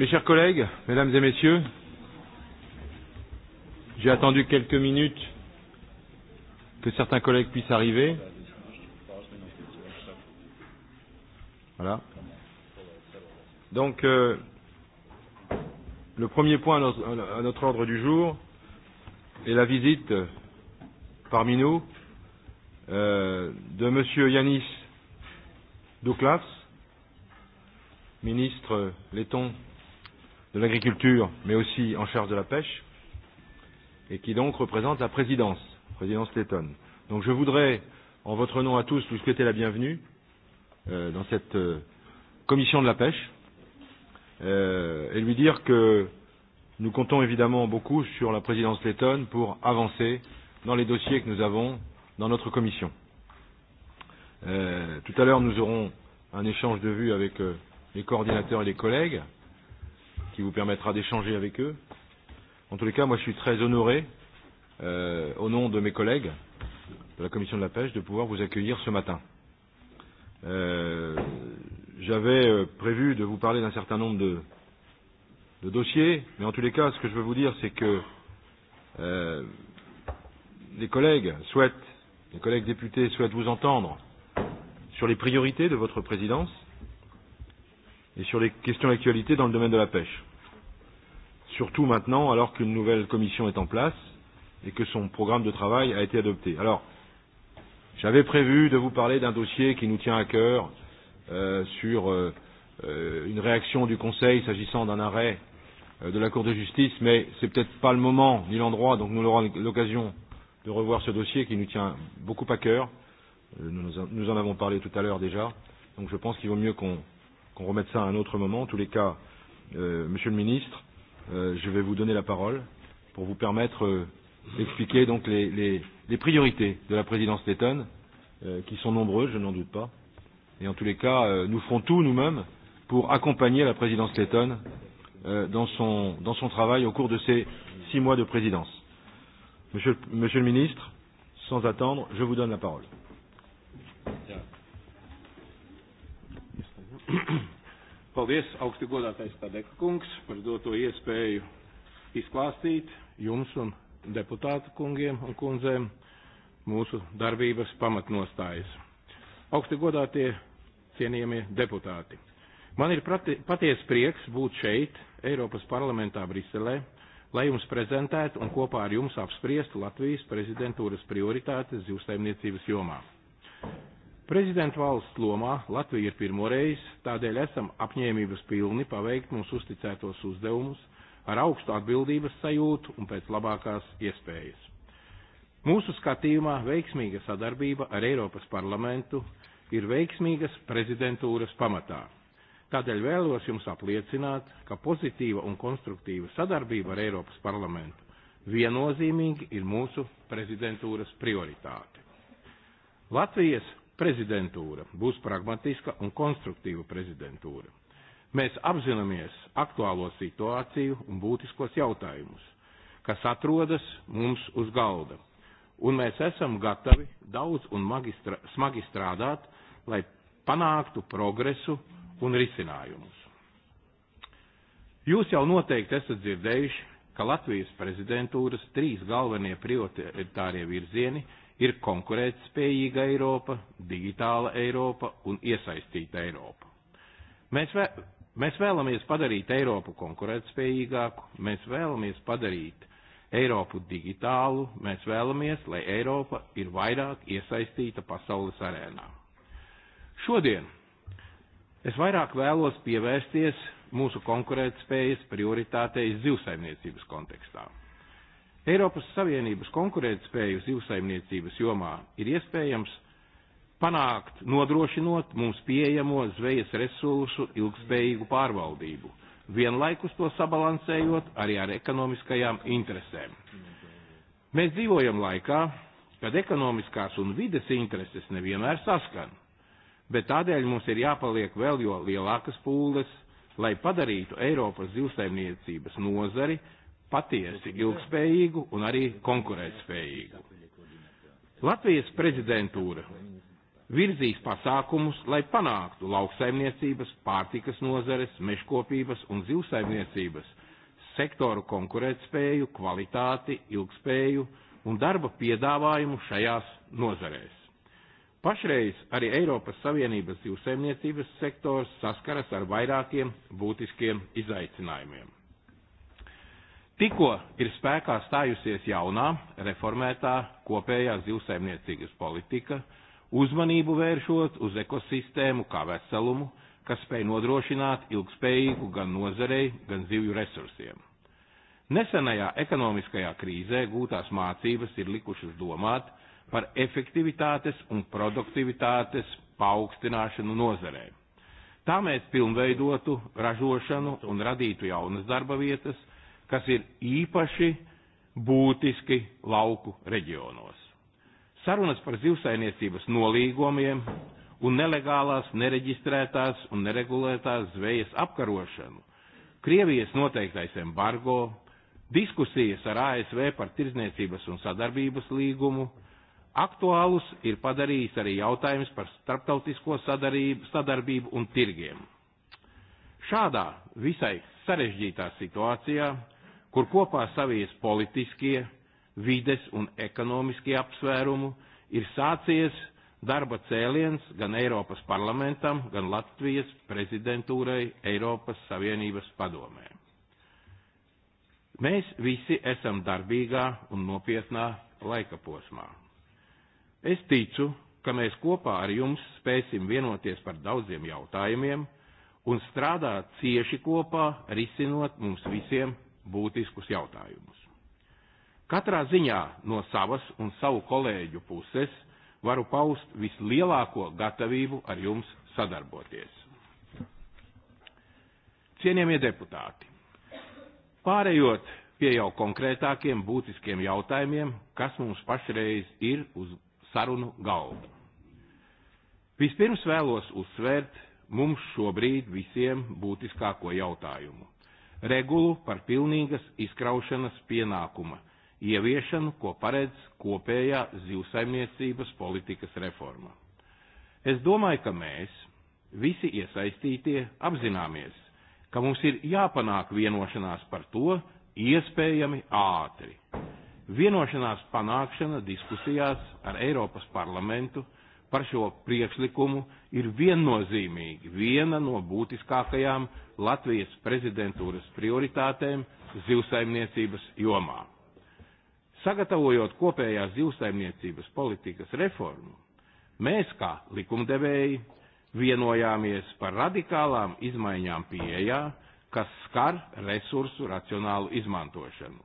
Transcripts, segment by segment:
Mes chers collègues, mesdames et messieurs, j'ai attendu quelques minutes que certains collègues puissent arriver. Voilà. Donc, euh, le premier point à notre, à notre ordre du jour est la visite euh, parmi nous euh, de M. Yanis Douklas, ministre euh, letton de l'agriculture, mais aussi en charge de la pêche, et qui donc représente la présidence, présidence lettonne. Donc je voudrais, en votre nom à tous, vous souhaiter la bienvenue euh, dans cette euh, commission de la pêche, euh, et lui dire que nous comptons évidemment beaucoup sur la présidence lettonne pour avancer dans les dossiers que nous avons dans notre commission. Euh, tout à l'heure, nous aurons un échange de vues avec euh, les coordinateurs et les collègues qui vous permettra d'échanger avec eux. En tous les cas, moi je suis très honoré, euh, au nom de mes collègues de la Commission de la pêche, de pouvoir vous accueillir ce matin. Euh, J'avais euh, prévu de vous parler d'un certain nombre de, de dossiers, mais en tous les cas, ce que je veux vous dire, c'est que euh, les collègues souhaitent, les collègues députés souhaitent vous entendre sur les priorités de votre présidence et sur les questions d'actualité dans le domaine de la pêche surtout maintenant alors qu'une nouvelle commission est en place et que son programme de travail a été adopté. Alors, j'avais prévu de vous parler d'un dossier qui nous tient à cœur euh, sur euh, euh une réaction du Conseil s'agissant d'un arrêt euh, de la Cour de justice, mais ce n'est peut-être pas le moment ni l'endroit, donc nous aurons l'occasion de revoir ce dossier qui nous tient beaucoup à cœur. Euh, nous, nous en avons parlé tout à l'heure déjà, donc je pense qu'il vaut mieux qu'on qu remette ça à un autre moment. En tous les cas, euh, Monsieur le Ministre, Euh, je vais vous donner la parole pour vous permettre euh, d'expliquer donc les, les, les priorités de la présidence lettonne, euh, qui sont nombreuses, je n'en doute pas. Et en tous les cas, euh, nous ferons tout nous-mêmes pour accompagner la présidence lettonne euh, dans, son, dans son travail au cours de ces six mois de présidence. Monsieur, monsieur le ministre, sans attendre, je vous donne la parole. Yeah. Paldies, augsti godātais Tadeka kungs, par doto iespēju izklāstīt jums un deputātu kungiem un kundzēm mūsu darbības pamatnostājas. Augsti godātie cienījamie deputāti. Man ir paties prieks būt šeit, Eiropas parlamentā Briselē, lai jums prezentētu un kopā ar jums apspriestu Latvijas prezidentūras prioritātes zivstaimniecības jomā. Prezidentu valsts lomā Latvija ir reizi, tādēļ esam apņēmības pilni paveikt mums uzticētos uzdevumus ar augstu atbildības sajūtu un pēc labākās iespējas. Mūsu skatījumā veiksmīga sadarbība ar Eiropas parlamentu ir veiksmīgas prezidentūras pamatā. Tādēļ vēlos jums apliecināt, ka pozitīva un konstruktīva sadarbība ar Eiropas parlamentu viennozīmīgi ir mūsu prezidentūras prioritāte. Latvijas prezidentūra būs pragmatiska un konstruktīva prezidentūra. Mēs apzināmies aktuālo situāciju un būtiskos jautājumus, kas atrodas mums uz galda, un mēs esam gatavi daudz un magistra, smagi strādāt, lai panāktu progresu un risinājumus. Jūs jau noteikti esat dzirdējuši, ka Latvijas prezidentūras trīs galvenie prioritārie virzieni – ir konkurētspējīga Eiropa, digitāla Eiropa un iesaistīta Eiropa. Mēs, vē, mēs vēlamies padarīt Eiropu konkurētspējīgāku, mēs vēlamies padarīt Eiropu digitālu, mēs vēlamies, lai Eiropa ir vairāk iesaistīta pasaules arēnā. Šodien es vairāk vēlos pievērsties mūsu konkurētspējas prioritātei zivsaimniecības kontekstā. Eiropas Savienības konkurētspējas divsaimniecības jomā ir iespējams panākt nodrošinot mums pieejamo zvejas resursu ilgspējīgu pārvaldību, vienlaikus to sabalansējot arī ar ekonomiskajām interesēm. Mēs dzīvojam laikā, kad ekonomiskās un vides intereses nevienmēr saskan, bet tādēļ mums ir jāpaliek vēl jo lielākas pūles, lai padarītu Eiropas zivsaimniecības nozari patiesi spējīgu un arī spējīgu. Latvijas prezidentūra virzīs pasākumus, lai panāktu lauksaimniecības, pārtikas nozares, meškopības un zivsaimniecības sektoru konkurētspēju, kvalitāti, ilgspēju un darba piedāvājumu šajās nozarēs. Pašreiz arī Eiropas Savienības zivsaimniecības sektors saskaras ar vairākiem būtiskiem izaicinājumiem. Tikko ir spēkā stājusies jaunā, reformētā kopējā zivsaimniecības politika, uzmanību vēršot uz ekosistēmu kā veselumu, kas spēj nodrošināt ilgspējīgu gan nozarei, gan zivju resursiem. Nesenajā ekonomiskajā krīzē gūtās mācības ir likušas domāt par efektivitātes un produktivitātes paaugstināšanu nozarei. Tā mēs pilnveidotu ražošanu un radītu jaunas darba vietas, kas ir īpaši būtiski lauku reģionos. Sarunas par zivsainiecības nolīgumiem un nelegālās, nereģistrētās un neregulētās zvejas apkarošanu, Krievijas noteiktais embargo, diskusijas ar ASV par tirzniecības un sadarbības līgumu, aktuālus ir padarījis arī jautājums par starptautisko sadarbību un tirgiem. Šādā visai sarežģītā situācijā kur kopā savies politiskie, vides un ekonomiskie apsvērumu, ir sācies darba cēliens gan Eiropas parlamentam, gan Latvijas prezidentūrai Eiropas Savienības padomē. Mēs visi esam darbīgā un nopietnā laika posmā. Es ticu, ka mēs kopā ar jums spēsim vienoties par daudziem jautājumiem un strādāt cieši kopā, risinot mums visiem būtiskus jautājumus. Katrā ziņā no savas un savu kolēģu puses varu paust vislielāko gatavību ar jums sadarboties. Cienījamie deputāti, pārējot pie jau konkrētākiem būtiskiem jautājumiem, kas mums pašreiz ir uz sarunu galda. Vispirms vēlos uzsvērt mums šobrīd visiem būtiskāko jautājumu regulu par pilnīgas izkraušanas pienākuma ieviešanu, ko paredz kopējā zivsaimniecības politikas reforma. Es domāju, ka mēs, visi iesaistītie, apzināmies, ka mums ir jāpanāk vienošanās par to iespējami ātri. Vienošanās panākšana diskusijās ar Eiropas parlamentu par šo priekšlikumu ir viennozīmīgi viena no būtiskākajām Latvijas prezidentūras prioritātēm zivsaimniecības jomā. Sagatavojot kopējās zivsaimniecības politikas reformu, mēs kā likumdevēji vienojāmies par radikālām izmaiņām pieejā, kas skar resursu racionālu izmantošanu,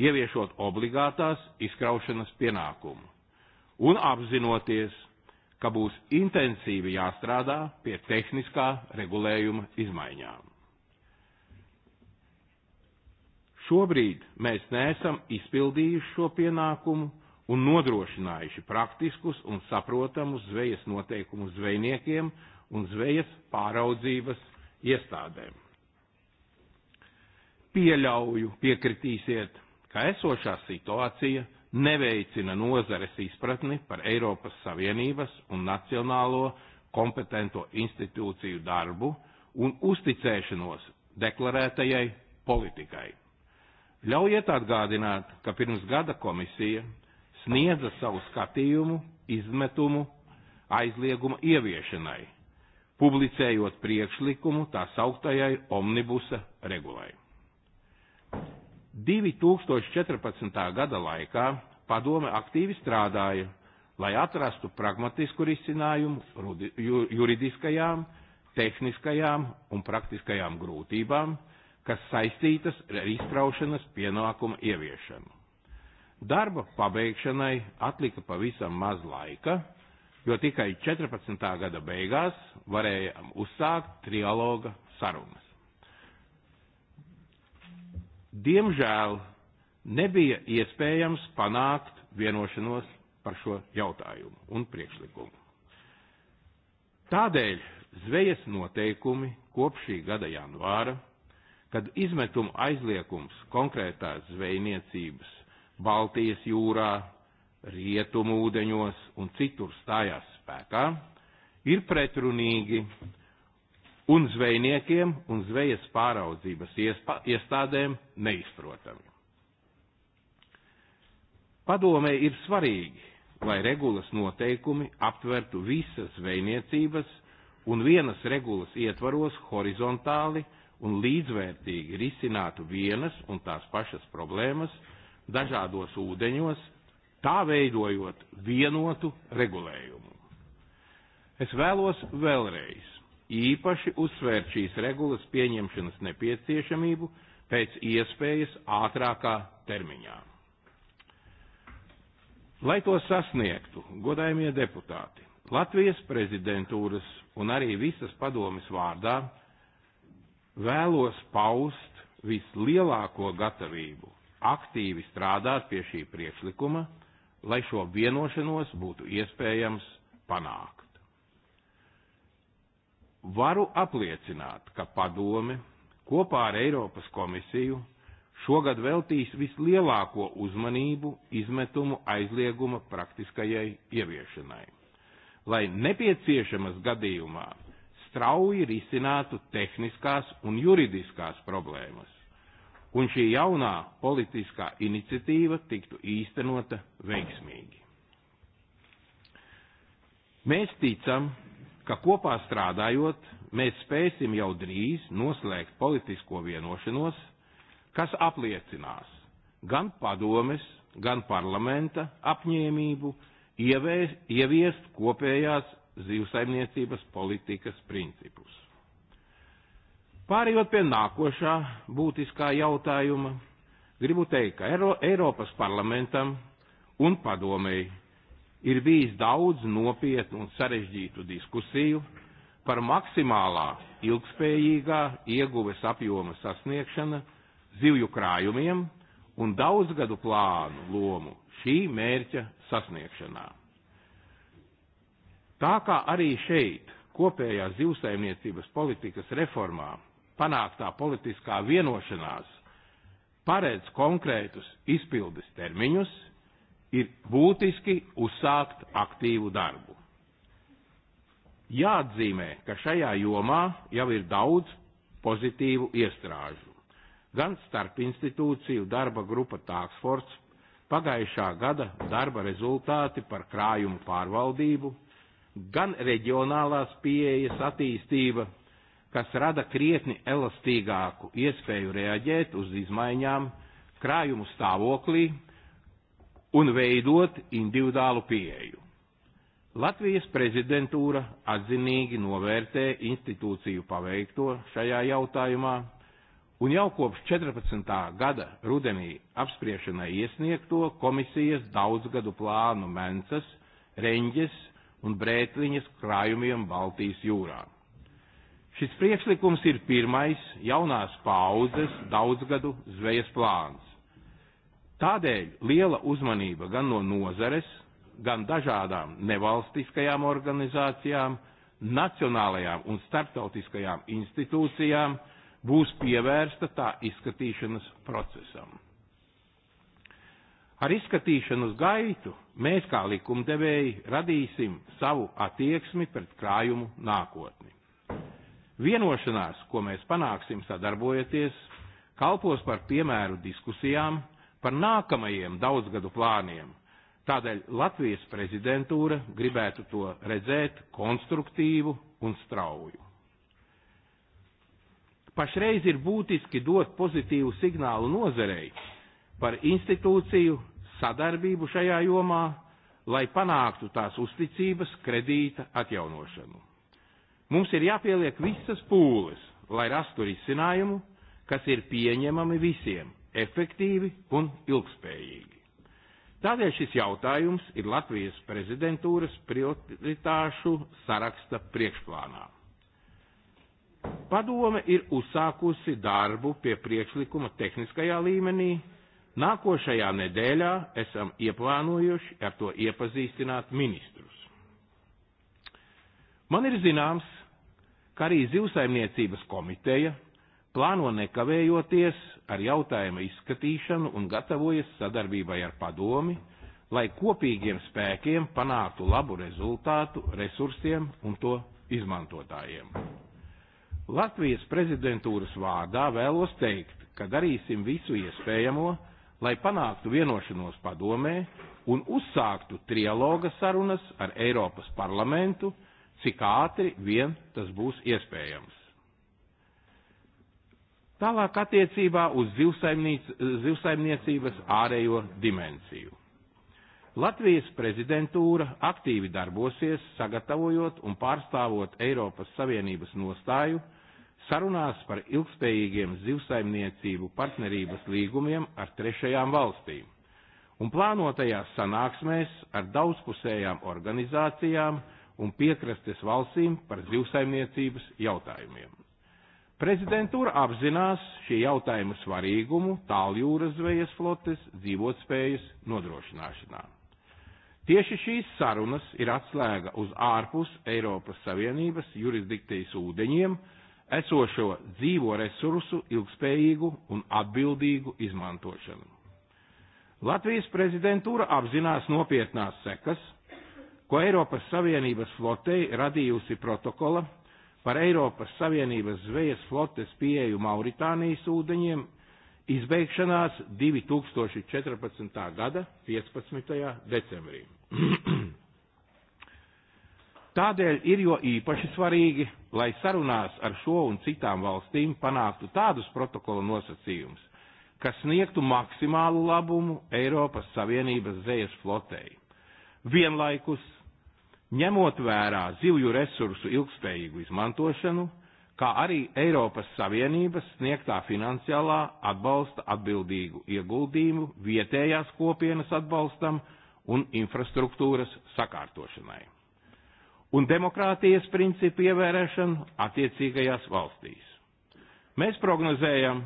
ieviešot obligātās izkraušanas pienākumu un apzinoties, ka būs intensīvi jāstrādā pie tehniskā regulējuma izmaiņām. Šobrīd mēs neesam izpildījuši šo pienākumu un nodrošinājuši praktiskus un saprotamus zvejas noteikumus zvejniekiem un zvejas pāraudzības iestādēm. Pieļauju, piekritīsiet, ka esošā situācija – neveicina nozares izpratni par Eiropas Savienības un nacionālo kompetento institūciju darbu un uzticēšanos deklarētajai politikai. Ļaujiet atgādināt, ka pirms gada komisija sniedza savu skatījumu, izmetumu, aizlieguma ieviešanai, publicējot priekšlikumu tā sauktajai omnibusa regulai. 2014. gada laikā padome aktīvi strādāja, lai atrastu pragmatisku risinājumu juridiskajām, tehniskajām un praktiskajām grūtībām, kas saistītas ar izkraušanas pienākumu ieviešanu. Darba pabeigšanai atlika pavisam maz laika, jo tikai 14. gada beigās varējām uzsākt trialoga sarunas diemžēl nebija iespējams panākt vienošanos par šo jautājumu un priekšlikumu. Tādēļ zvejas noteikumi kopš šī gada janvāra, kad izmetuma aizliekums konkrētās zvejniecības Baltijas jūrā, Rietumu ūdeņos un citur stājās spēkā, ir pretrunīgi un zvejniekiem un zvejas pāraudzības iestādēm neizprotami. Padomē ir svarīgi, lai regulas noteikumi aptvertu visas zvejniecības un vienas regulas ietvaros horizontāli un līdzvērtīgi risinātu vienas un tās pašas problēmas dažādos ūdeņos, tā veidojot vienotu regulējumu. Es vēlos vēlreiz īpaši uzsvērt šīs regulas pieņemšanas nepieciešamību pēc iespējas ātrākā termiņā. Lai to sasniegtu, godājumie deputāti, Latvijas prezidentūras un arī visas padomis vārdā vēlos paust vislielāko gatavību aktīvi strādāt pie šī priekšlikuma, lai šo vienošanos būtu iespējams panākt. Varu apliecināt, ka padome kopā ar Eiropas komisiju šogad veltīs vislielāko uzmanību izmetumu aizlieguma praktiskajai ieviešanai, lai nepieciešamas gadījumā strauji risinātu tehniskās un juridiskās problēmas, un šī jaunā politiskā iniciatīva tiktu īstenota veiksmīgi. Mēs ticam, ka kopā strādājot, mēs spēsim jau drīz noslēgt politisko vienošanos, kas apliecinās gan padomes, gan parlamenta apņēmību ieviest kopējās zivsaimniecības politikas principus. Pārējot pie nākošā būtiskā jautājuma, gribu teikt, ka Eiropas parlamentam un padomēji ir bijis daudz nopietnu un sarežģītu diskusiju par maksimālā ilgspējīgā ieguves apjoma sasniegšana zivju krājumiem un daudzgadu plānu lomu šī mērķa sasniegšanā. Tā kā arī šeit kopējā zivsaimniecības politikas reformā panāktā politiskā vienošanās paredz konkrētus izpildes termiņus – ir būtiski uzsākt aktīvu darbu. Jāatzīmē, ka šajā jomā jau ir daudz pozitīvu iestrāžu. Gan starp institūciju darba grupa Tāksforts pagājušā gada darba rezultāti par krājumu pārvaldību, gan reģionālās pieejas attīstība, kas rada krietni elastīgāku iespēju reaģēt uz izmaiņām krājumu stāvoklī un veidot individuālu pieeju. Latvijas prezidentūra atzinīgi novērtē institūciju paveikto šajā jautājumā un jau kopš 14. gada rudenī apspriešanai iesniegto komisijas daudzgadu plānu Mencas, Reņģes un Brētliņas krājumiem Baltijas jūrā. Šis priekšlikums ir pirmais jaunās paudzes daudzgadu zvejas plāns Tādēļ liela uzmanība gan no nozares, gan dažādām nevalstiskajām organizācijām, nacionālajām un starptautiskajām institūcijām būs pievērsta tā izskatīšanas procesam. Ar izskatīšanas gaitu mēs kā likumdevēji radīsim savu attieksmi pret krājumu nākotni. Vienošanās, ko mēs panāksim sadarbojoties, kalpos par piemēru diskusijām, par nākamajiem daudzgadu plāniem. Tādēļ Latvijas prezidentūra gribētu to redzēt konstruktīvu un strauju. Pašreiz ir būtiski dot pozitīvu signālu nozarei par institūciju sadarbību šajā jomā, lai panāktu tās uzticības kredīta atjaunošanu. Mums ir jāpieliek visas pūles, lai rastu risinājumu, kas ir pieņemami visiem, efektīvi un ilgspējīgi. Tādēļ šis jautājums ir Latvijas prezidentūras prioritāšu saraksta priekšplānā. Padome ir uzsākusi darbu pie priekšlikuma tehniskajā līmenī. Nākošajā nedēļā esam ieplānojuši ar to iepazīstināt ministrus. Man ir zināms, ka arī zivsaimniecības komiteja plāno nekavējoties ar jautājumu izskatīšanu un gatavojas sadarbībai ar padomi, lai kopīgiem spēkiem panāktu labu rezultātu resursiem un to izmantotājiem. Latvijas prezidentūras vārdā vēlos teikt, ka darīsim visu iespējamo, lai panāktu vienošanos padomē un uzsāktu trialoga sarunas ar Eiropas parlamentu, cik ātri vien tas būs iespējams. Tālāk attiecībā uz zivsaimniecības ārējo dimensiju. Latvijas prezidentūra aktīvi darbosies, sagatavojot un pārstāvot Eiropas Savienības nostāju sarunās par ilgspējīgiem zivsaimniecību partnerības līgumiem ar trešajām valstīm un plānotajās sanāksmēs ar daudzpusējām organizācijām un piekrastes valstīm par zivsaimniecības jautājumiem. Prezidentur apzinās šī jautājuma svarīgumu tālu jūras zvejas flotes dzīvotspējas nodrošināšanā. Tieši šīs sarunas ir atslēga uz ārpus Eiropas Savienības jurisdikcijas ūdeņiem esošo dzīvo resursu ilgspējīgu un atbildīgu izmantošanu. Latvijas prezidentūra apzinās nopietnās sekas, ko Eiropas Savienības flotei radījusi protokola par Eiropas Savienības zvejas flotes pieeju Mauritānijas ūdeņiem izbeigšanās 2014. gada 15. decembrī. Tādēļ ir jo īpaši svarīgi, lai sarunās ar šo un citām valstīm panāktu tādus protokola nosacījumus, kas sniegtu maksimālu labumu Eiropas Savienības zvejas flotei. Vienlaikus ņemot vērā zivju resursu ilgspējīgu izmantošanu, kā arī Eiropas Savienības sniegtā finansiālā atbalsta atbildīgu ieguldījumu vietējās kopienas atbalstam un infrastruktūras sakārtošanai. Un demokrātijas principu ievērēšanu attiecīgajās valstīs. Mēs prognozējam,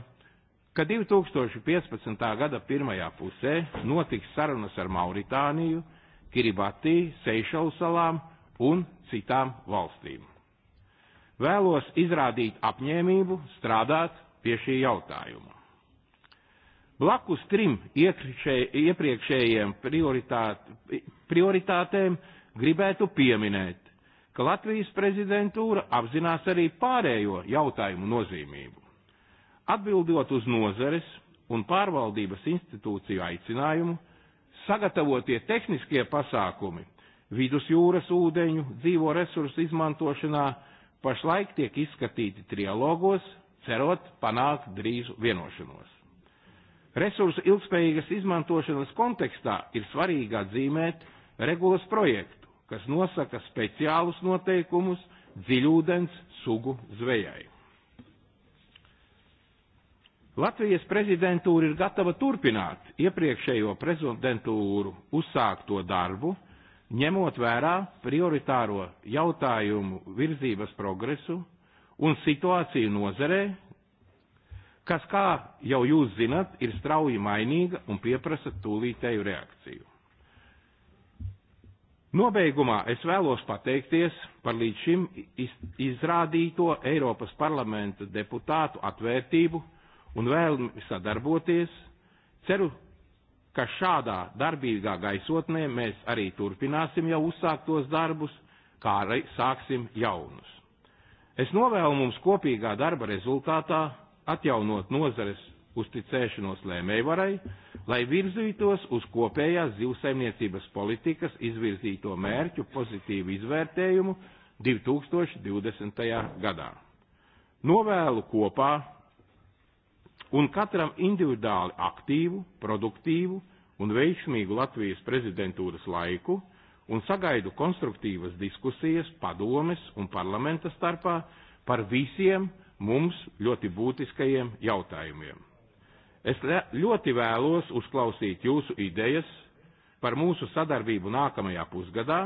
ka 2015. gada pirmajā pusē notiks sarunas ar Mauritāniju – Kiribati, Seychelles salām un citām valstīm. Vēlos izrādīt apņēmību strādāt pie šī jautājuma. Blakus trim iepriekšējiem prioritātēm gribētu pieminēt, ka Latvijas prezidentūra apzinās arī pārējo jautājumu nozīmību. Atbildot uz nozares un pārvaldības institūciju aicinājumu, sagatavotie tehniskie pasākumi Vidus jūras ūdeņu dzīvo resursu izmantošanā pašlaik tiek izskatīti trialogos, cerot panākt drīzu vienošanos. Resursu ilgspējīgas izmantošanas kontekstā ir svarīgi atzīmēt regulas projektu, kas nosaka speciālus noteikumus dziļūdens sugu zvejai. Latvijas prezidentūra ir gatava turpināt iepriekšējo prezidentūru uzsākto darbu, ņemot vērā prioritāro jautājumu virzības progresu un situāciju nozerē, kas, kā jau jūs zinat, ir strauji mainīga un pieprasa tūlītēju reakciju. Nobeigumā es vēlos pateikties par līdz šim izrādīto Eiropas parlamenta deputātu atvērtību un vēlmi sadarboties. Ceru, ka šādā darbīgā gaisotnē mēs arī turpināsim jau uzsāktos darbus, kā arī sāksim jaunus. Es novēlu mums kopīgā darba rezultātā atjaunot nozares uzticēšanos lēmējvarai, lai virzītos uz kopējās zivsaimniecības politikas izvirzīto mērķu pozitīvu izvērtējumu 2020. gadā. Novēlu kopā un katram individuāli aktīvu, produktīvu un veiksmīgu Latvijas prezidentūras laiku un sagaidu konstruktīvas diskusijas padomes un parlamenta starpā par visiem mums ļoti būtiskajiem jautājumiem. Es ļoti vēlos uzklausīt jūsu idejas par mūsu sadarbību nākamajā pusgadā,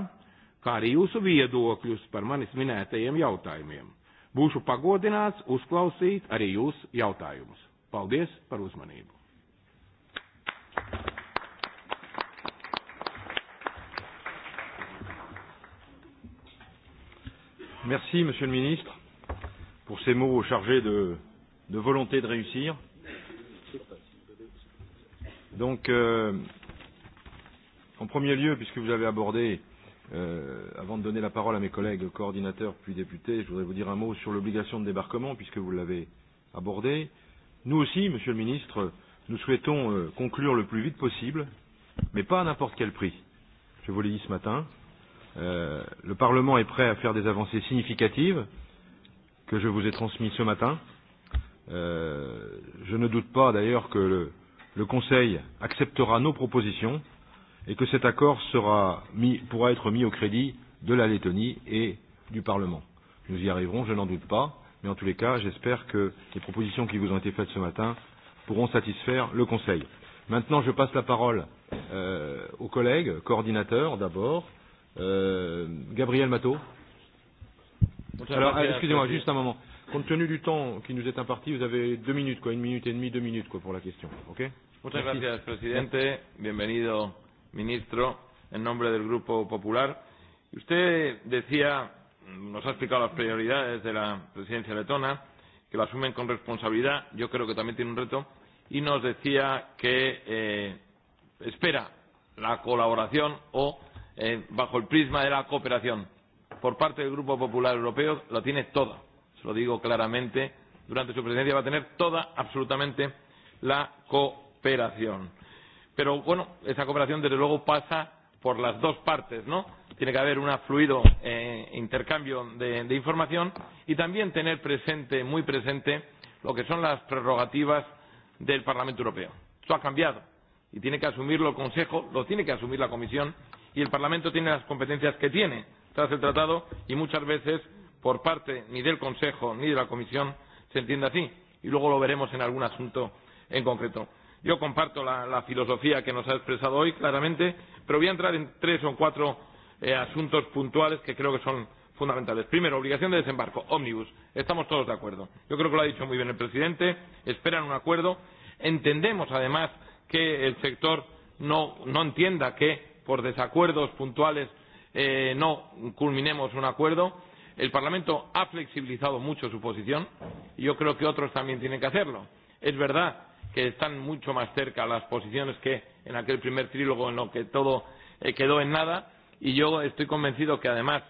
kā arī jūsu viedokļus par manis minētajiem jautājumiem. Būšu pagodināts uzklausīt arī jūsu jautājumus. Paldies par uzmanību! Merci, Monsieur le Ministre, pour ces mots chargés de, de volonté de réussir. Donc, euh, en premier lieu, puisque vous avez abordé, euh, avant de donner la parole à mes collègues coordinateurs puis députés, je voudrais vous dire un mot sur l'obligation de débarquement, puisque vous l'avez abordé. Euh, Nous aussi, Monsieur le Ministre, nous souhaitons euh, conclure le plus vite possible, mais pas à n'importe quel prix. Je vous l'ai dit ce matin, euh, le Parlement est prêt à faire des avancées significatives que je vous ai transmises ce matin. Euh, je ne doute pas d'ailleurs que le, le Conseil acceptera nos propositions et que cet accord sera mis, pourra être mis au crédit de la Lettonie et du Parlement. Nous y arriverons, je n'en doute pas. Mais en tous les cas, j'espère que les propositions qui vous ont été faites ce matin pourront satisfaire le Conseil. Maintenant, je passe la parole euh, aux collègues, coordinateurs d'abord. Euh, Gabriel Matteau. Alors, excusez-moi, juste un moment. Compte tenu du temps qui nous est imparti, vous avez deux minutes, quoi, une minute et demie, deux minutes quoi, pour la question. ok Muchas Merci. gracias, presidente. Bienvenido, ministro, en nombre del Grupo Popular. Usted decía nos ha explicado las prioridades de la presidencia letona, que lo asumen con responsabilidad, yo creo que también tiene un reto, y nos decía que eh, espera la colaboración o eh, bajo el prisma de la cooperación. Por parte del Grupo Popular Europeo la tiene toda, se lo digo claramente, durante su presidencia va a tener toda, absolutamente, la cooperación. Pero bueno, esa cooperación desde luego pasa por las dos partes, ¿no? Tiene que haber un fluido eh, intercambio de, de información y también tener presente, muy presente, lo que son las prerrogativas del Parlamento Europeo. Esto ha cambiado y tiene que asumirlo el Consejo, lo tiene que asumir la Comisión y el Parlamento tiene las competencias que tiene tras el tratado y muchas veces por parte ni del Consejo ni de la Comisión se entiende así y luego lo veremos en algún asunto en concreto. Yo comparto la, la filosofía que nos ha expresado hoy claramente, pero voy a entrar en tres o cuatro eh, asuntos puntuales que creo que son fundamentales. Primero, obligación de desembarco, ómnibus. Estamos todos de acuerdo. Yo creo que lo ha dicho muy bien el presidente. Esperan un acuerdo. Entendemos, además, que el sector no, no entienda que por desacuerdos puntuales eh, no culminemos un acuerdo. El Parlamento ha flexibilizado mucho su posición y yo creo que otros también tienen que hacerlo. Es verdad que están mucho más cerca las posiciones que en aquel primer trílogo en lo que todo eh, quedó en nada y yo estoy convencido que además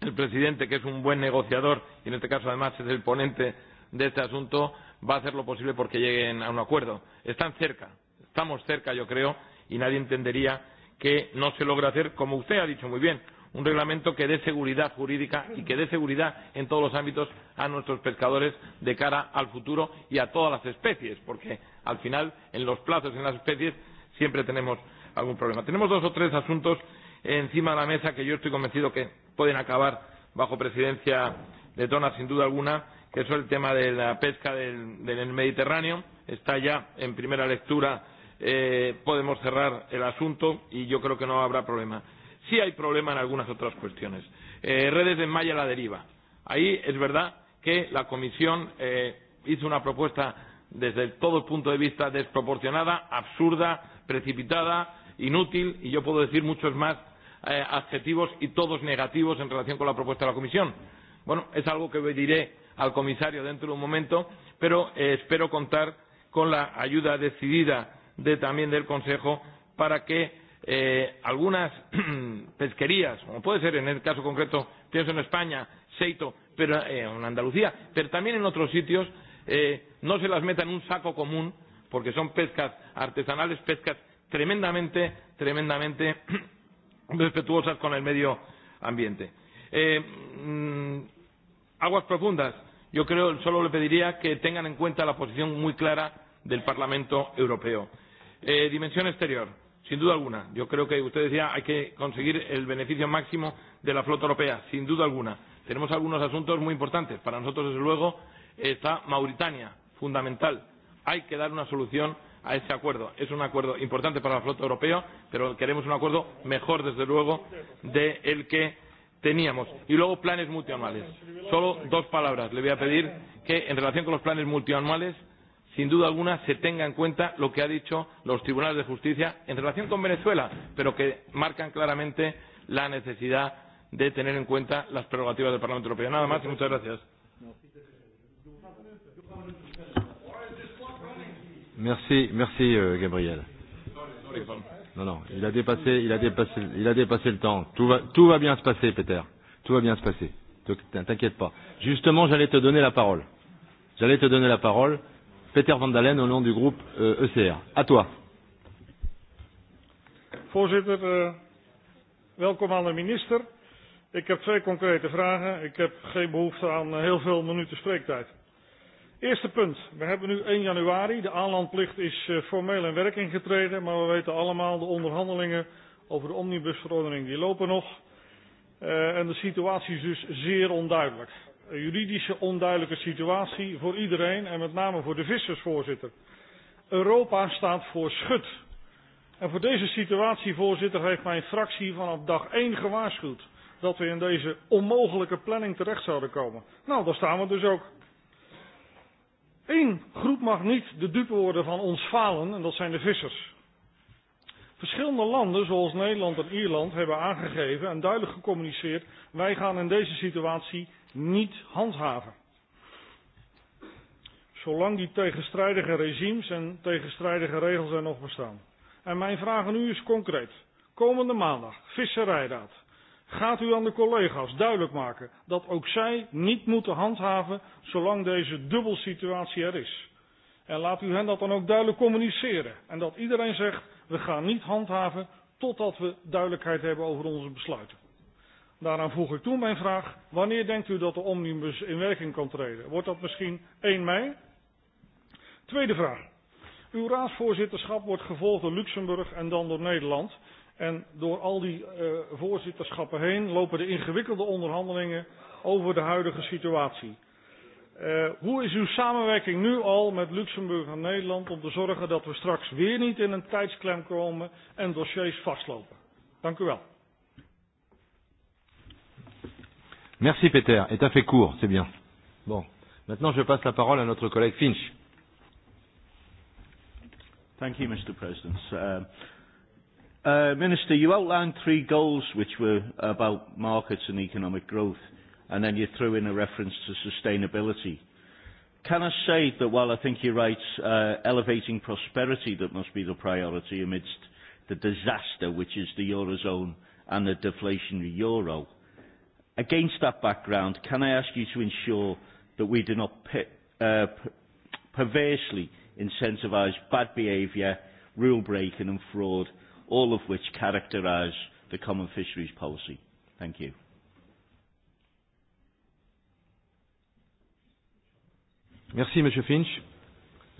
el presidente, que es un buen negociador y en este caso además es el ponente de este asunto, va a hacer lo posible porque lleguen a un acuerdo. Están cerca, estamos cerca yo creo y nadie entendería que no se logra hacer como usted ha dicho muy bien un reglamento que dé seguridad jurídica y que dé seguridad en todos los ámbitos a nuestros pescadores de cara al futuro y a todas las especies, porque al final en los plazos en las especies siempre tenemos algún problema. Tenemos dos o tres asuntos encima de la mesa que yo estoy convencido que pueden acabar bajo presidencia de Tona sin duda alguna, que es el tema de la pesca del, del Mediterráneo. Está ya en primera lectura, eh, podemos cerrar el asunto y yo creo que no habrá problema sí hay problema en algunas otras cuestiones. Eh, redes de malla a la deriva. Ahí es verdad que la Comisión eh, hizo una propuesta desde todo el punto de vista desproporcionada, absurda, precipitada, inútil, y yo puedo decir muchos más eh, adjetivos y todos negativos en relación con la propuesta de la Comisión. Bueno, es algo que diré al comisario dentro de un momento, pero eh, espero contar con la ayuda decidida de, también del Consejo para que eh, algunas pesquerías, como puede ser en el caso concreto, pienso en España, Seito, pero eh, en Andalucía, pero también en otros sitios, eh, no se las meta en un saco común, porque son pescas artesanales, pescas tremendamente, tremendamente respetuosas con el medio ambiente. Eh, mm, aguas profundas, yo creo, solo le pediría que tengan en cuenta la posición muy clara del Parlamento Europeo. Eh, dimensión exterior Sin duda alguna. Yo creo que usted decía hay que conseguir el beneficio máximo de la flota europea. Sin duda alguna. Tenemos algunos asuntos muy importantes. Para nosotros, desde luego, está Mauritania, fundamental. Hay que dar una solución a ese acuerdo. Es un acuerdo importante para la flota europea, pero queremos un acuerdo mejor, desde luego, del el que teníamos. Y luego planes multianuales. Solo dos palabras. Le voy a pedir que, en relación con los planes multianuales, sin duda alguna se tenga en cuenta lo que han dicho los tribunales de justicia en relación con Venezuela, pero que marcan claramente la necesidad de tener en cuenta las prerrogativas del Parlamento Europeo. Nada más y muchas gracias. Merci, merci euh, Gabriel. Non, non, il a dépassé, il a dépassé, il a dépassé le temps. Tout va, tout va bien se passer, Peter. Tout va bien se passer. T'inquiète pas. Justement, j'allais te donner la parole. J'allais te donner la parole Peter van Dalen au nom du groupe euh, ECR. À toi. Voorzitter, euh, welkom aan de minister. Ik heb twee concrete vragen. Ik heb geen behoefte aan eh, heel veel minuten spreektijd. Eerste punt. We hebben nu 1 januari. De aanlandplicht is eh, formeel in werking getreden. Maar we weten allemaal de onderhandelingen over de omnibusverordening die lopen nog. Uh, en de situatie is dus zeer onduidelijk juridische onduidelijke situatie voor iedereen en met name voor de vissers, voorzitter. Europa staat voor schut. En voor deze situatie, voorzitter, heeft mijn fractie vanaf dag 1 gewaarschuwd dat we in deze onmogelijke planning terecht zouden komen. Nou, daar staan we dus ook. Eén groep mag niet de dupe worden van ons falen, en dat zijn de vissers. Verschillende landen, zoals Nederland en Ierland, hebben aangegeven en duidelijk gecommuniceerd: wij gaan in deze situatie niet handhaven. Zolang die tegenstrijdige regimes en tegenstrijdige regels er nog bestaan. En mijn vraag aan u is concreet. Komende maandag, Visserijraad. Gaat u aan de collega's duidelijk maken dat ook zij niet moeten handhaven zolang deze dubbelsituatie er is. En laat u hen dat dan ook duidelijk communiceren. En dat iedereen zegt, we gaan niet handhaven totdat we duidelijkheid hebben over onze besluiten. Daaraan voeg ik toen mijn vraag, wanneer denkt u dat de omnibus in werking kan treden? Wordt dat misschien 1 mei? Tweede vraag. Uw raadsvoorzitterschap wordt gevolgd door Luxemburg en dan door Nederland. En door al die uh, voorzitterschappen heen lopen de ingewikkelde onderhandelingen over de huidige situatie. Uh, hoe is uw samenwerking nu al met Luxemburg en Nederland om te zorgen dat we straks weer niet in een tijdsklem komen en dossiers vastlopen? Dank u wel. Merci Peter, et t'as fait court, c'est bien. Bon, maintenant je passe la parole à notre collègue Finch. Thank you, Mr. President. uh, uh, Minister, you outlined three goals which were about markets and economic growth, and then you threw in a reference to sustainability. Can I say that while I think you're right, uh, elevating prosperity that must be the priority amidst the disaster which is the Eurozone and the deflationary Euro, Against that background, can I ask you to ensure that we do not uh, perversely incentivise bad behaviour, rule breaking and fraud, all of which characterise the common fisheries policy? Thank you. Merci, Monsieur Finch.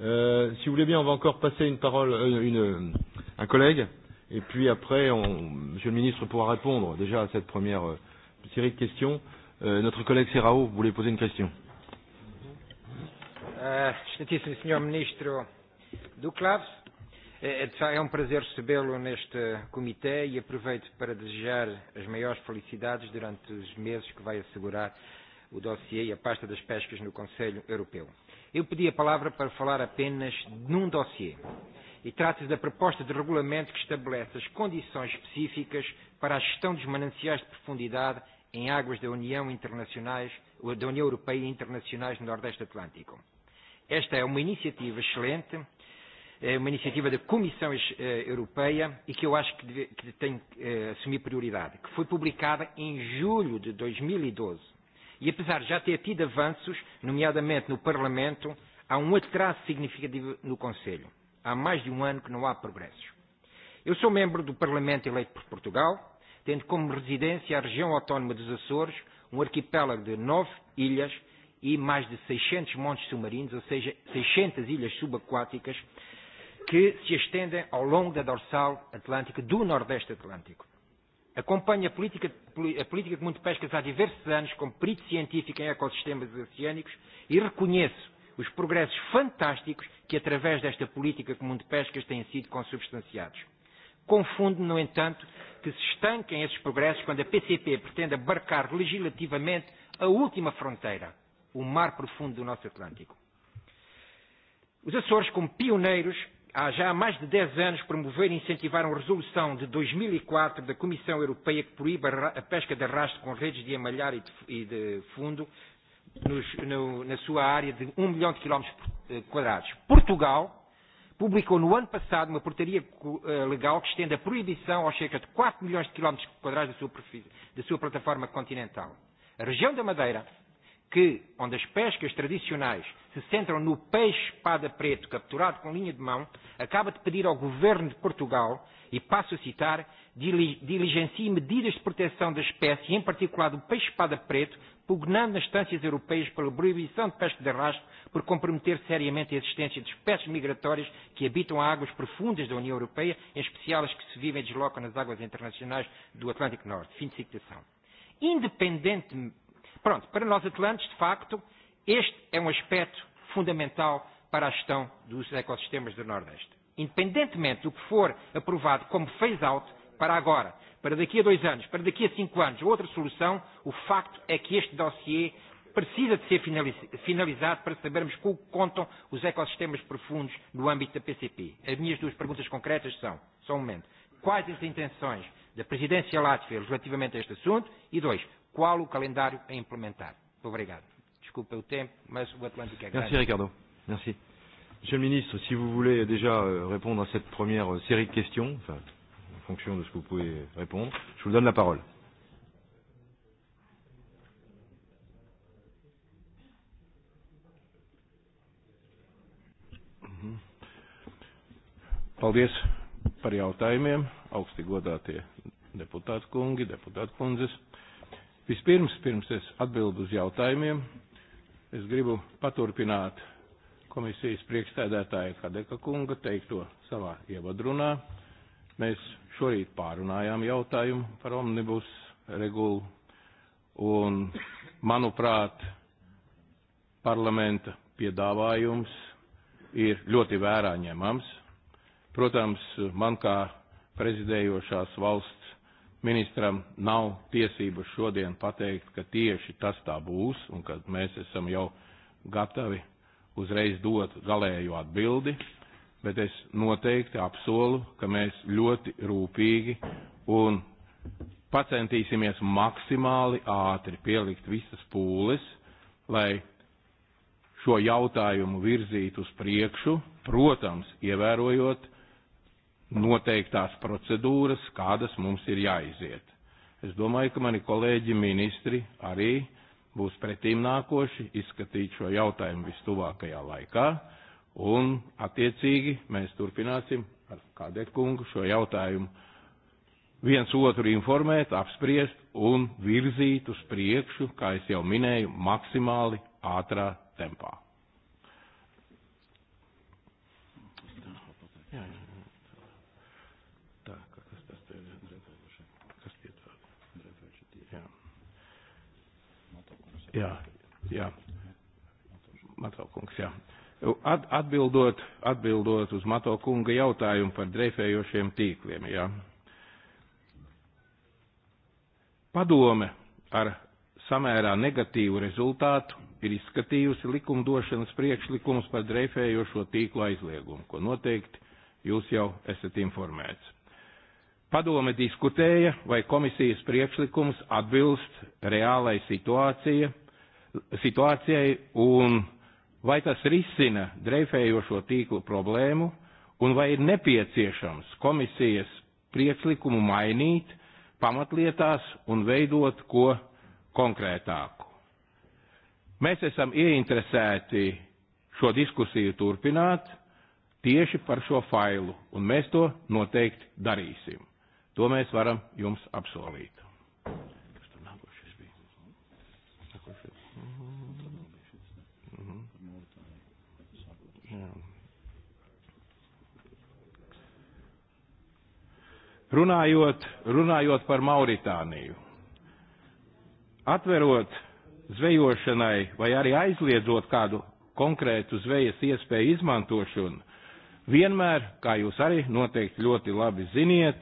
Euh, si vous voulez bien, on va encore passer une parole, euh, une, euh, un collègue, et puis après, on, Monsieur le Ministre pourra répondre déjà à cette première. Euh, série de questions. Euh, notre collègue Serrao voulait poser une question. Eh, excelentíssimo Sr. Ministro do CLAVS, é um prazer recebê-lo neste comitê e aproveito para desejar as maiores felicidades durante os meses que vai assegurar o dossiê e a pasta das pescas no Conselho Europeu. Eu pedi a palavra para falar apenas num dossiê e trata-se da proposta de regulamento que estabelece as condições específicas para a gestão dos mananciais de profundidade em águas da União, internacionais, da União Europeia e internacionais no Nordeste Atlântico. Esta é uma iniciativa excelente, é uma iniciativa da Comissão eh, Europeia e que eu acho que, deve, que tem que uh, assumir prioridade, que foi publicada em julho de 2012. E, e apesar de já ter tido avanços, nomeadamente no Parlamento, há um atraso significativo no Conselho. Há mais de um ano que não há progressos. Eu sou membro do Parlamento eleito por Portugal, tendo como residência a região autónoma dos Açores, um arquipélago de nove ilhas e mais de 600 montes submarinos, ou seja, 600 ilhas subaquáticas, que se estendem ao longo da dorsal atlântica do Nordeste Atlântico. Acompanha a política, a política mundo de pescas há diversos anos como perito científico em ecossistemas oceânicos e reconheço os progressos fantásticos que através desta política comum de pescas têm sido consubstanciados. Confunde, no entanto, que se estanquem esses progressos quando a PCP pretende abarcar legislativamente a última fronteira, o mar profundo do nosso Atlântico. Os Açores, como pioneiros, há já mais de 10 anos promoveram e incentivaram a resolução de 2004 e da Comissão Europeia que proíbe a pesca de arrasto com redes de amalhar e de, e fundo nos, no, na sua área de 1 um milhão de quilómetros eh, quadrados. Portugal, publicou no ano passado uma portaria eh, legal que estende a proibição aos cerca de 4 milhões de quilómetros quadrados da sua, da sua plataforma continental. A região da Madeira que, onde as pescas tradicionais se centram no peixe espada preto capturado com linha de mão, acaba de pedir ao governo de Portugal, e passo a citar, diligencie medidas de proteção da espécie, em particular do peixe espada preto, pugnando nas instâncias europeias pela proibição de pesca de arrasto por comprometer seriamente a existência de espécies migratórias que habitam águas profundas da União Europeia, em especial as que se vivem e deslocam nas águas internacionais do Atlântico Norte. Fim de citação. Independente Pronto, para nós atlantes, de facto, este é um aspecto fundamental para a gestão dos ecossistemas do Nordeste. Independentemente do que for aprovado como phase-out, para agora, para daqui a dois anos, para daqui a cinco anos, outra solução, o facto é que este dossiê precisa de ser finalizado para sabermos como contam os ecossistemas profundos no âmbito da PCP. As minhas duas perguntas concretas são, só um momento, quais as intenções da presidência látvia relativamente a este assunto? E dois, qual o calendário a implementar. Muito obrigado. Desculpe o tempo, mas o Atlântico é grande. Merci, Ricardo. Merci. Monsieur le ministre, si vous voulez déjà euh, répondre à cette première euh, série de questions, enfin, en fonction de ce que vous pouvez répondre, je vous donne la parole. Mhm. Paldies par jautājumiem, augsti godātie deputāti kungi, deputāti kundzes. Uh, Vispirms, pirms es atbildu uz jautājumiem, es gribu paturpināt komisijas priekšstādētāja Kadeka kunga teikto savā ievadrunā. Mēs šorīt pārunājām jautājumu par omnibus regulu un, manuprāt, parlamenta piedāvājums ir ļoti vērā ņemams. Protams, man kā prezidējošās valsts ministram nav tiesības šodien pateikt, ka tieši tas tā būs un ka mēs esam jau gatavi uzreiz dot galēju atbildi, bet es noteikti apsolu, ka mēs ļoti rūpīgi un pacentīsimies maksimāli ātri pielikt visas pūles, lai šo jautājumu virzītu uz priekšu, protams, ievērojot noteiktās procedūras, kādas mums ir jāiziet. Es domāju, ka mani kolēģi ministri arī būs pretīm nākoši izskatīt šo jautājumu vistuvākajā laikā, un attiecīgi mēs turpināsim ar kādet kungu šo jautājumu viens otru informēt, apspriest un virzīt uz priekšu, kā es jau minēju, maksimāli ātrā tempā. Jā, jā. kungs, jā. At, atbildot, atbildot uz mato kunga jautājumu par dreifējošiem tīkliem, jā. Padome ar samērā negatīvu rezultātu ir izskatījusi likumdošanas priekšlikums par dreifējošo tīklu aizliegumu, ko noteikti jūs jau esat informēts. Padome diskutēja, vai komisijas priekšlikums atbilst reālai situācijai situācijai un vai tas risina dreifējošo tīklu problēmu un vai ir nepieciešams komisijas priekšlikumu mainīt pamatlietās un veidot ko konkrētāku. Mēs esam ieinteresēti šo diskusiju turpināt tieši par šo failu, un mēs to noteikti darīsim. To mēs varam jums apsolīt. Runājot, runājot par Mauritāniju, atverot zvejošanai vai arī aizliedzot kādu konkrētu zvejas iespēju izmantošanu, vienmēr, kā jūs arī noteikti ļoti labi ziniet,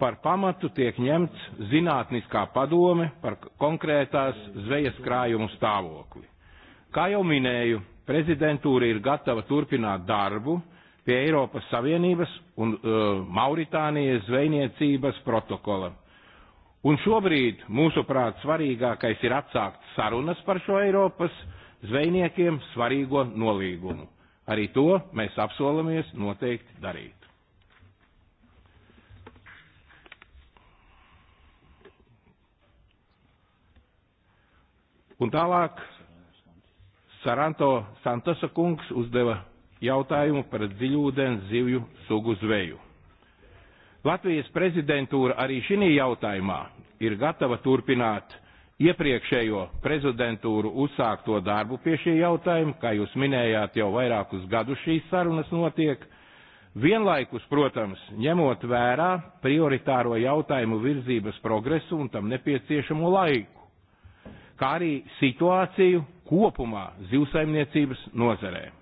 par pamatu tiek ņemts zinātniskā padome par konkrētās zvejas krājumu stāvokli. Kā jau minēju, prezidentūra ir gatava turpināt darbu, pie Eiropas Savienības un uh, Mauritānijas zvejniecības protokola. Un šobrīd, mūsuprāt, svarīgākais ir atsākt sarunas par šo Eiropas zvejniekiem svarīgo nolīgumu. Arī to mēs apsolamies noteikti darīt. Un tālāk Saranto Santosa kungs uzdeva jautājumu par dziļūdens zivju sugu zveju. Latvijas prezidentūra arī šī jautājumā ir gatava turpināt iepriekšējo prezidentūru uzsākto darbu pie šī jautājuma, kā jūs minējāt, jau vairākus gadus šīs sarunas notiek. Vienlaikus, protams, ņemot vērā prioritāro jautājumu virzības progresu un tam nepieciešamo laiku, kā arī situāciju kopumā zivsaimniecības nozarē.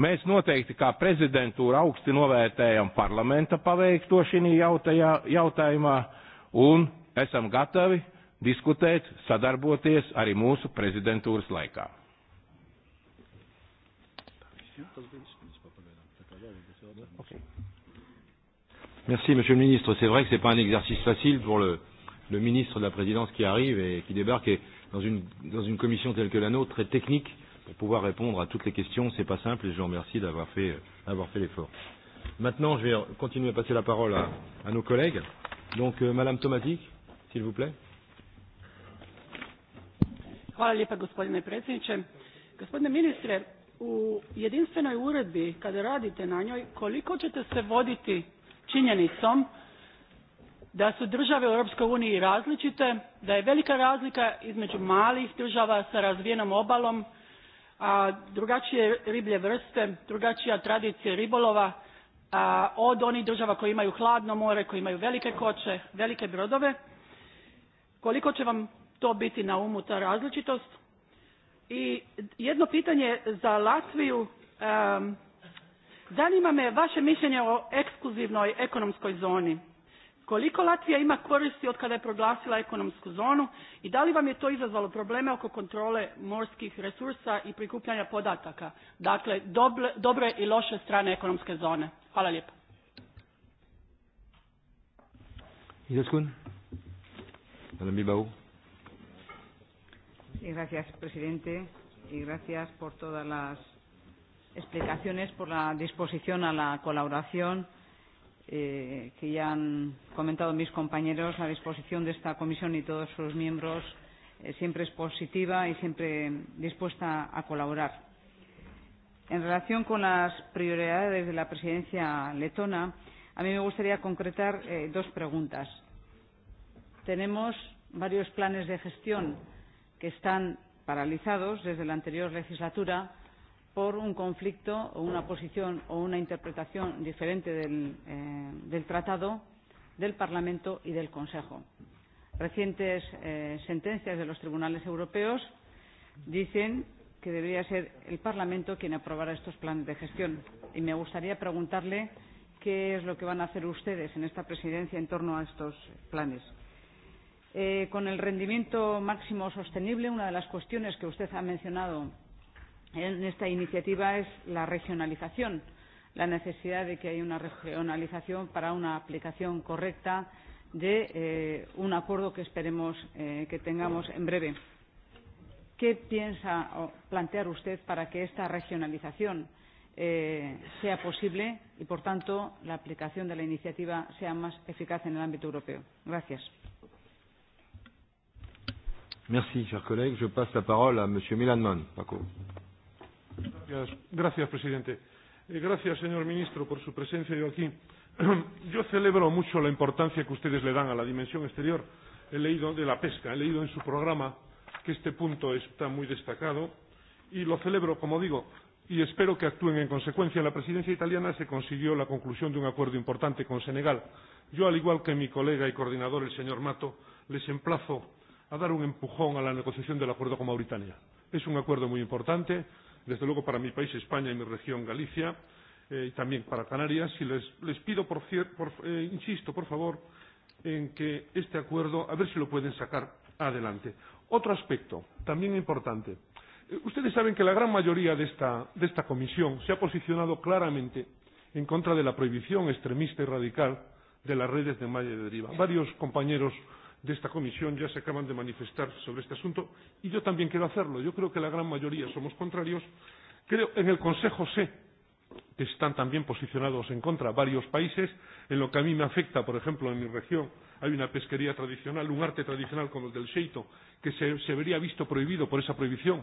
Mēs noteikti kā prezidentūra augsti novērtējam parlamenta paveikto šī jautājumā un esam gatavi diskutēt, sadarboties arī mūsu prezidentūras laikā. Merci, Monsieur le Ministre. C'est vrai que ce n'est pas un exercice facile pour le, le ministre de la Présidence qui arrive et qui débarque et dans, une, dans une commission telle que la nôtre, très technique, euh, pour pouvoir répondre à toutes les questions. Ce n'est pas simple et je vous remercie d'avoir fait, fait l'effort. Maintenant, je vais continuer à passer la parole à, à nos collègues. Donc, euh, Madame Tomatic, s'il vous plaît. Hvala lijepa gospodine predsjedniče. Gospodine ministre, u jedinstvenoj uredbi, kada radite na njoj, koliko ćete se voditi činjenicom da su države u Europskoj uniji različite, da je velika razlika između malih država sa razvijenom obalom a, drugačije riblje vrste, drugačija tradicija ribolova a, od onih država koji imaju hladno more, koji imaju velike koče, velike brodove. Koliko će vam to biti na umu ta različitost? I jedno pitanje za Latviju. Um, zanima me vaše mišljenje o ekskluzivnoj ekonomskoj zoni Koliko Latvija ima koristi od kada je proglasila ekonomsku zonu i da li vam je to izazvalo probleme oko kontrole morskih resursa i prikupljanja podataka? Dakle, doble, dobre i loše strane ekonomske zone. Hvala lijepa. Izaskun. Madame Bilbao. Y gracias, presidente, y gracias por todas las explicaciones, por la disposición a la colaboración eh, que ya han comentado mis compañeros, la disposición de esta comisión y todos sus miembros eh, siempre es positiva y siempre dispuesta a colaborar. En relación con las prioridades de la presidencia letona, a mí me gustaría concretar eh, dos preguntas. Tenemos varios planes de gestión que están paralizados desde la anterior legislatura por un conflicto o una posición o una interpretación diferente del, eh, del Tratado, del Parlamento y del Consejo. Recientes eh, sentencias de los tribunales europeos dicen que debería ser el Parlamento quien aprobara estos planes de gestión. Y me gustaría preguntarle qué es lo que van a hacer ustedes en esta presidencia en torno a estos planes. Eh, con el rendimiento máximo sostenible, una de las cuestiones que usted ha mencionado en esta iniciativa es la regionalización, la necesidad de que haya una regionalización para una aplicación correcta de eh, un acuerdo que esperemos eh, que tengamos en breve. ¿Qué piensa plantear usted para que esta regionalización eh, sea posible y, por tanto, la aplicación de la iniciativa sea más eficaz en el ámbito europeo? Gracias. Merci, cher collègue. Je passe la parole à M. Milanman. Gracias, gracias presidente. Eh, gracias, señor ministro, por su presencia yo aquí. Yo celebro mucho la importancia que ustedes le dan a la dimensión exterior. He leído de la pesca, he leído en su programa que este punto está muy destacado y lo celebro, como digo, y espero que actúen en consecuencia. En la presidencia italiana se consiguió la conclusión de un acuerdo importante con Senegal. Yo, al igual que mi colega y coordinador, el señor Mato, les emplazo a dar un empujón a la negociación del acuerdo con Mauritania. Es un acuerdo muy importante desde luego para mi país España y mi región Galicia, eh, y también para Canarias. Y les, les pido, por, por eh, insisto, por favor, en que este acuerdo, a ver si lo pueden sacar adelante. Otro aspecto, también importante. Eh, ustedes saben que la gran mayoría de esta, de esta comisión se ha posicionado claramente en contra de la prohibición extremista y radical de las redes de malla y de deriva. Varios compañeros de esta comisión ya se acaban de manifestar sobre este asunto y yo también quiero hacerlo. Yo creo que la gran mayoría somos contrarios. Creo en el Consejo sé que están también posicionados en contra varios países. En lo que a mí me afecta, por ejemplo, en mi región hay una pesquería tradicional, un arte tradicional como el del Sheito, que se, se vería visto prohibido por esa prohibición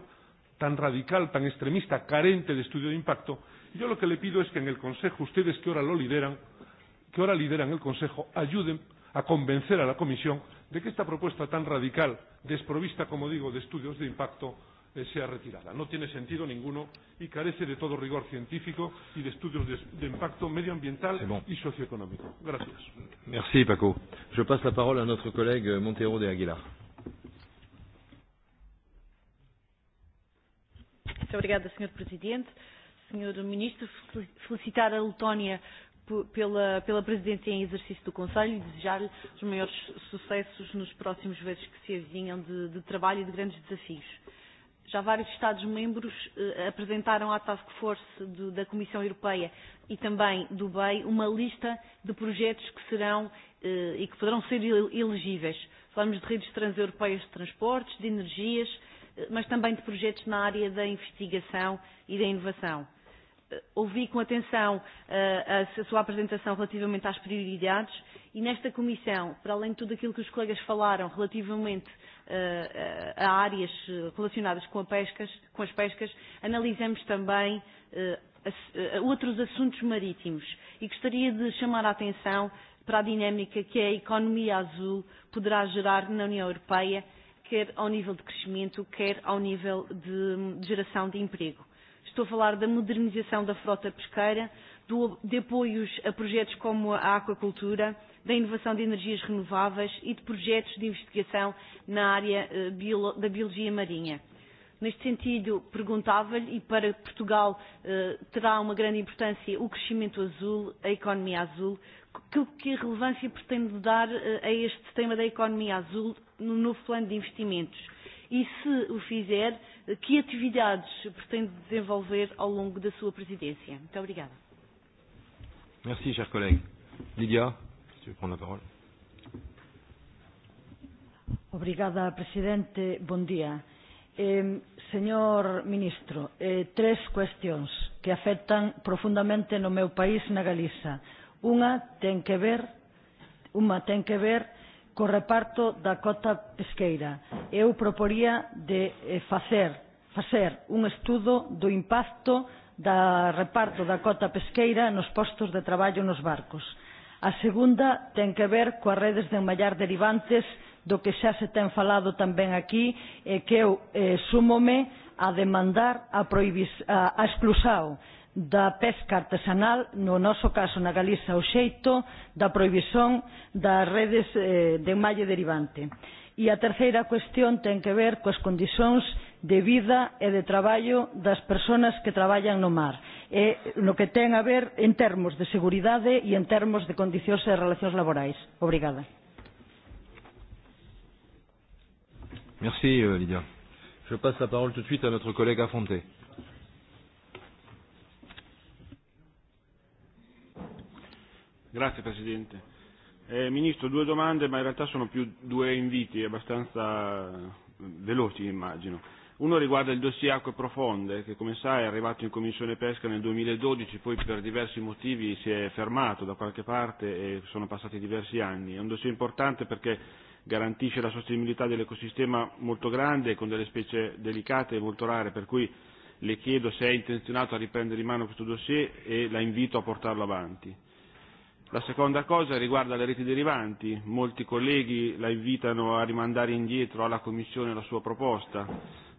tan radical, tan extremista, carente de estudio de impacto. Yo lo que le pido es que en el Consejo, ustedes que ahora lo lideran, que ahora lideran el Consejo, ayuden a convencer a la Comisión de que esta propuesta tan radical, desprovista, como digo, de estudios de impacto, eh, sea retirada. No tiene sentido ninguno y carece de todo rigor científico y de estudios de, de impacto medioambiental bon. y socioeconómico. Gracias. Merci, Paco. Je passe la parole a notre collègue euh, Montero de Aguilar. Muito obrigada, Sr. Presidente. Sr. Ministro, felicitar a Letónia pela, pela presidência em exercício do Conselho e desejar-lhe os maiores sucessos nos próximos meses que se avizinham de, de trabalho e de grandes desafios. Já vários Estados-membros eh, apresentaram à Task Force do, da Comissão Europeia e também do BEI uma lista de projetos que serão eh, e que poderão ser elegíveis. Falamos de redes transeuropeias de transportes, de energias, eh, mas também de projetos na área da investigação e da inovação ouvi com atenção uh, a sua apresentação relativamente às prioridades e nesta comissão, para além de tudo aquilo que os colegas falaram relativamente uh, a áreas eh, relacionadas com, a pescas, com as pescas, analisamos também uh, outros assuntos marítimos e gostaria de chamar a atenção para a dinâmica que a economia azul poderá gerar na União Europeia, quer ao nível de crescimento, quer ao nível de, de geração de emprego. Estou a falar da modernização da frota pesqueira, do, de apoios a projetos como a aquacultura, da inovação de energias renováveis e de projetos de investigação na área eh, bio, da biologia marinha. Neste sentido, perguntava-lhe, e para Portugal eh, terá uma grande importância o crescimento azul, a economia azul, que, que relevância pretende dar eh, a este tema da economia azul no novo plano de investimentos? E se o fizer, que atividades pretende desenvolver ao longo da sua presidência? Muito obrigada. Merci, cher collègue. Lydia, se você veux prendre la parole. Obrigada, Presidente. Bom dia. Eh, señor Ministro, eh, tres cuestións que afectan profundamente no meu país, na Galiza. Unha ten que ver, unha ten que ver co reparto da cota pesqueira. Eu proporía de eh, facer, facer un estudo do impacto da reparto da cota pesqueira nos postos de traballo nos barcos. A segunda ten que ver coas redes de enmallar derivantes do que xa se ten falado tamén aquí e que eu eh, súmome a demandar a, prohibis, a, a exclusao da pesca artesanal, no noso caso na Galiza o xeito da prohibición das redes eh, de malle derivante. E a terceira cuestión ten que ver coas condicións de vida e de traballo das persoas que traballan no mar e no que ten a ver en termos de seguridade e en termos de condicións e relacións laborais. Obrigada. Merci euh, Lidia. Je passe la parole tout de suite à notre collègue Afonte. Grazie Presidente. Eh, Ministro, due domande, ma in realtà sono più due inviti abbastanza eh, veloci immagino. Uno riguarda il dossier acque profonde, che come sa è arrivato in Commissione Pesca nel 2012, poi per diversi motivi si è fermato da qualche parte e sono passati diversi anni. È un dossier importante perché garantisce la sostenibilità dell'ecosistema molto grande, con delle specie delicate e molto rare, per cui le chiedo se è intenzionato a riprendere in mano questo dossier e la invito a portarlo avanti. La seconda cosa riguarda le reti derivanti. Molti colleghi la invitano a rimandare indietro alla Commissione la sua proposta.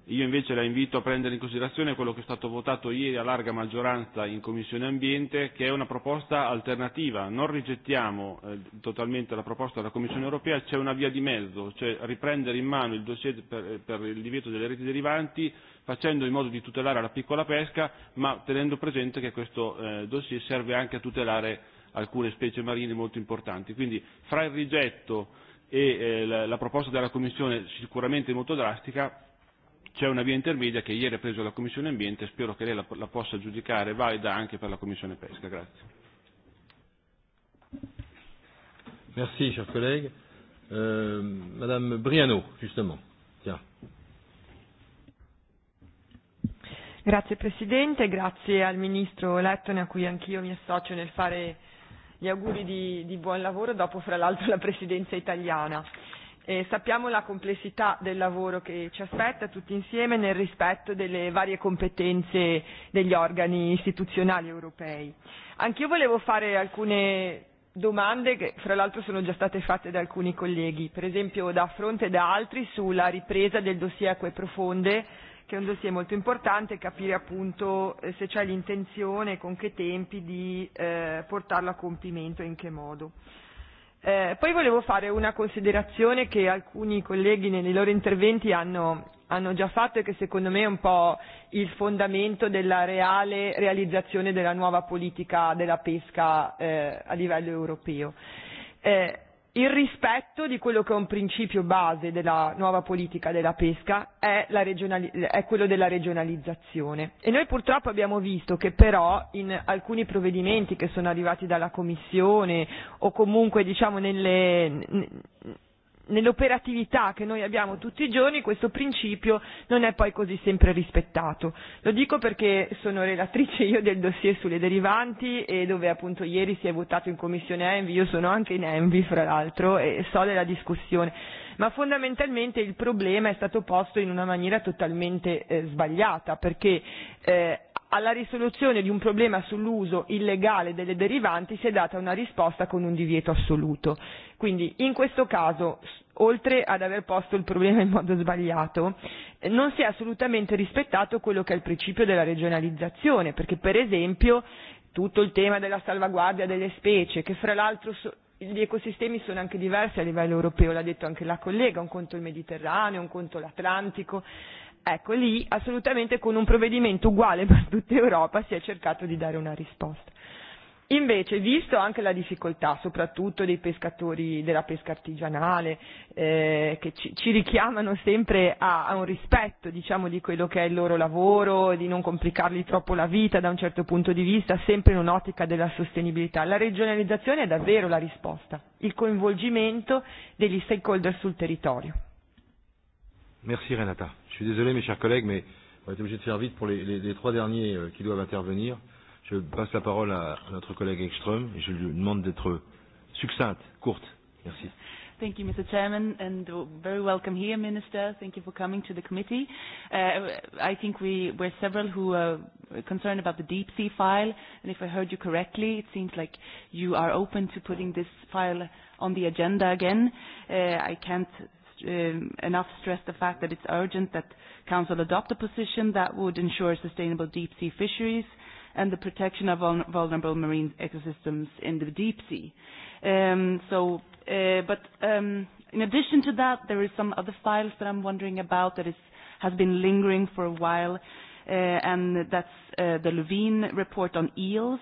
Io invece la invito a prendere in considerazione quello che è stato votato ieri a larga maggioranza in Commissione Ambiente, che è una proposta alternativa. Non rigettiamo eh, totalmente la proposta della Commissione Europea, c'è una via di mezzo, cioè riprendere in mano il dossier per, eh, per il divieto delle reti derivanti, facendo in modo di tutelare la piccola pesca, ma tenendo presente che questo eh, dossier serve anche a tutelare alcune specie marine molto importanti. Quindi fra il rigetto e eh, la, la proposta della Commissione sicuramente molto drastica c'è una via intermedia che ieri ha preso la Commissione Ambiente e spero che lei la, la possa giudicare valida anche per la Commissione Pesca. Grazie. Merci, cher collègue. Euh, Madame Briano, justement. Tiens. Grazie Presidente, grazie al Ministro Lettone a cui anch'io mi associo nel fare gli auguri di, di buon lavoro dopo fra l'altro la presidenza italiana. E sappiamo la complessità del lavoro che ci aspetta tutti insieme nel rispetto delle varie competenze degli organi istituzionali europei. Anch'io volevo fare alcune domande che fra l'altro sono già state fatte da alcuni colleghi, per esempio da Fronte e da altri sulla ripresa del dossier Acque Profonde che è un dossier molto importante, capire appunto eh, se c'è l'intenzione, con che tempi di eh, portarlo a compimento e in che modo. Eh, poi volevo fare una considerazione che alcuni colleghi nei loro interventi hanno, hanno già fatto e che secondo me è un po' il fondamento della reale realizzazione della nuova politica della pesca eh, a livello europeo. Eh, il rispetto di quello che è un principio base della nuova politica della pesca è, la regionali- è quello della regionalizzazione. E noi purtroppo abbiamo visto che però in alcuni provvedimenti che sono arrivati dalla Commissione o comunque diciamo nelle nell'operatività che noi abbiamo tutti i giorni questo principio non è poi così sempre rispettato. Lo dico perché sono relatrice io del dossier sulle derivanti e dove appunto ieri si è votato in commissione Envi, io sono anche in Envi fra l'altro e so della discussione, ma fondamentalmente il problema è stato posto in una maniera totalmente eh, sbagliata perché eh, alla risoluzione di un problema sull'uso illegale delle derivanti si è data una risposta con un divieto assoluto. Quindi in questo caso oltre ad aver posto il problema in modo sbagliato, non si è assolutamente rispettato quello che è il principio della regionalizzazione, perché per esempio tutto il tema della salvaguardia delle specie, che fra l'altro so, gli ecosistemi sono anche diversi a livello europeo, l'ha detto anche la collega, un conto il Mediterraneo, un conto l'Atlantico. Ecco, lì assolutamente con un provvedimento uguale per tutta Europa si è cercato di dare una risposta. Invece, visto anche la difficoltà soprattutto dei pescatori della pesca artigianale, eh, che ci, ci richiamano sempre a, a un rispetto diciamo, di quello che è il loro lavoro, di non complicargli troppo la vita da un certo punto di vista, sempre in un'ottica della sostenibilità, la regionalizzazione è davvero la risposta, il coinvolgimento degli stakeholder sul territorio. Merci Renata. Je suis désolé mes chers collègues, mais on être obligé de faire vite pour les, les, les trois derniers euh, qui doivent intervenir. Je passe la parole à notre collègue Ekström et je lui demande d'être succincte, courte. Merci. Thank you, Mr. Chairman, and very welcome here, Minister. Thank you for coming to the committee. Uh, I think we were several who are concerned about the deep sea file, and if I heard you correctly, it seems like you are open to putting this file on the agenda again. Uh, I can't um, enough stress the fact that it's urgent that Council adopt a position that would ensure sustainable deep sea fisheries and the protection of vulnerable marine ecosystems in the deep sea. Um, so, uh, but um, in addition to that, there is some other files that I'm wondering about that is, has been lingering for a while, uh, and that's uh, the Levine report on eels,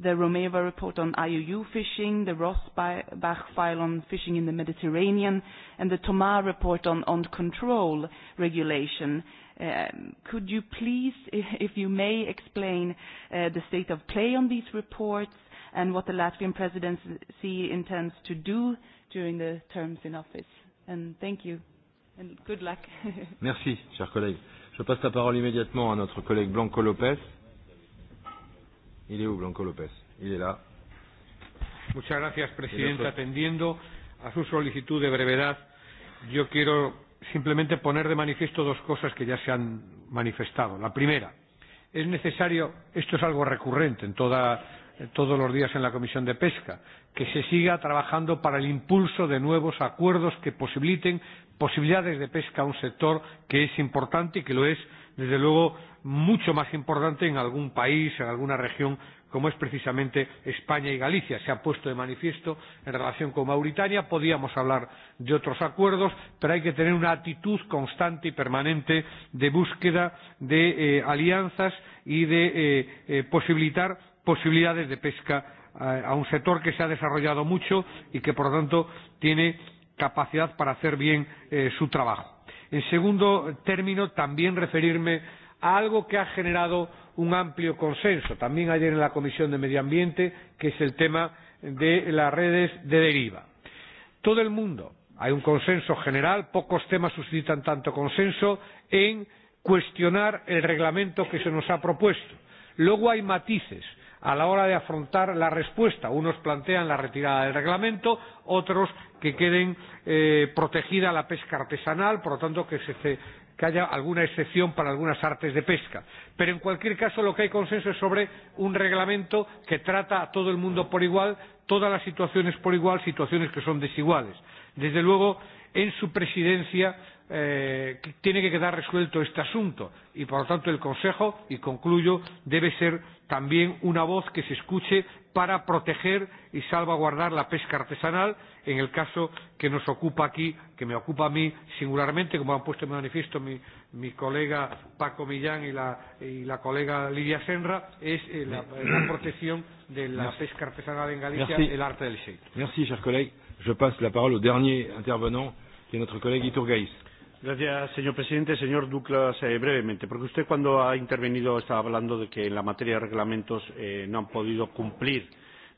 the Romeva report on IUU fishing, the Rosbach file on fishing in the Mediterranean, and the Tomar report on, on control regulation. Um, could you please, if you may, explain uh, the state of play on these reports and what the Latvian presidency intends to do during the terms in office? And thank you, and good luck. Merci, cher collègue. Je passe la parole immédiatement à notre collègue Blanco Lopez. Il est où, Blanco Lopez? Il est là. Muchas gracias, Presidente. Atendiendo a su solicitud de brevedad, yo quiero simplemente poner de manifiesto dos cosas que ya se han manifestado. La primera, es necesario, esto es algo recurrente en toda, todos los días en la Comisión de Pesca, que se siga trabajando para el impulso de nuevos acuerdos que posibiliten posibilidades de pesca a un sector que es importante y que lo es, desde luego, mucho más importante en algún país, en alguna región como es precisamente España y Galicia. Se ha puesto de manifiesto en relación con Mauritania. Podíamos hablar de otros acuerdos, pero hay que tener una actitud constante y permanente de búsqueda de eh, alianzas y de eh, eh, posibilitar posibilidades de pesca eh, a un sector que se ha desarrollado mucho y que, por lo tanto, tiene capacidad para hacer bien eh, su trabajo. En segundo término, también referirme algo que ha generado un amplio consenso, también ayer en la Comisión de Medio Ambiente, que es el tema de las redes de deriva. Todo el mundo, hay un consenso general, pocos temas suscitan tanto consenso en cuestionar el reglamento que se nos ha propuesto. Luego hay matices a la hora de afrontar la respuesta. Unos plantean la retirada del reglamento, otros que queden eh, protegida la pesca artesanal, por lo tanto que se, que haya alguna excepción para algunas artes de pesca. Pero en cualquier caso lo que hay consenso es sobre un reglamento que trata a todo el mundo por igual, todas las situaciones por igual, situaciones que son desiguales. Desde luego, en su presidencia eh, tiene que quedar resuelto este asunto y por lo tanto el Consejo, y concluyo, debe ser también una voz que se escuche para proteger y salvaguardar la pesca artesanal en el caso que nos ocupa aquí, que me ocupa a mí singularmente, como han puesto en manifiesto mi, mi colega Paco Millán y la, y la colega Lidia Senra, es eh, la, la protección de la Merci. pesca artesanal en Galicia, Merci. el arte del seito. Gracias, chers colega. Je passe la parole au dernier intervenant, qui est notre collègue Iturgaïs. Gracias, señor presidente. Señor Duclas, eh, brevemente, porque usted cuando ha intervenido estaba hablando de que en la materia de reglamentos eh, no han podido cumplir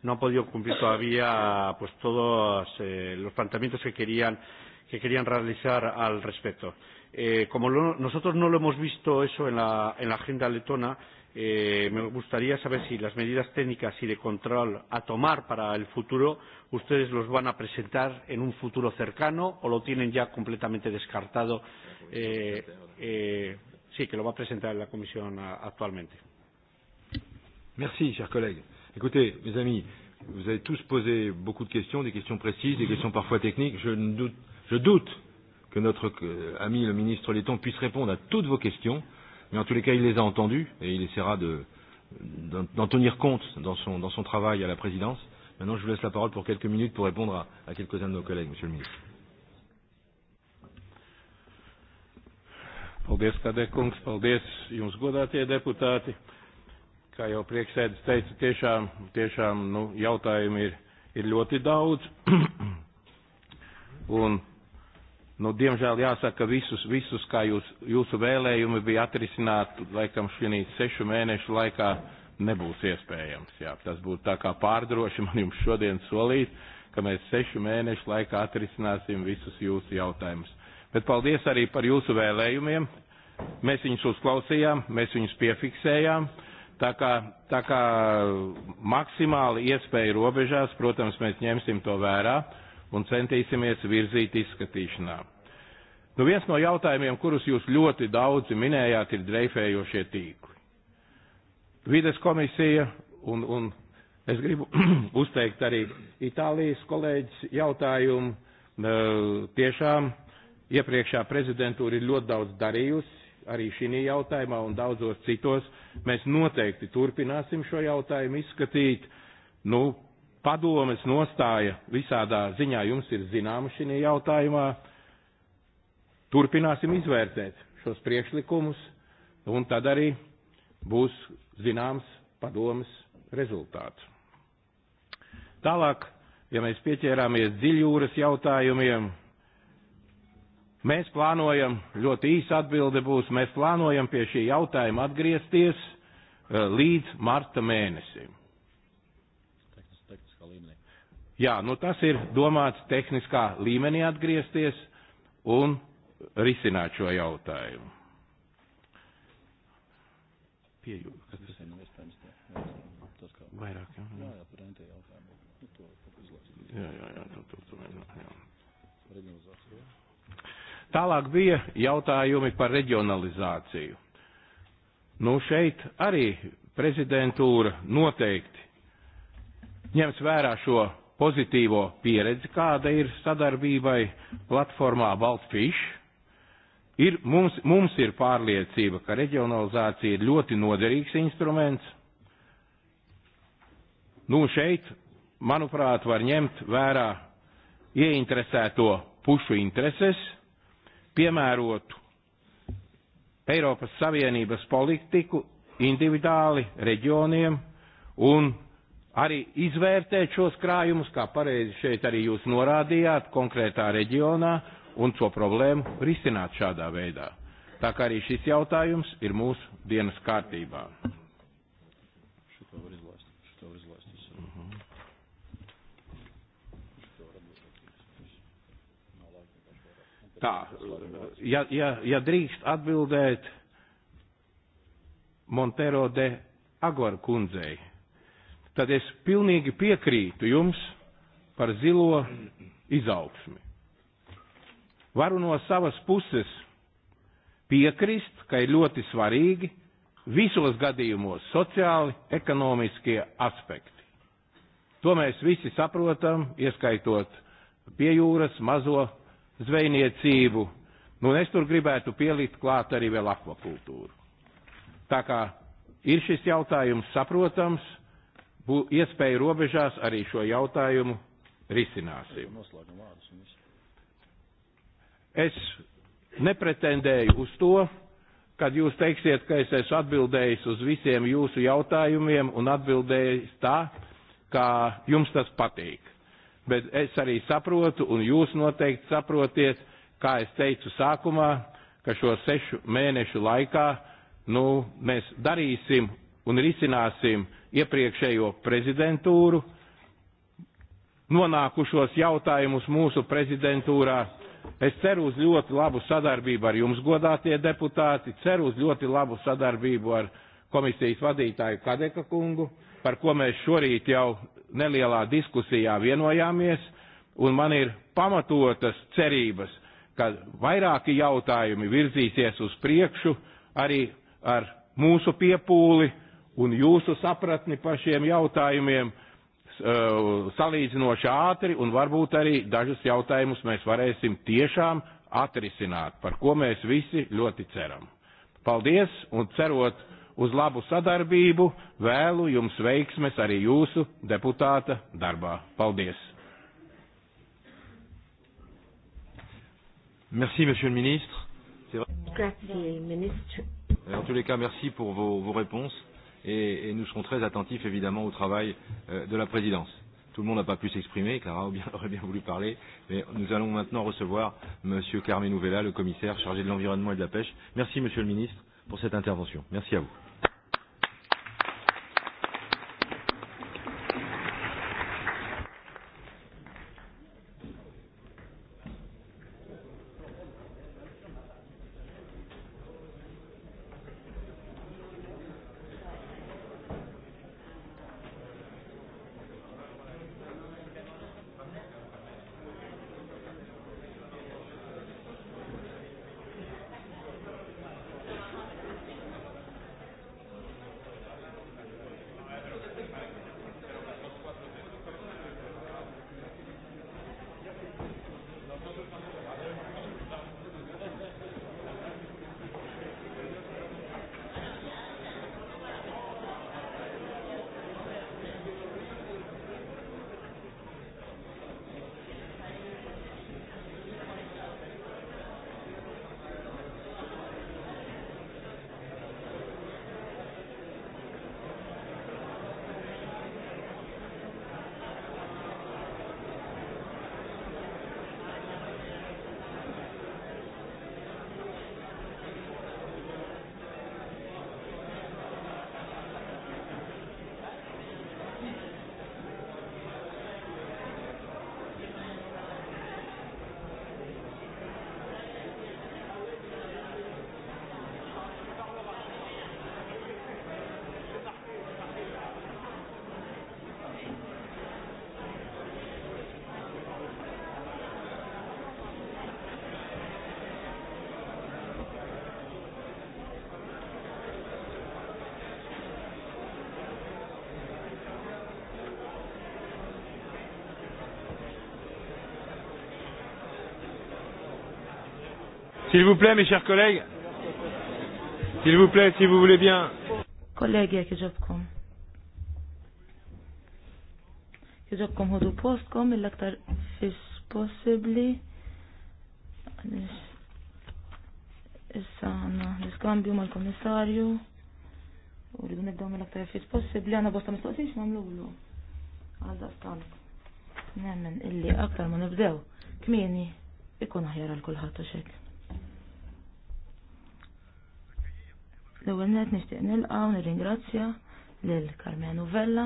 no han podido cumplir todavía pues todos eh, los planteamientos que querían que querían realizar al respecto. Eh, como lo, nosotros no lo hemos visto eso en la, en la agenda letona, eh, me gustaría saber si las medidas técnicas y de control a tomar para el futuro ustedes los van a presentar en un futuro cercano o lo tienen ya completamente descartado. Eh, eh, sí, que lo va a presentar la Comisión a, actualmente. Merci, chers collègues. Écoutez, mes amis, vous avez tous posé beaucoup de questions, des questions précises, des questions parfois techniques. Je doute, je doute que notre euh, ami le ministre Letton puisse répondre à toutes vos questions. Mais en tous les cas, il les a entendus et il essaiera d'en de, tenir compte dans son, dans son travail à la présidence. Maintenant, je vous laisse la parole pour quelques minutes pour répondre à, à quelques-uns de nos collègues, Monsieur le Ministre. Paldies, Kadek kungs, paldies jums godātie deputāti. Kā jau prieksēdis teica, tiešām, tiešām nu, jautājumi ir, ir ļoti daudz. un Nu, diemžēl jāsaka, visus, visus kā jūs, jūsu vēlējumi bija atrisināt, laikam šī sešu mēnešu laikā nebūs iespējams. Jā. Tas būtu tā kā pārdroši man jums šodien solīt, ka mēs sešu mēnešu laikā atrisināsim visus jūsu jautājumus. Bet paldies arī par jūsu vēlējumiem. Mēs viņus uzklausījām, mēs viņus piefiksējām. Tā kā, tā kā maksimāli iespēja robežās, protams, mēs ņemsim to vērā un centīsimies virzīt izskatīšanā. Nu viens no jautājumiem, kurus jūs ļoti daudzi minējāt, ir dreifējošie tīkli. Vides komisija un, un es gribu uzteikt arī Itālijas kolēģis jautājumu. Tiešām iepriekšā prezidentūra ir ļoti daudz darījusi arī šī jautājumā un daudzos citos. Mēs noteikti turpināsim šo jautājumu izskatīt. Nu, padomes nostāja visādā ziņā jums ir zināma šī jautājumā. Turpināsim izvērtēt šos priekšlikumus, un tad arī būs zināms padomes rezultāts. Tālāk, ja mēs pieķērāmies dziļjūras jautājumiem, mēs plānojam, ļoti īsa atbilde būs, mēs plānojam pie šī jautājuma atgriezties eh, līdz marta mēnesim Jā, nu tas ir domāts tehniskā līmenī atgriezties un risināt šo jautājumu. Vairāk, jā. Jā, jā, par jautājumu. Jā, jā, jā, jā. Tālāk bija jautājumi par reģionalizāciju. Nu, šeit arī prezidentūra noteikti ņems vērā šo pozitīvo pieredzi, kāda ir sadarbībai platformā Baltfish. Ir, mums, mums ir pārliecība, ka reģionalizācija ir ļoti noderīgs instruments. Nu, šeit, manuprāt, var ņemt vērā ieinteresēto pušu intereses, piemērot Eiropas Savienības politiku individuāli reģioniem un arī izvērtēt šos krājumus, kā pareizi šeit arī jūs norādījāt, konkrētā reģionā un šo problēmu risināt šādā veidā. Tā kā arī šis jautājums ir mūsu dienas kārtībā. Tā, ja, ja, ja drīkst atbildēt Montero de Agor kundzei tad es pilnīgi piekrītu jums par zilo izaugsmi. Varu no savas puses piekrist, ka ir ļoti svarīgi visos gadījumos sociāli, ekonomiskie aspekti. To mēs visi saprotam, ieskaitot piejūras mazo zvejniecību. Nu, es tur gribētu pielikt klāt arī vēl akvakultūru. Tā kā ir šis jautājums saprotams, u iespēju robežās arī šo jautājumu risināsim. Es nepretendēju uz to, kad jūs teiksiet, ka es esmu atbildējis uz visiem jūsu jautājumiem un atbildējis tā, kā jums tas patīk. Bet es arī saprotu, un jūs noteikti saprotiet, kā es teicu sākumā, ka šo sešu mēnešu laikā nu, mēs darīsim un risināsim iepriekšējo prezidentūru, nonākušos jautājumus mūsu prezidentūrā. Es ceru uz ļoti labu sadarbību ar jums, godātie deputāti, ceru uz ļoti labu sadarbību ar komisijas vadītāju Kadeka kungu, par ko mēs šorīt jau nelielā diskusijā vienojāmies, un man ir pamatotas cerības, ka vairāki jautājumi virzīsies uz priekšu arī ar mūsu piepūli un jūsu sapratni par šiem jautājumiem e, salīdzinoši ātri un varbūt arī dažus jautājumus mēs varēsim tiešām atrisināt, par ko mēs visi ļoti ceram. Paldies un cerot uz labu sadarbību vēlu jums veiksmes arī jūsu deputāta darbā. Paldies! Merci, Monsieur le Ministre. Grazie, Ministre. En tous les cas, merci pour vos, vos réponses et, et nous serons très attentifs évidemment au travail euh, de la présidence. Tout le monde n'a pas pu s'exprimer, Clara aurait bien voulu parler, mais nous allons maintenant recevoir M. Carmen Nouvella, le commissaire chargé de l'environnement et de la pêche. Merci Monsieur le ministre pour cette intervention. Merci à vous. S'il vous plaît, mes chers collègues. S'il vous plaît, si vous voulez bien. Kollegi, jek iġobkom. Iġobkom ħodu postkom il-aktar fis possibli. Issa għanna l-iskambju mal-komissarju. U rridu nibdaw mill-aktar fis possibli għanna bosta mistoqsix namlu għullu. Għalda stant. Nemmen illi aktar ma nibdew. Kmini, ikun aħjar għal kulħadd u xekk. L-ewwel nishtiq nixtieq nilqa' u ingrazzja l-Karmenu Vella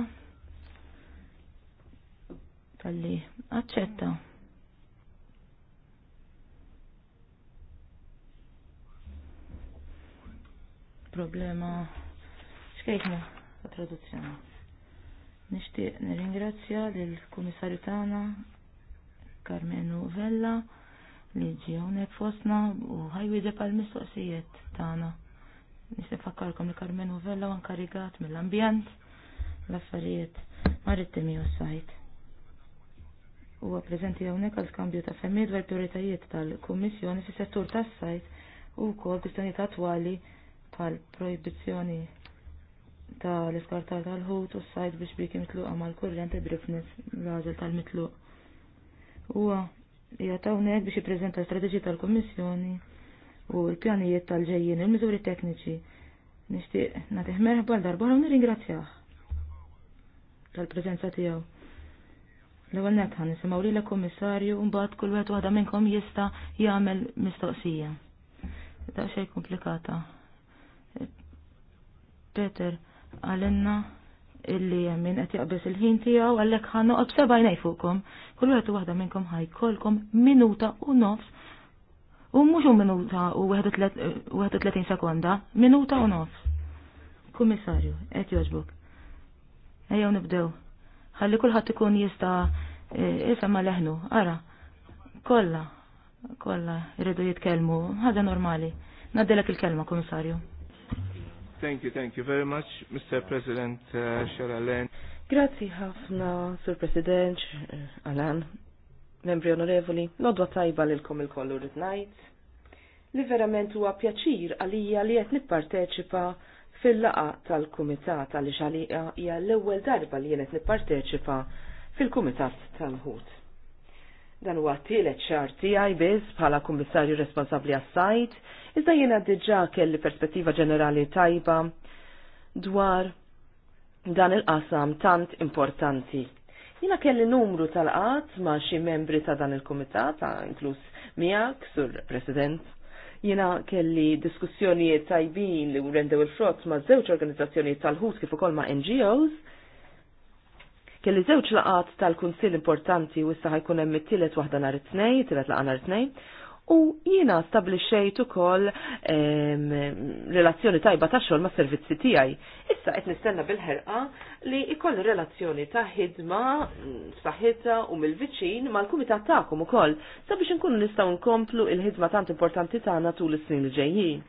tal-li aċċetta. Problema xkejtna ta' traduzzjoni. Nixtieq nirringrazzja l kummissarju Tana Karmenu Vella li ġi hawnhekk u ħajwieġeb pal mistoqsijiet tagħna. Nixin fakkarkom li Carmen Uvella għan karigat mill-ambjent, l-affarijiet marittimi u s-sajt. Huwa preżenti hawnhekk għal skambju ta' femmijiet dwar prioritajiet tal-Kummissjoni fis-settur tas-sajt u wkoll kwistjonijiet attwali proibizjoni ta' tal-iskartar tal-ħut u s-sajt biex bik mitluqa mal-kurrent drifnis l-għażel tal-mitluq. Huwa hija hawnhekk biex jippreżenta l tal-Kummissjoni u l-pjanijiet tal-ġejjin, il-miżuri tekniċi. Nixtieq natiħ merħba l-darba nir nirringrazzjah tal-preżenza tiegħu. L-ewwel nett ħan nisimgħu l-komissarju, un mbagħad kull wieħed waħda minnkom jista' jagħmel mistoqsija. Da xej komplikata. Peter għalenna illi min qed jaqbes il-ħin tiegħu għalhekk ħa noqgħod b'seba' Kull wieħed waħda minnkom ħajkolkom minuta u nofs U mhux minuta u 31 sekonda, minuta u nofs. Kummissarju, qed jogħġbok. Ejjew nibdew. Ħalli kulħadd ikun jista' e, ma leħnu, ara. Kolla, kolla, irridu jitkellmu, ħaġa normali. Naddilek il-kelma, Kummissarju. Thank you, thank you very much, Mr. President uh, Sharon Grazzi ħafna, Sur President Alan membri onorevoli, nodwa tajba lilkom il-kollu rid-najt. Li verament huwa pjaċir għalija li qed nipparteċipa fil-laqa tal-Kumitat għaliex għalija hija l-ewwel darba li jien qed nipparteċipa fil-Kumitat tal-Ħut dan huwa tielet xahar tiegħi biss bħala kummissarju responsabbli għas-sajt, iżda jiena diġà kelli perspettiva ġenerali tajba dwar dan il-qasam tant importanti. Jina kelli numru tal-qat ma' xi membri ta' dan il-komitat, inkluż miegħek sur President. Jina kelli diskussjonijiet tajbin li rendew il-frott ma' żewġ organizzazzjonijiet tal-ħut kif ukoll ma' NGOs. Kelli żewġ laqat tal-Kunsill importanti u issa ħajkun hemm it-tielet waħda nhar it-tnejn, tielet laqgħa nhar it-tnejn, u jina stablixxejt ukoll relazzjoni tajba ta' xogħol ma' servizzi tiegħi. Issa qed nistenna bil-ħerqa li jkoll relazzjoni ta' ħidma saħħitha u mill-viċin mal-kumitat tagħkom ukoll sabiex inkunu nistgħu nkomplu il-ħidma tant importanti tagħna tul is-snin li ġejjin.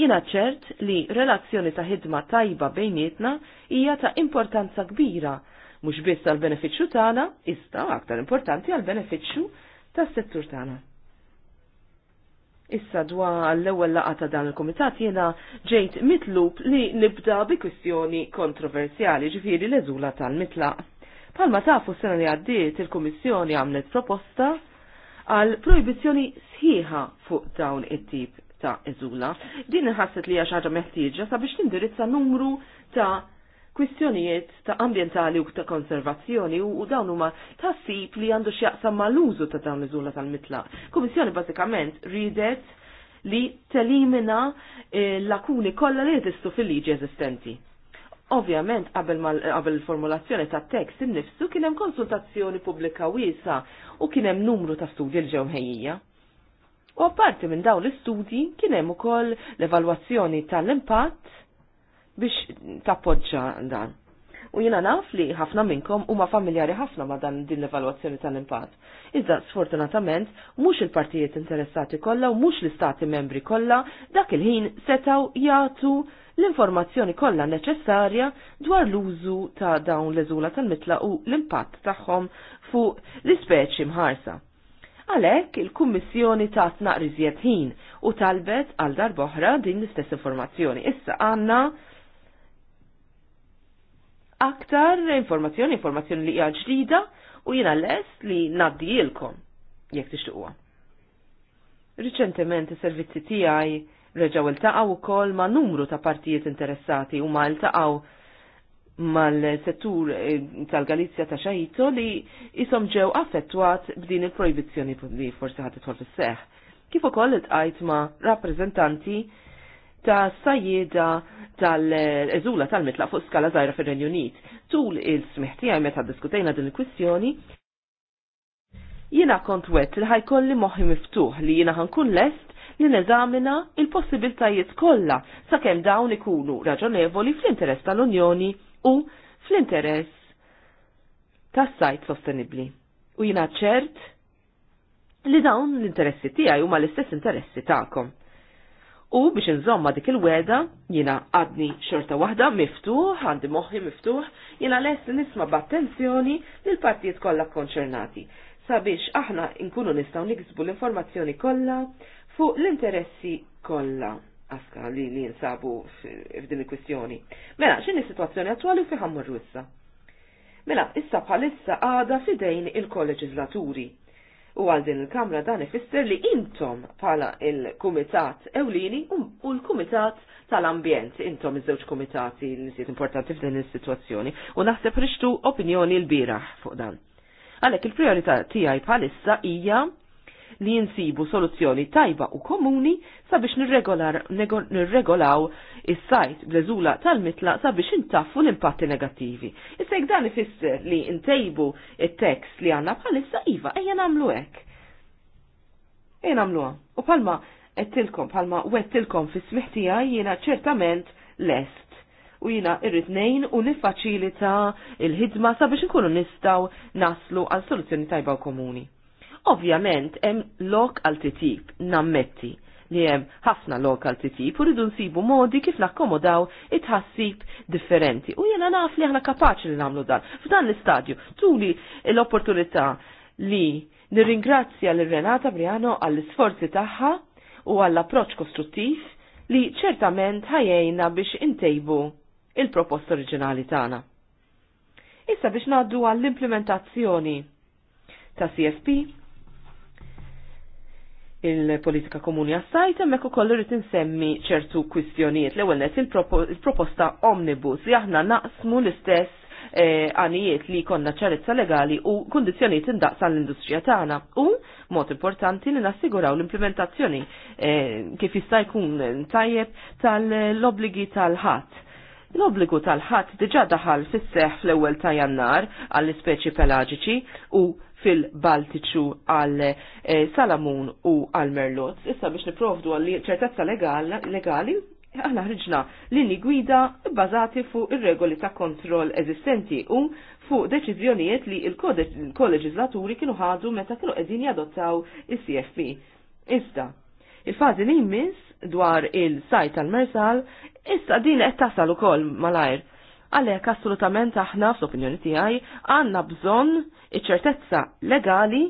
Jina ċert li relazzjoni ta' ħidma tajba bejnietna hija ta' importanza kbira mhux biss għall benefiċċju tagħna, iżda aktar importanti għall benefiċċju tas-settur tagħna. Issa dwar l-ewwel laqgħa ta' dan il-kumitat jiena ġejt mitlub li nibda bi kwistjoni kontroversjali ġifieri l-eżula tal-mitlaq. Palma tafu s sena li għaddiet il-Kummissjoni għamlet proposta għal proibizzjoni sħiħa fuq dawn it-tip ta' eżula. Din ħasset li hija xi ħaġa meħtieġa sabiex tindirizza numru ta' kwistjonijiet ta' ambientali u ta' konservazzjoni u dawn huma tassib li għandu x'jaqsam mal-użu ta' dawn iż-żula tal-mitlaq. Kummissjoni bażikament ridet li telimina l-lakuni eh, kollha li jeżistu fil-liġi eżistenti. Ovvjament, qabel il-formulazzjoni ta' tekst innifsu kien hemm konsultazzjoni pubblika wiesa u kien hemm numru ta' studji l ġewħejjija. U apparti minn dawn l-istudji kien hemm ukoll l-evalwazzjoni tal-impatt biex tappoġġa dan. U jina naf li ħafna minnkom huma familjari ħafna ma dan din l-evalwazzjoni tal-impatt. Iżda sfortunatament mhux il-partijiet interessati kollha u mhux l-istati membri kollha dak il-ħin setaw jagħtu l-informazzjoni kollha neċessarja dwar l-użu ta' dawn l-eżula tal-mitla u l-impatt tagħhom fuq l-ispeċi mħarsa. Għalhekk il-Kummissjoni ta' tnaqriżiet ħin u talbet għal darboħra din l-istess informazzjoni. Issa għandna aktar informazzjoni, informazzjoni li hija ġdida u jiena lest li naddijilkom jekk tixtuqwa. Riċentement is-servizzi tiegħi reġgħu iltaqgħu wkoll ma' numru ta' partijiet interessati u ma' iltaqgħu mal-settur eh, tal-Galizja ta' xajito li jisom ġew affettwat b'din il-projbizzjoni li forsi ħadd tidħol fis-seħħ. Kif ukoll iltqajt ma' rappreżentanti ta' sajjida tal-eżula tal-mitla fuq skala zaħira fir renju Unit. Tul il smihti għaj meta diskutejna din il-kwistjoni, jina kont wet li ħajkolli moħi miftuħ li jina ħankun lest li neżamina il-possibiltajiet kollha sakemm dawn ikunu raġonevoli fl-interess tal-Unjoni u fl-interess tas-sajt sostenibbli. U jina ċert li dawn l-interessi tiegħi huma l-istess interessi tagħkom. U biex nżomma dik il-weda, jina għadni xorta wahda miftuħ, għandi moħi miftuħ, jina lest nisma b'attenzjoni lil partijiet kollha konċernati. Sabiex aħna nkunu nistgħu niksbu l-informazzjoni kollha fuq l-interessi kollha aska li li nsabu f'din il-kwistjoni. Mela, x'in is-sitwazzjoni attwali u fi ħammur issa? Mela, issa bħalissa għada fidejn il-kolleġislaturi U għal din il-Kamra dan ifisser li intom pala il-Kumitat Ewlini u l-Kumitat tal-Ambjent, intom iż-żewġ kumitati li siet importanti f'din is-sitwazzjoni u naħseb rixtu opinjoni l-biraħ fuq dan. Għalhekk il-priorità tiegħi bħalissa hija li jinsibu soluzzjoni tajba u komuni sabiex nirregolaw is-sajt bleżula tal-mitla sabiex intaffu l-impatti negattivi. Issa dan ifisser li ntejbu it-tekst li għanna bħalissa iva ejja namlu hekk. Ejja namlu U palma għettilkom, palma għettilkom fis smiħtija jiena ċertament lest u jina irrit nejn u nifaċilita il-ħidma sabiex nkunu nistaw naslu għal soluzzjoni tajba u komuni. Ovvjament, hemm lok għal titjib, nammetti li hemm ħafna lokal titip u rridu nsibu modi kif nakkomodaw it-ħassib differenti. U jena naf li aħna kapaċi li nagħmlu dan. F'dan l-istadju, tuli l-opportunità li nirringrazzja l Renata Briano għall-isforzi tagħha u għall-approċċ kostruttiv li ċertament ħajjejna biex intejbu il-proposta oriġinali tagħna. Issa biex ngħaddu għall-implementazzjoni ta' CFP il-politika komuni għas-sajt, hemmhekk ukoll irid insemmi ċertu kwistjonijiet. L-ewwel il-proposta omnibus li aħna naqsmu l-istess eh, għanijiet li konna ċarezza legali u kondizjoniet indaqsa l-industrija tagħna u mod importanti li nassiguraw l-implementazzjoni eh, kif jista' jkun tajjeb tal-obligi tal-ħadd. L-obbligu tal-ħadd diġà daħal fis-seħħ fl-ewwel ta' Jannar għall-ispeċi pelagiċi u fil-Baltiċu għal eh, Salamun u għal Merlot. Issa biex niprovdu għal ċertezza legali, aħna ħriġna l-inni gwida bbażati fuq ir-regoli ta' kontrol eżistenti u fuq deċiżjonijiet li il-kolleġislaturi kienu ħadu meta kienu qegħdin jadottaw is-CFP. Issa, il-fażi li jmiss dwar il-sajt tal-Mersal, issa din qed tasal ukoll malajr Għalek assolutament aħna f'opinjoni tiegħi għandna bżonn iċ-ċertezza legali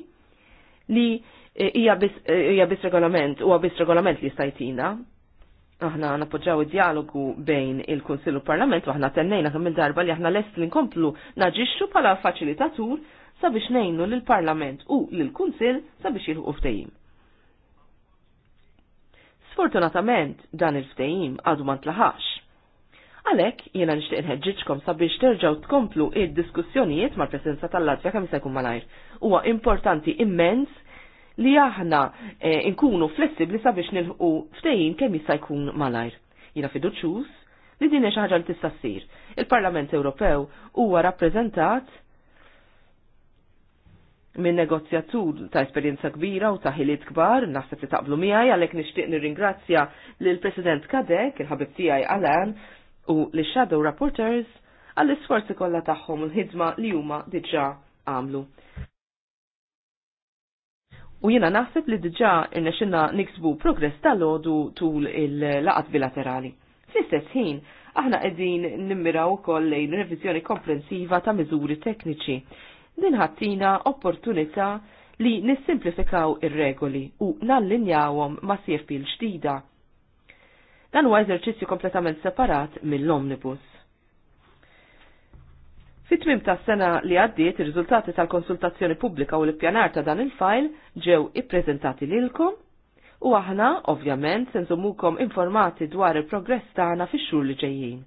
li eh, eh, hija biss regolament huwa biss regolament li stajtina. Aħna napoġġaw id-dialogu bejn il-Kunsill u Parlament u aħna tennejna kemm il-darba li aħna lest li nkomplu naġixxu bħala faċilitatur sabiex ngħinu lill-Parlament u lill-Kunsill sabiex jilħu ftehim. Sfortunatament dan il-ftehim għadu ma ntlaħax Għalek, jena nishtiq nħedġiċkom sabiex terġaw tkomplu id-diskussjonijiet mal presenza tal-Latvja kemm se jkun malajr. Huwa importanti immens li aħna eh, nkunu flessibli sabiex nilħu ftejn kemm jista' jkun malajr. Jena f'iduċus, li din xi ħaġa li tista' ssir. Il-Parlament Ewropew huwa rappreżentat minn negozjatur ta' esperjenza kbira u ta' ħiliet kbar, naħseb li taqblu miegħi għalhekk nixtieq nirringrazzja lill President Kadek, il-ħabib tiegħi Alan, u li shadow reporters għall-isforzi kollha tagħhom u l-ħidma li huma diġà għamlu. U jiena naħseb li diġà irnexxinna niksbu progress tal-għodu tul il-laqat bilaterali. Fl-istess ħin, aħna qegħdin nimmiraw ukoll lejn reviżjoni komprensiva ta' miżuri tekniċi. Din ħattina opportunità li nissimplifikaw ir-regoli u nallinjawhom ma' CFP l-ġdida Dan huwa eżerċizzju kompletament separat mill-omnibus. Fit-tmim ta' sena li għaddiet ir-riżultati tal-konsultazzjoni pubblika u l-ippjanar ta' dan il-fajl ġew ippreżentati lilkom u aħna, ovvjament, senżommukom informati dwar il-progress tagħna fix-xhur li ġejjin.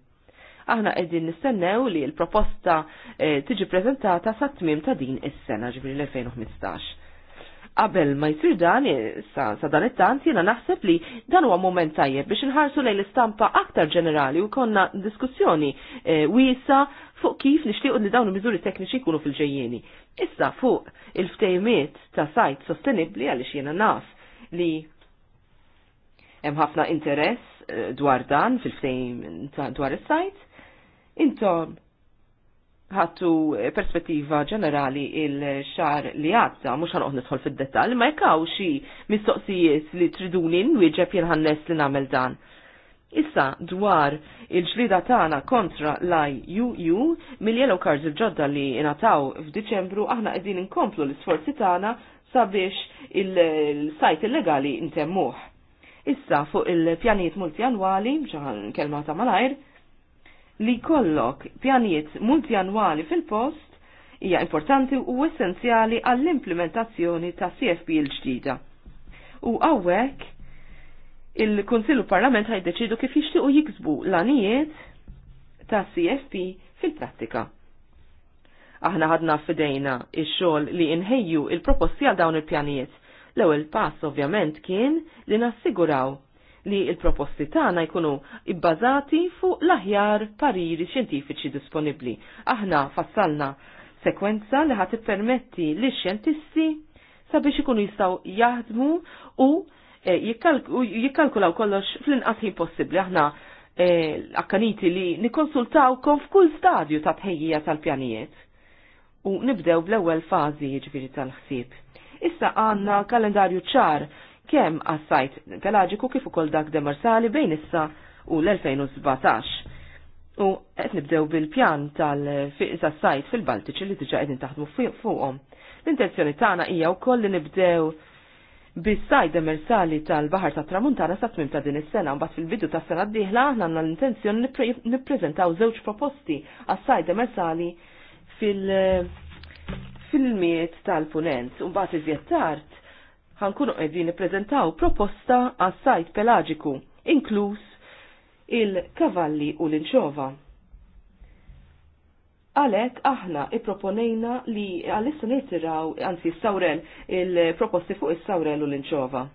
Aħna qegħdin nistennew li l-proposta eh, tiġi preżentata sa tmiem ta' din is-sena ġifieri l-2015. Qabel ma jsir dan, e, sa, sa dan it-tant jiena naħseb li dan huwa moment tajjeb biex inħarsu lejn l-istampa aktar ġenerali u konna diskussjoni e, wiesa fuq kif nixtiequ li dawn il-miżuri tekniċi jkunu fil-ġejjieni. Issa fuq il-ftejmiet ta' sajt sostenibbli għaliex jiena naf li hemm ħafna interess e, dwar dan fil-ftejm dwar is-sajt. Intom ħattu perspettiva ġenerali il-xar li għadda, mux ħanqoħ nidħol fil-detal, ma jkaw xi mistoqsijiet li triduni nwieġeb jenħannes li namel dan. Issa dwar il-ġlida tagħna kontra l-IUU mill-Yellow Cards il-ġodda li inataw f'Diċembru aħna qegħdin inkomplu l-isforzi tagħna sabiex il-sajt illegali intemmuh. Issa fuq il-pjanijiet multianwali, ġaħan kelma ta' malajr, li kollok pjanijiet multianwali fil-post hija importanti u essenzjali għall-implementazzjoni ta' CFP l-ġdida. U għawek, il-Konsillu Parlament deċidu kif jixtiequ jiksbu l-anijiet ta' CFP fil-prattika. Aħna ħadna fidejna il xogħol li inħejju il-proposti għal dawn il-pjanijiet. L-ewwel pass ovvjament kien li nassiguraw li il-proposti tagħna jkunu ibbażati fuq l-aħjar pariri xjentifiċi disponibbli. Aħna fassalna sekwenza li ħadd permetti li xjentisti sabiex ikunu jistgħu jaħdmu u e, jikkalkulaw kollox fl-inqas ħin possibbli. Aħna e, akkaniti li nikonsultawkom f'kull stadju ta' tħejjija tal-pjanijiet. U nibdew bl-ewwel fażi jiġifieri tal-ħsieb. Issa għandna kalendarju ċar kemm għas-sajt pelagiku kif ukoll dak demersali bejn issa u l-2017. U qed nibdew bil-pjan tal-fiqsa sajt fil-Baltiċi li diġa qegħdin taħdmu fuqhom. L-intenzjoni tagħna hija wkoll li nibdew bis-sajd demersali tal-Baħar tat Tramuntana sa tmim ta' din is-sena mbagħad fil-bidu tas sena d-dieħla aħna għandna l-intenzjoni nippreżentaw żewġ proposti għas-sajd demersali fil- miet tal-punent u mbagħad iżjed tard ħankunu qegħdin nippreżentaw proposta għas sajt pelagiku, inkluż il-kavalli u l-inċova. Għalek aħna ipproponejna li għalissa nirtiraw, anzi s-sawrel, il-proposti fuq is-sawrel u l-inċova.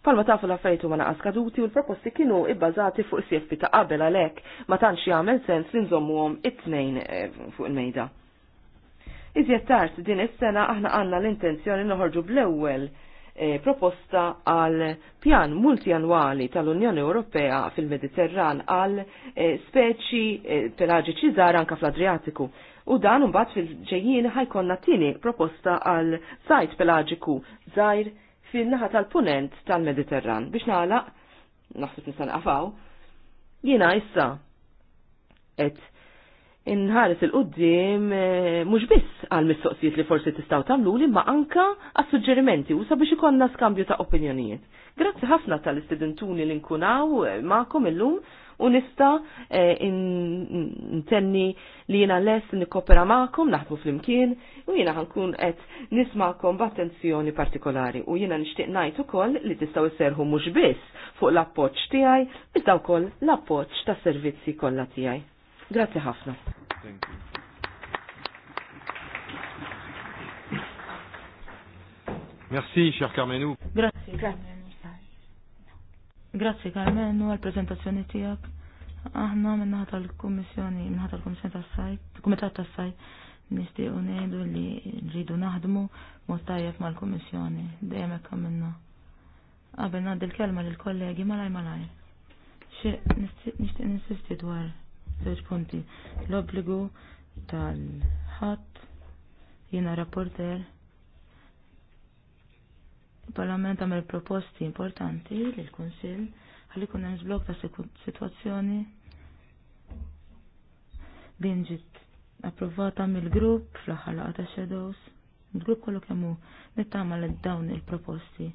Palma tafu l-affarijiet ma naqas kaduti u l-proposti kienu ibbażati fuq is sjef ta' qabel għalhekk ma tantx jagħmel sens li nżommuhom it-tnejn eh, fuq il-mejda. Iżjed tard din is-sena aħna għandna l-intenzjoni noħorġu bl-ewwel eh, proposta għal pjan multianwali tal-Unjoni Ewropea fil-Mediterran għal eh, speċi e, eh, pelagiċi żgħar anka fl-Adriatiku. U dan imbagħad fil ġejjin ħajkonna tieni proposta għal sajt pelagiku żgħir fin-naħa tal-punent tal-Mediterran biex nagħlaq naħseb nista' naqafaw. Jiena issa qed inħares il-qoddim eh, mhux biss għal mistoqsijiet li forsi tistgħu tagħmlu li ma anka għas suġġerimenti u sabiex ikollna skambju ta' opinjonijiet. Grazzi ħafna tal-istudentuni li nkunaw eh, magħkom illum u nista eh, intenni li jiena lest nikkopera magħkom naħdmu flimkien u jiena ħankun qed nisma'kom b'attenzjoni partikolari u jiena nixtieq ngħid ukoll li tistgħu isserħu mhux biss fuq l-appoġġ tiegħi iżda wkoll l-appoġġ tas-servizzi kollha tiegħi. Grazzi ħafna. Merci, cher Carmenu. Grazie, Carmenu. Grazie Carmenu al prezentazzjoni tijak. Aħna minna tal-Kommissjoni, minna tal-Kommissjoni tas-sajt, Komitat tas nisti nishtiqu li rridu naħdmu mod ma mal-Kommissjoni. Dejjem hekk minna. Qabel ngħaddi l-kelma lill-kollegi malaj malaj. Nixtieq ninsisti dwar Żewġ punti. L-obbligu tal-ħadd jiena rapporter il-Parlament għamel proposti importanti lill-Kunsill ħalli kun hemm żblok ta' sitwazzjoni din ġiet approvata mill-grupp fl-aħħar laqgħa ta' Shadows. Il-grupp kollu kemm hu nittama' dawn il-proposti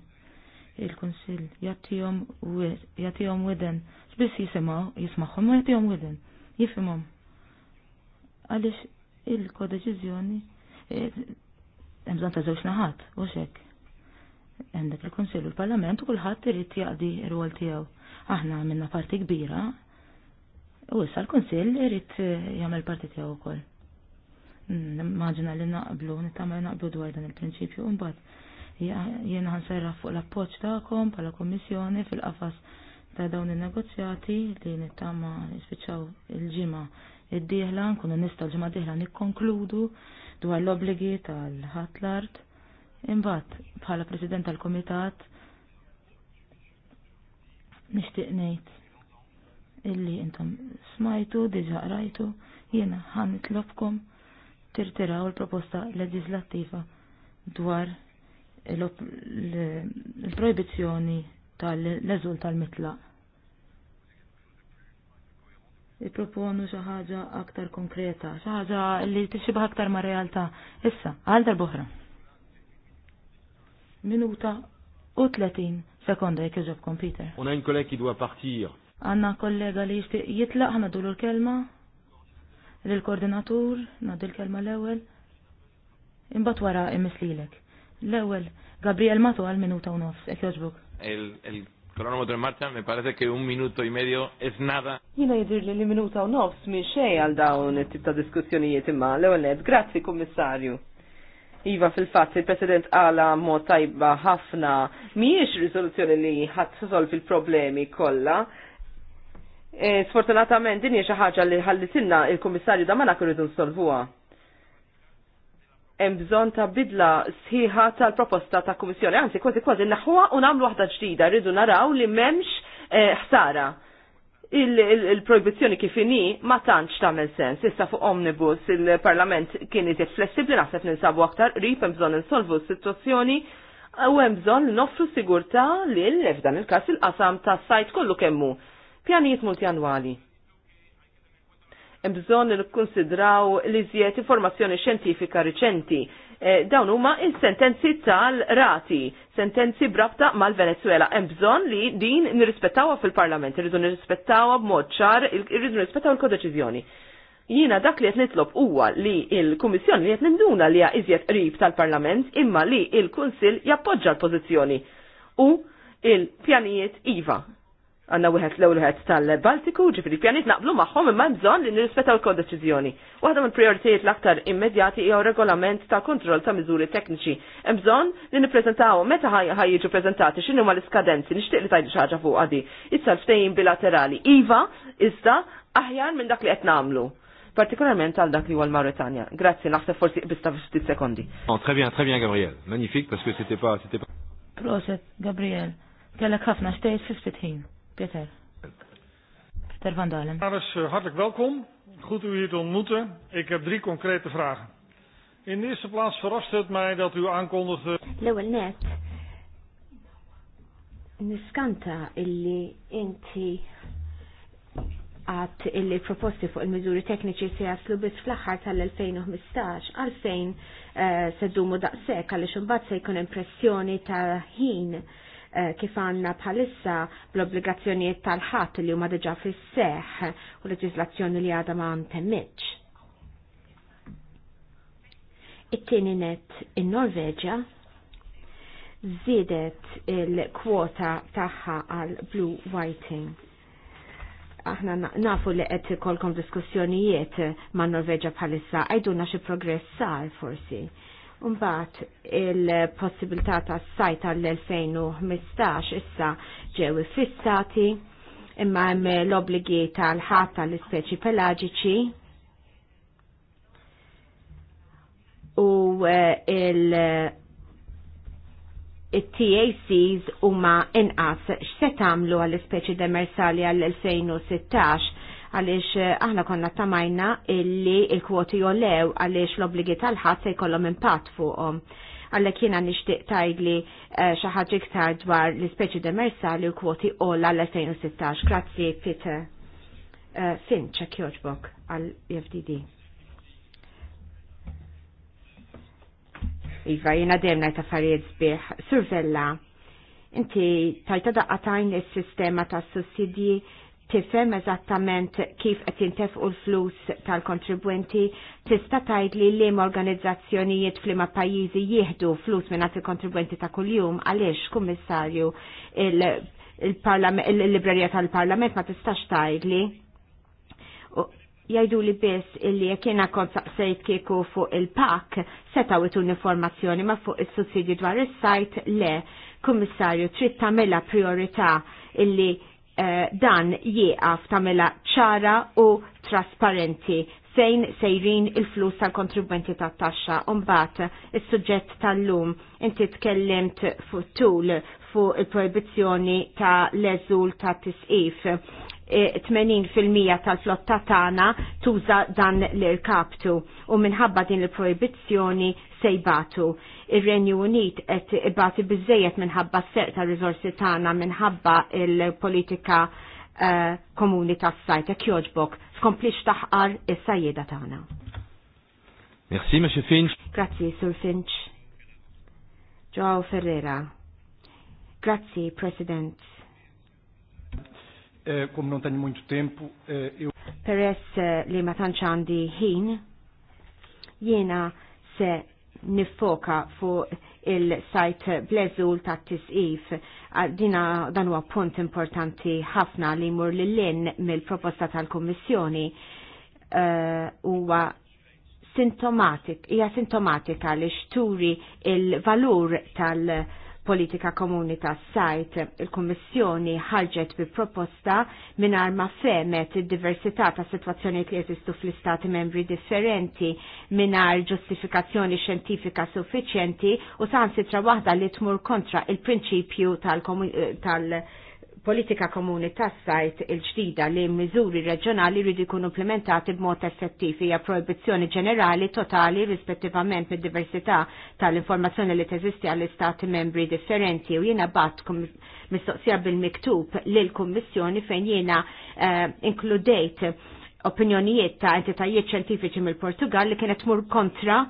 il-Kunsill jattijom widen, jisimgħu jisimaw, u jattijom widen jifimom. Għalix il-kodeċizjoni jemżan eh, ta' zewċ naħat, u xek. Għandek il konsilju u l-Parlament u kullħat irrit jaqdi r għol tijaw. Aħna minna parti kbira u issa l-Konsil irrit eh, jagħmel parti tijaw u koll. Maġina li naqblu, nittamel naqblu dwar dan il-prinċipju, un-bat jena ħanserra fuq l-appoċ ta'kom pala kommissjoni fil-qafas ta' dawn il-negozjati li nittama nispiċaw il ġima id-dieħla, nkunu nista' ġima ġimma d nikkonkludu dwar l-obligi tal-ħatlart. Imbagħad bħala President tal-Komitat nixtieq ngħid illi intom smajtu, diġa rajtu, jiena ħan nitlobkom tirtiraw il-proposta legislativa dwar il-proibizjoni tal-leżul tal-mitlaq. Iproponu xi ħaġa aktar konkreta, xaħġa ħaġa li tixibha aktar ma' realtà. Issa, għal darb'oħra. Minuta u 30 sekonda jekk iġob komputer. On a un partir. Għanna kollega li jixtieq jitlaq ħana dullu l-kelma l koordinatur nagħdu l-kelma l-ewwel. Imbagħad wara imislilek. L-ewwel Gabriel Matu għal minuta u nofs, ek joġbuk el, el cronómetro en marcha, me parece que un minuto y medio es nada. Jina jidir li minuta u nofs minn xej għal dawn it-tip ta' diskussjonijiet imma l-ewwel grazzi kummissarju. Iva fil-fatt il-President għala mod tajba ħafna miex risoluzjoni li ħadd solvi il-problemi kollha. E, sfortunatament din hija ħagġa ħaġa li ħallitilna il-Kummissarju da ma nakru rridu nsolvuha hemm bżonn ta' bidla sħiħa tal-proposta ta' Kummissjoni, anzi kważi kważi naħwa u nagħmlu waħda ġdida, rridu naraw li m'hemmx eh, ħsara. Il-proibizzjoni kif inhi ma tantx tagħmel sens. Issa fuq omnibus il-Parlament kien iżjed flessibbli naħseb ninsabu aktar qrib hemm bżonn insolvu s-sitwazzjoni u hemm bżonn noffru sigurtà lil f'dan il-każ il-qasam tas-sajt kollu kemmu. Pjanijiet multjanwali bżon li konsidraw li zjiet informazzjoni xjentifika riċenti. E, dawn huma il-sentenzi tal-rati, sentenzi brabta mal-Venezuela. Hemm bżonn li din nirrispettawha fil-Parlament, irridu nirrispettawha b'mod ċar, irridu nirrispettaw il-kodeċiżjoni. Jina dak li qed nitlob huwa li il-Kummissjoni li qed ninduna li hija iżjed qrib tal-Parlament imma li il-Kunsill jappoġġa l-pożizzjoni u il-pjanijiet IVA għanna wieħed l-ewwel wieħed tal-Baltiku, ġifieri pjanit naqblu magħhom imma bżonn li nirrispettaw il-kodeċiżjoni. Waħda mill prioritiet l-aktar immedjati hija regolament ta' kontroll ta' miżuri tekniċi. Hemm bżonn li nippreżentaw meta ħajjiġu preżentati x'inhu ma l-iskadenzi, nixtieq li xi ħaġa fuq għadi. Issa l-ftehim bilaterali iva iżda aħjar minn dak li qed nagħmlu partikolarment għal dak li huwa l Grazie, Grazzi, naħseb forsi bista 60 sekondi. Oh, très bien, très bien Gabriel. Magnifique parce que c'était pas c'était Proset, Gabriel. Kellek ħafna xtejt fi ftitħin. Peter. Peter van Dalen. Dames, eh, hartelijk welkom. Goed u hier te ontmoeten. Ik heb drie concrete vragen. In de eerste plaats verrast het mij dat u aankondigde... L-ewel net, niskanta illi inti għat illi proposti fuq il-mizuri tekniċi se jaslu bis fl-axar tal-2015 għalfejn uh, eh, seddumu daqsek għalix xumbat se jkun impressjoni ta' ħin Eh, kif għanna bħalissa bl-obbligazzjonijiet tal-ħadd li huma diġà fis-seħ u leġiżlazzjoni li għadha ma ntemmitx. It-tieni net in-Norveġja żiedet il-kwota tagħha għal blue whiting. Aħna nafu li qed ikolkom diskussjonijiet ma' Norveġja bħalissa għajduna xi progress sar forsi Umbat il-possibilità ta' sajt għall-2015 issa ġew fissati imma hemm l obbligi tal-ħadd tal-ispeċi pelagiċi u eh, il- it-TACs huma inqas x'se tagħmlu għall-ispeċi demersali għall-2016 għaliex eh, aħna konna tamajna illi il-kwoti jollew għaliex l-obligi tal-ħadd se jkollhom impatt fuqhom. Għalla jiena nixtieq tajdli eh, xi ħaġa iktar dwar l-ispeċi demersali u kwoti ola l-2016. Grazzi Peter. Eh, fin ċek joġbok għal-FDD. Iva, jena demna taffariet sbieħ. Survella, inti tajta daqqatajn il-sistema ta' sussidji tifhem eżattament kif qed jintefqu l-flus tal-kontribwenti, tista' tgħidli li liema organizzazzjonijiet f'liema pajjiżi jieħdu flus minn il-kontribwenti ta' kuljum għaliex kummissarju il-librerija tal-Parlament ma tistax tgħidli. Jajdu li biss illi jekk jiena kont saqsejt kieku fuq il-pak setaw itun informazzjoni ma fuq is-sussidju dwar is-sajt le kummissarju trid tagħmilha priorità illi Eh, dan jieqaf tamela ċara u trasparenti fejn sejrin il-flus tal-kontribwenti tat-taxxa. Umbat, is-suġġett tal-lum, inti tkellimt fu tul fuq il-proibizzjoni ta' leżul ta' tisqif. 80% e, tal-flotta tagħna tuża dan l-irkaptu u minħabba din il-proibizzjoni se jbatu. Ir-Renju Unit qed ibati biżejjed minħabba s-serq ta' riżorsi tagħna minħabba il-politika komuni eh, komuni tas-sajt ek jogħġbok tkomplix taħqar is-sajjeda tagħna. Merci, mr Finch. Grazie, Sur Finch. Joao Ferreira. Grazie, President. Eh, Come non tengo molto tempo, eh, io... Peress eh, li ma tantx għandi ħin, jiena se nifoka fuq il-sajt blezul ta' tisqif. Dina dan huwa punt importanti ħafna li mur l lin mill-proposta tal-Kummissjoni eh, huwa uh, sintomatik, hija sintomatika li xturi il-valur tal- politika komuni ta' sajt. Il-Kommissjoni ħarġet bi proposta minar ma femet id-diversità ta' situazzjoniet li jeżistu fl-istati membri differenti minar ġustifikazzjoni xjentifika suffiċjenti u sitra waħda li tmur kontra il-prinċipju tal-komunità eh, tal politika komuni tas-sajt il-ġdida li miżuri reġjonali rridu jkunu implementati b'mod effettiv hija proibizzjoni ġenerali totali rispettivament mid-diversità tal-informazzjoni li teżisti għall-istati membri differenti u jiena bat mistoqsija bil-miktub lil kummissjoni fejn jiena uh, inkludejt opinjonijiet ta' entitajiet ċentifiċi mill-Portugal li kienet mur kontra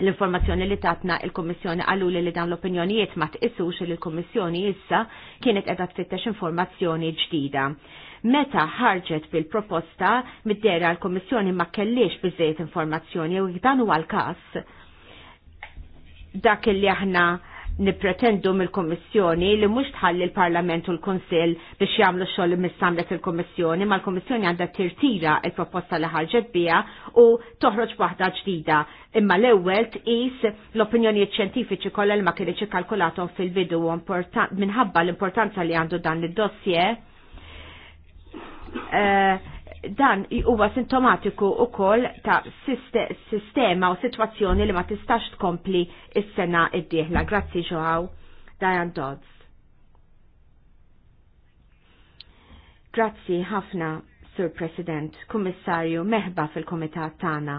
L-informazzjoni li tatna il-Kommissjoni għalluli li dan l-opinjonijiet ma tqisux li l-Kommissjoni issa kienet edha tfittex informazzjoni ġdida. Meta ħarġet bil-proposta mid-dera l-Kommissjoni ma kellix bizzejt informazzjoni u dan huwa l-każ dak li aħna nipretendu mill-Kommissjoni li mhux tħalli l-Parlament u l-Kunsill biex jagħmlu xogħol mis-samlet il-Kommissjoni, ma l-Kommissjoni għandha tirtira il-proposta li ħarġet biha u toħroġ waħda ġdida. Imma l-ewwel tqis l-opinjonijiet ċjentifiċi kollha li ma kienx ikkalkulatu fil-bidu minħabba l-importanza li għandu dan id-dossier. Uh, dan huwa sintomatiku koll ta' sistema u situazzjoni li ma tistax tkompli is-sena id-dieħla. Grazzi ġoħaw, Diane Dodds. Grazzi ħafna, Sir President, Kummissarju, meħba fil-Komitat tagħna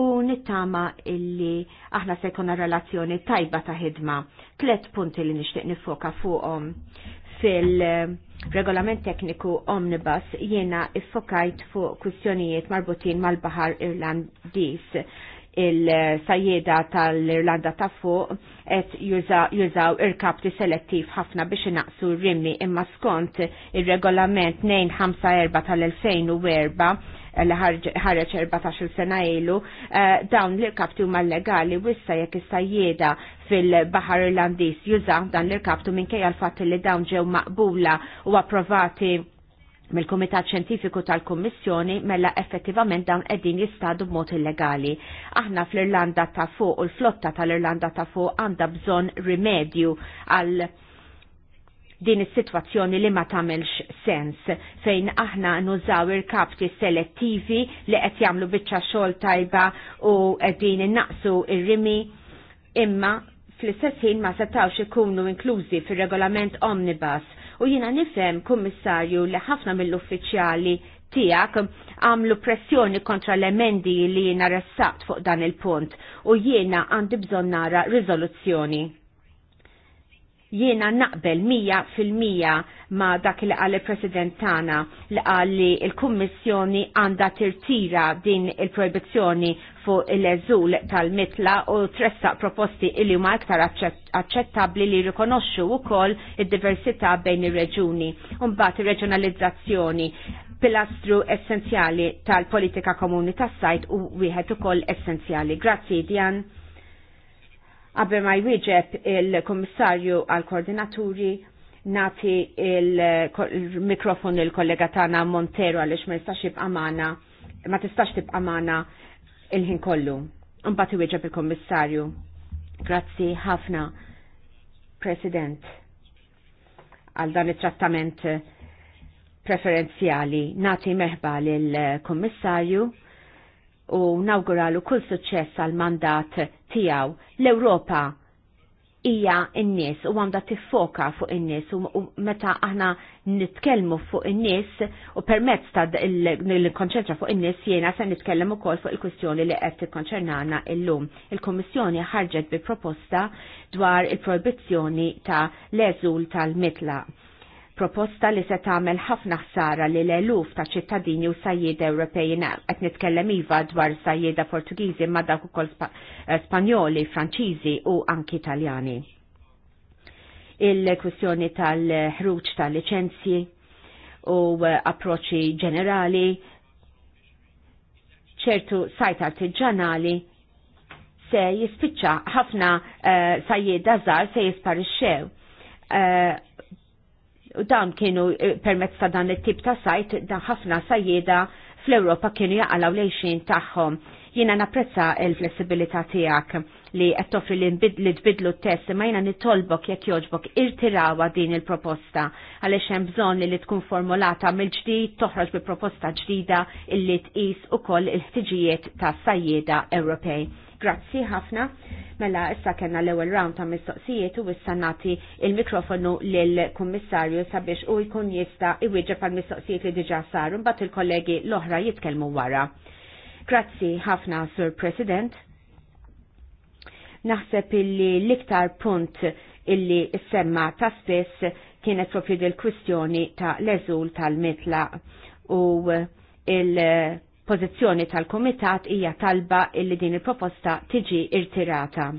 u nittama illi aħna se jkun relazzjoni tajba ta' ħidma. Tlet punti li nixtieq nifoka fuqhom fil- regolament tekniku omnibus jiena iffokajt fuq kwistjonijiet marbutin mal-Bahar Irlandis il-sajjeda tal-Irlanda ta' fuq et jużaw irkapti selettiv ħafna biex naqsu rimmi imma skont il-regolament 254 tal-2004 li ħareġ 14 sena ilu, eh, dawn l-irkabti huma legali wissa jekk jista' fil-Bahar Irlandis juża dan kaptu minn kej għal fat li dawn ġew maqbula u approvati mill-Kumitat ċentifiku tal-Kummissjoni mela effettivament dawn qegħdin jistadu b'mod illegali. Aħna fl-Irlanda ta' fuq u l-flotta tal-Irlanda ta' fuq għandha bżonn rimedju għal din is-sitwazzjoni li ma tagħmelx sens fejn aħna nużaw il-kapti selettivi li qed jagħmlu biċċa xogħol tajba u qegħdin innaqsu ir-rimi imma fl-istess ħin ma setawx ikunu inklużi fir-regolament omnibus u jiena nifhem kummissarju li ħafna mill-uffiċjali tijak għamlu pressjoni kontra l-emendi li jena ressaqt fuq dan il-punt u jiena għandi bżon nara rizoluzzjoni jiena naqbel mija fil-mija ma dak li għalli president tana li għalli li il-Kummissjoni għanda tirtira din il-proibizzjoni fuq il-eżul tal-mitla u tressaq proposti illi ma iktar accettabli li u wkoll id-diversità bejn ir-reġuni. Mbagħad ir-reġjonalizzazzjoni pilastru essenzjali tal-politika komuni tas-sajt u wieħed ukoll essenzjali. Grazzi Dian. Qabel ma jwieġeb il komissarju għal-Koordinaturi nati il-mikrofon il-kollega tana Montero għalix ma jistax jibqa' ma tistax tib magħna il-ħin kollu. Imbagħad iwieġeb il komissarju Grazzi ħafna, President, għal dan it-trattament preferenzjali. Nati meħba lill komissarju u nawguralu kull suċċess għal mandat tiegħu l-Ewropa hija n-nies u għandha tiffoka fuq in-nies u meta aħna nitkellmu fuq in-nies u permezz ta' l-konċentra fuq in-nies jiena se nitkellem ukoll fuq il-kwistjoni li qed tikkonċernana illum. Il-Kummissjoni ħarġet bi proposta dwar il-proibizzjoni ta' leżul tal-mitla proposta li se tagħmel ħafna ħsara li l-eluf ta' ċittadini u sajjieda Ewropej qed nitkellem iva dwar sajjieda Portugiżi ma dak ukoll eh, Spanjoli, Franċiżi u anki Italjani. Il-kwistjoni tal-ħruġ tal-liċenzji u eh, approċċi ġenerali ċertu sajt artiġanali se jispiċċa ħafna uh, eh, sajjieda żgħar se jisparixxew. Uh, U dawn kienu eh, permezz ta' dan it-tip ta' sajt dan ħafna sajjeda fl-Ewropa kienu jaqalaw lejxin tagħhom. Jiena napprezza l-flessibilità tiegħek li qed toffri li tbidlu t-test ma jiena nitolbok jekk jogħġbok irtirawa din il-proposta għaliex hemm bżonn li tkun formulata mill-ġdid toħroġ bi proposta ġdida illi tqis ukoll il-ħtiġijiet tas sajjieda Ewropej Grazzi ħafna. Mela issa kena l-ewwel round ta' mistoqsijiet u issa nagħti il-mikrofonu lill-Kummissarju sabiex u jkun jista' iwieġeb għal mistoqsijiet li diġa' saru mbagħad il-kollegi l-oħra jitkellmu wara. Grazzi ħafna, Sur President. Naħseb illi l-iktar punt illi semma ta' spess kienet propju dil-kwistjoni ta' l-eżul tal-mitla u il- pożizzjoni tal-Komitat hija talba illi din il-proposta tiġi irtirata.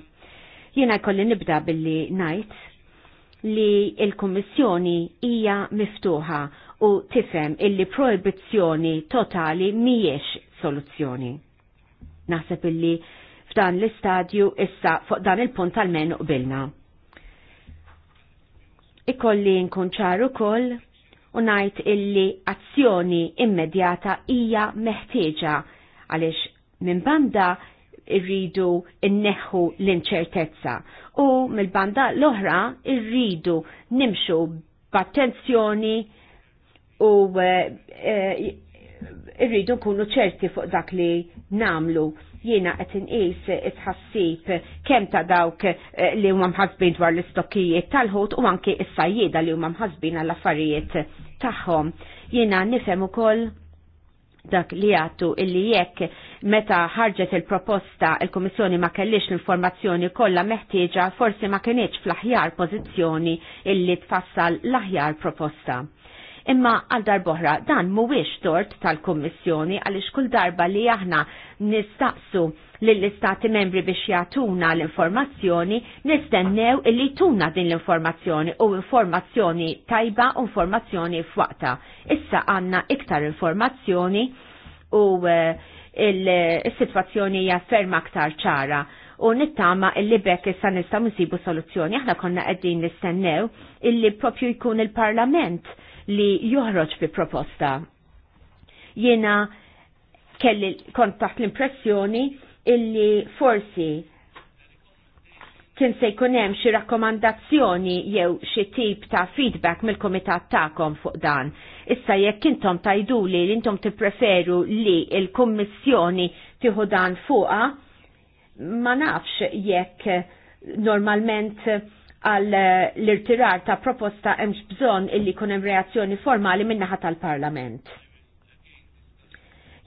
Jiena jkolli nibda billi najt li il-Kommissjoni hija miftuħa u tifhem illi proibizzjoni totali mhijiex soluzzjoni. Naħseb illi f'dan l-istadju issa fuq dan il-punt tal-men qbilna. Ikolli nkun ċar ukoll u najt illi azzjoni immedjata hija meħtieġa għaliex minn banda irridu inneħħu l-inċertezza u mill-banda l-oħra irridu nimxu b'attenzjoni u e, irridu nkunu ċerti fuq dak li namlu jiena qed inqis it-ħassib kemm ta' dawk eh, li huma mħasbin dwar l-istokkijiet tal-ħut u anke s-sajjieda li huma mħasbin għall affarijiet tagħhom. Jiena nifhem ukoll dak li għattu illi jekk meta ħarġet il-proposta il-Komissjoni ma kellix l-informazzjoni kollha meħtieġa forsi ma kienieċ fl-aħjar pożizzjoni illi tfassal l-aħjar proposta. Imma għal darboħra dan mhuwiex tort tal-Kummissjoni għaliex kull darba li aħna nistaqsu lill-istati membri biex jatuna l-informazzjoni, nistennew illi tuna din l-informazzjoni u informazzjoni tajba u informazzjoni f'waqta. Issa għanna iktar informazzjoni u eh, il-situazzjoni hija ferma aktar ċara u nittama illi bekk issa nistgħu nsibu soluzzjoni. Aħna konna qegħdin nistennew illi propju jkun il-Parlament li joħroġ fi proposta. Jena kelli kont taħt l-impressjoni illi forsi kien se jkun hemm xi rakkomandazzjoni jew xi tip ta' feedback mill-kumitat tagħkom fuq dan. Issa jekk intom tajduli li intom tippreferu li l-Kummissjoni tieħu dan fuqha, ma nafx jekk normalment għal eh, l-irtirar ta' proposta hemmx bżonn illi jkun hemm reazzjoni formali min-naħa tal-Parlament.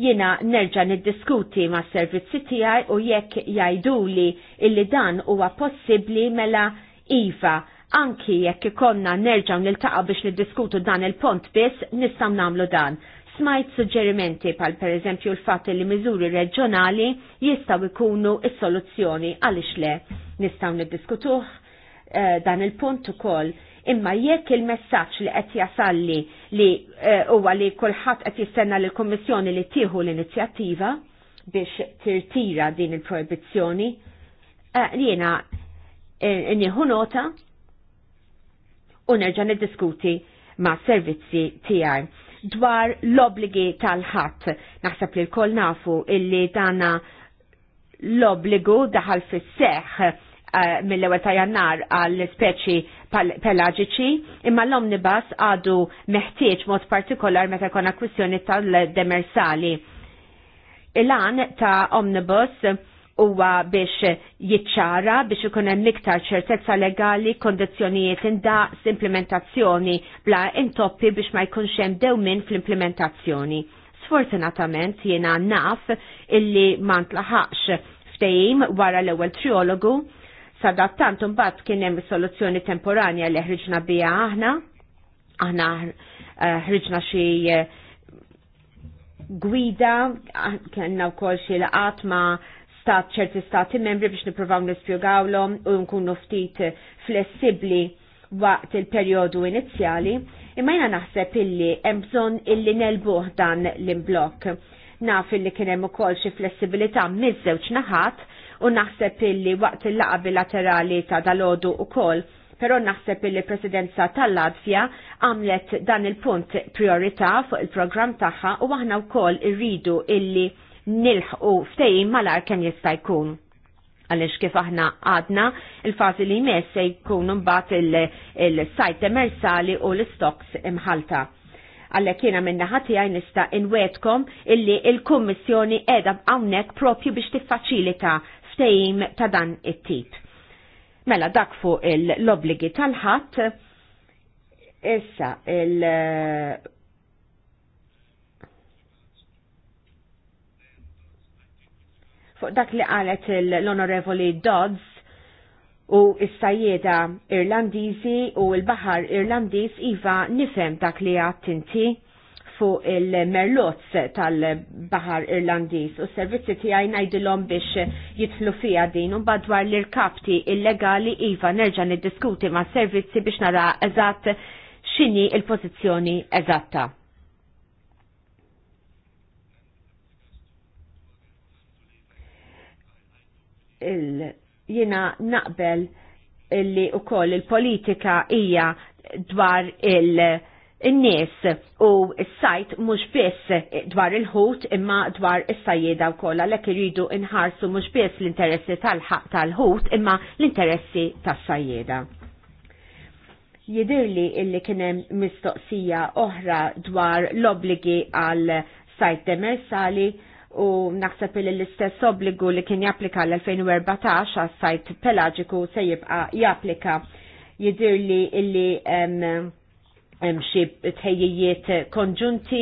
Jiena nerġa' niddiskuti ma' servizzi tiegħi u jekk jgħiduli illi dan huwa possibbli mela iva anki jekk ikonna nerġa' niltaqa' biex niddiskutu dan il-pont biss nistgħu nagħmlu dan. Smajt suġġerimenti pal per eżempju l-fatt li miżuri reġjonali jistgħu jkunu is-soluzzjoni għaliex le nistgħu niddiskutuh Eh, dan il-punt ukoll. Imma jekk il-messaġġ li qed jasalli li eh, huwa li kulħadd qed jistenna lill kummissjoni li tieħu l-inizjattiva biex tirtira din il-proibizzjoni, eh, jiena nieħu nota u nerġa' niddiskuti ma' servizzi tiegħi dwar l-obligi tal-ħadd. Naħseb li l nafu illi dana l-obligu daħal fis seħħ Eh, mill-ewel ta' jannar għall speċi pelagiċi, imma l-omnibus għadu meħtieġ mod partikolar meta jkun kwistjoni tal-demersali. Il-għan ta' omnibus huwa biex jiċċara biex ikun hemm iktar ċertezza legali, kondizzjonijiet indaqs, implementazzjoni bla intoppi biex ma jkunx hemm dewmin fl-implementazzjoni. Sfortunatament jiena naf illi ma ntlaħaqx ftehim wara l-ewwel triologu sadattant mbagħad kien hemm soluzzjoni temporanja li ħriġna biha aħna. Aħna eh, ħriġna xi eh, gwida, ah, kellna wkoll xi laqat ma' stat ċerti stati membri biex nippruvaw nispjugawlhom u nkunu ftit eh, flessibbli waqt il-perjodu inizjali, imma jiena naħseb illi hemm bżonn illi nelbuh dan l-imblok. Naf illi kien hemm ukoll xi flessibilità miż-żewġ naħat u naħseb illi waqt il-laqa bilaterali ta' dalodu u kol, pero naħseb illi presidenza tal-Latvja għamlet dan il-punt priorità fuq il-program tagħha u aħna wkoll irridu illi nilħqu ftejim malar kemm jista' jkun għalix kif aħna għadna il-fazi li jmess se jkun mbagħad il-sajt emersali u l-stocks imħalta. Għalle kiena minna ħati għaj nista inwetkom illi il-Kommissjoni edha b'għawnek propju biex tiffaċilita ftejim ta' dan it-tip. Mela dak fuq l-obligi tal-ħadd, issa il- fuq dak li qalet l-Onorevoli Dodds u s-sajjeda Irlandiżi u l-Bahar Irlandiż iva nifhem dak li għat inti fuq il-merlotz tal-Bahar Irlandiż u s-servizzi tiegħi ngħidilhom biex jitlu fija din u dwar l-irkapti illegali iva nerġa' niddiskuti ma' servizzi biex nara eżatt x'inhi il-pożizzjoni eżatta. jina naqbel illi u koll il-politika hija dwar il- in-nies u s-sajt mhux biss dwar il-ħut imma dwar is-sajjeda wkoll għalhekk iridu nħarsu mhux biss l-interessi tal-ħaq tal-ħut imma l-interessi tas-sajjeda. Jidirli illi kienem mistoqsija oħra dwar l-obligi għal sajt demersali u naħseb li l-istess obbligu li kien japplika l-2014 għal sajt pelagiku se jibqa japplika jidir li illi um, hemm xi tħejjijiet konġunti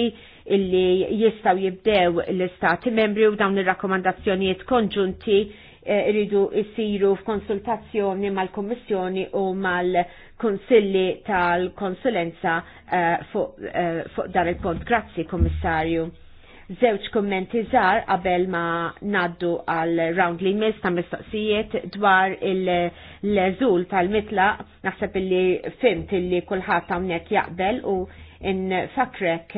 illi jistaw jibdew l-istati membri u dawn ir-rakkomandazzjonijiet konġunti eh, iridu jsiru f'konsultazzjoni mal-Kommissjoni u mal-Konsilli tal-Konsulenza eh, fuq dar eh, dan il-pont. Grazzi, Kommissarju. Zewċ kommenti żgħar qabel ma naddu għal round li mis ta' mistoqsijiet dwar il-leżul tal-mitla naħseb illi fimt illi kulħadd hawnhekk jaqbel u infakrek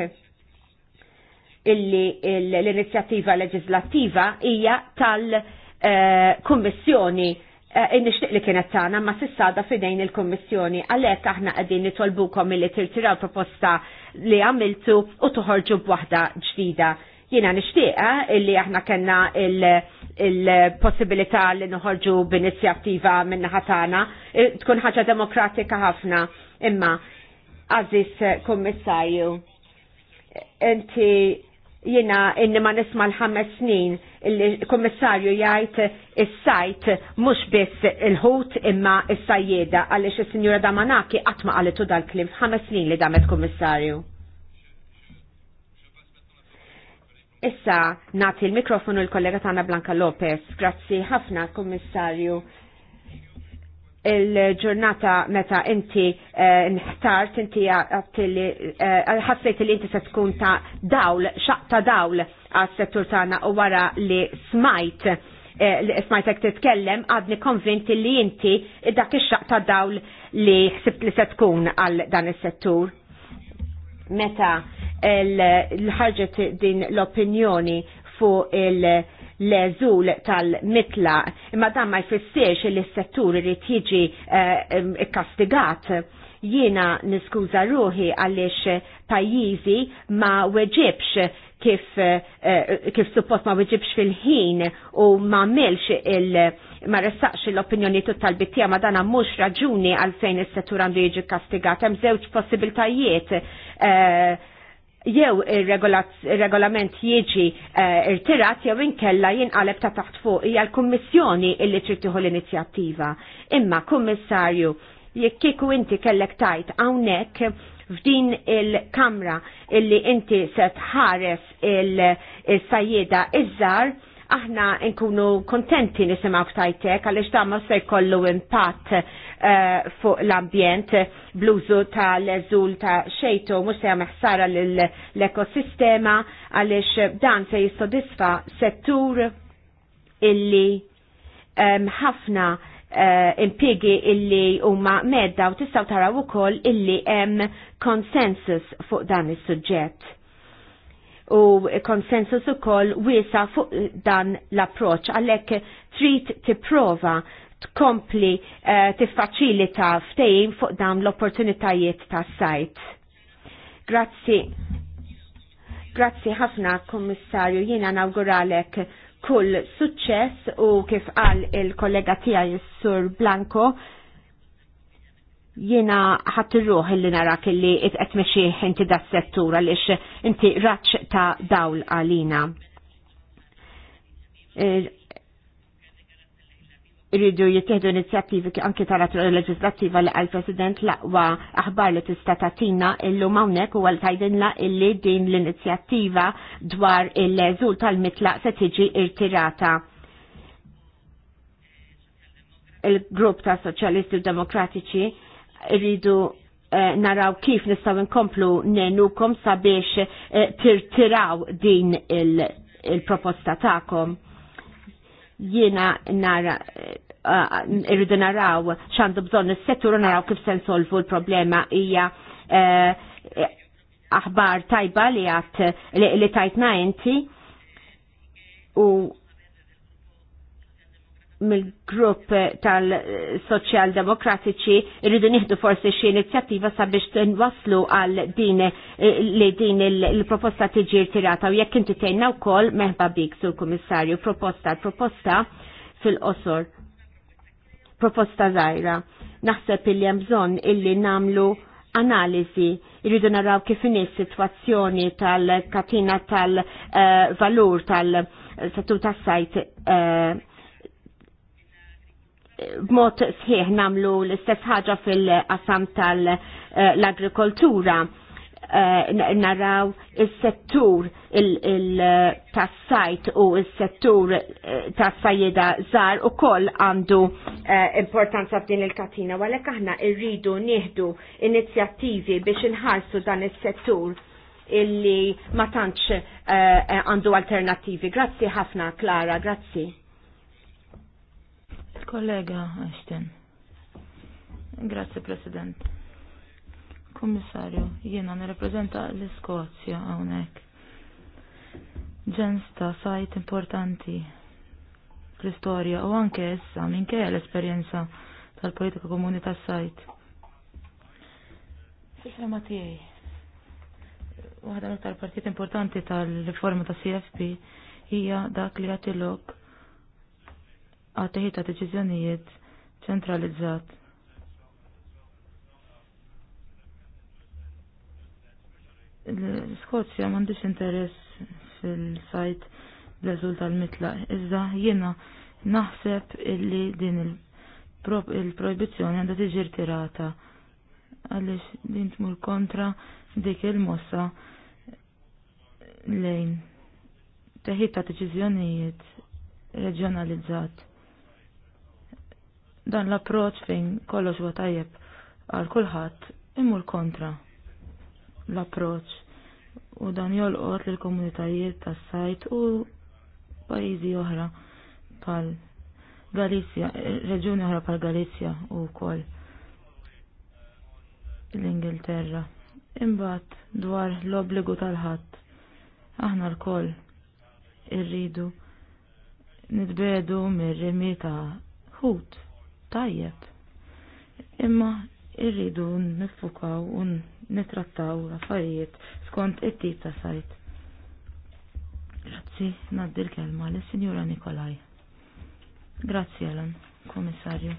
illi l-inizjattiva leġislattiva hija tal-Kummissjoni eh, uh, Eh, nixtieq li kienet tagħna ma sissada fidejn il-Kummissjoni għalhekk aħna qegħdin nitolbukom milli tirtiraw proposta li għamiltu u toħorġu b'waħda ġdida. Jiena nixtieqa eh, li aħna kellna il-possibilità li noħorġu b'inizjattiva minna tagħna eh, tkun ħaġa demokratika ħafna imma għaziz Kummissarju inti jina inni ma nisma l-ħames snin il-kommissarju jgħid is-sajt mhux biss il-ħut imma il sajjeda għaliex is-Sinjura Damanaki qatt ma dal-klim ħames snin li damet kummissarju. Issa nagħti l-mikrofonu l-kollega Tana Blanka Lopez. Grazzi ħafna kummissarju il-ġurnata meta inti eh, nħtart, inti eh, ħassejt li inti se tkun ta' dawl, xaqta dawl għas-settur tagħna u wara li smajt eh, li smajtek titkellem għadni konvint li inti dak ix-xaqta dawl li ħsibt li se tkun għal dan is-settur. Meta l-ħarġet din l-opinjoni fuq il- l-eżul tal-mitla, imma dan ma jfissirx li s-settur irid jiġi eh, kastigat. Jiena niskuża ruħi għaliex pajjiżi ma weġibx kif, eh, kif suppost ma weġibx fil-ħin u ma milx il- ma ressaqx l-opinjoni tal-bittija ma dana mux raġuni għalfejn is-settur għandu jiġi kastigat. Hemm żewġ possibiltajiet eh, jew il-regolament jieġi eh, irtirat jew inkella jinqaleb ta' taħt fuq hija l-Kummissjoni illi trid tieħu l-inizjattiva. Imma Kummissarju, jekk kieku inti kellek tajt hawnhekk f'din il-kamra illi inti se tħares il-sajjeda iż-żar, il sajjeda iż żar aħna nkunu kontenti nisimaw ftajtek għalix tamma se jkollu impatt uh, fuq l-ambjent bluzu ta' leżul ta' xejtu mux se jgħamħsara l-ekosistema għalix dan se jistodisfa settur illi ħafna um, uh, eh, impiegi illi huma medda u tistaw taraw ukoll illi hemm konsensus fuq dan is-suġġett u konsensus ukoll wiesa fuq dan l-approċ għalhekk trid tipprova tkompli uh, tiffaċilita ftejim fuq dawn l-opportunitajiet tas sajt. Grazzi. Grazzi ħafna, Kommissarju, jiena nawguralek kull suċċess u kif qal il-kollega tiegħi sur Blanco Jiena ħadd irruħ illi narak illi qed mexih inti da settura għaliex inti raċ ta' dawl għalina. Irridu jittieħdu inizjattivi anke tal natura leġislattiva li għal President laqwa aħbar li tista' tagħtina illum hawnhekk huwa tajdinla illi din l-inizjattiva dwar il-leżul tal-mitlaq se tiġi irtirata il-grupp ta' Soċjalisti u Demokratiċi rridu eh, naraw kif nistaw nkomplu nenukom sabiex eh, tirtiraw din il-proposta ta'kom. Jiena nara eh, irridu naraw xandu bżonn is-settur naraw kif se nsolvu l-problema hija aħbar tajba li għat li tajtna inti u mill-grupp soċjaldemokratiċi demokratiċi irridu nieħdu forsi xi inizjattiva sabiex tinwasslu għal din eh, li din il-proposta tiġi rtirata u jekk inti tgħinna wkoll meħba bik sur kummissarju proposta proposta fil-qosor. Proposta żgħira. Naħseb illi hemm bżonn illi namlu analiżi irridu naraw kif inis sitwazzjoni tal-katina tal-valur tal eh, eh, satuta tas-sajt b'mod sħiħ namlu l-istess ħaġa fil-qasam tal-agrikoltura. Eh, naraw il-settur tas-sajt u il-settur eh, tas-sajjeda zar u koll għandu eh, importanza f'din il-katina, għalek aħna irridu nieħdu inizjattivi biex inħarsu dan il-settur illi ma tantx għandu alternativi. Grazzi ħafna, Klara, grazzi kollega Ashton. Grazie, President. Kommissarju, jiena nirrappreżenta l-Iskozja hawnhekk. Ġens ta' sajt importanti fl-istorja u anke issa minke l-esperjenza tal-politika komuni tas sajt. Fisra fema tiegħi. Waħda mill-partit importanti tal-riforma ta' CFP hija dak li jagħtilok għat ta' deċiżjonijiet ċentralizzat. skozja m'għandix interess fil-sajt bl-eżul tal-mitla, iżda jiena naħseb illi din il-proibizjoni għandha tiġi tirata għaliex din tmur kontra dik il-mossa lejn teħid ta' deċiżjonijiet reġjonalizzat dan l-approċ fejn kollox huwa tajjeb għal kulħadd imur kontra l-approċ u dan jolqot lil komunitajiet tas-sajt u pajjiżi oħra pal Galizja, eh, reġuni oħra pal Galizja u wkoll l-Ingilterra. Imbagħad dwar l-obbligu tal-ħadd. Aħna l-koll irridu nitbedu mir-remi ta' ħut tajjeb. Imma irridu nifukaw u nitrattaw affarijiet skont it-tip ta' sajt. Grazzi, naddir l-kelma l-Sinjura Nikolaj. Grazzi Alan, komissarju.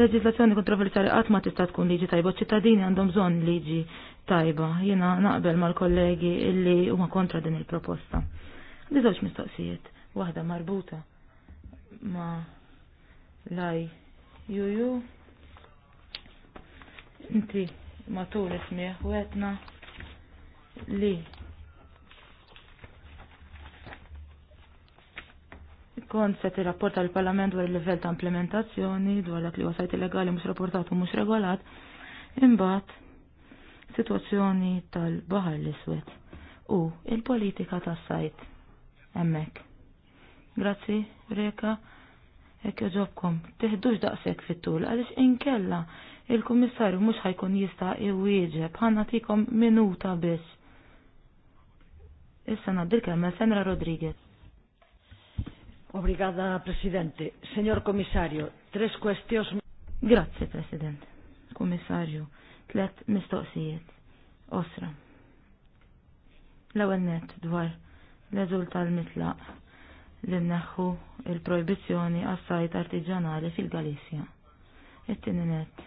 Leġislazzjoni kontroversjali qatt ma tista' tkun liġi tajba, ċittadini għandhom bżonn liġi tajba. Jiena naqbel mal-kollegi illi huma kontra din il-proposta. Għandi żewġ mistoqsijiet, waħda marbuta ma laj juju. Inti matul ismiħ wetna li kont se tirrapport tal-Parlament dwar il-livell ta' implementazzjoni dwar dak li huwa sajt illegali mhux rapportat u mhux regolat, imbagħad sitwazzjoni tal-Baħar l-Iswed u il-politika tas-sajt hemmhekk. Grazzi, Reka, hekk joġobkom, tiħdux daqshekk fit-tul għaliex inkella il-Kummissarju mhux ħajkun jista' iwieġeb ħanna tikom minuta biss. Issa naddil kelma Senra Rodriguez. Obrigada, Presidente. Señor Commissario, tres Questions... Grazie, President. Kommissarju, tlet mistoqsijiet. Osra. L-ewwel net dwar l-eżul tal-mitlaq li nneħħu il projbizjoni għas-sajt artiġanali fil-Galizja. It-tieni net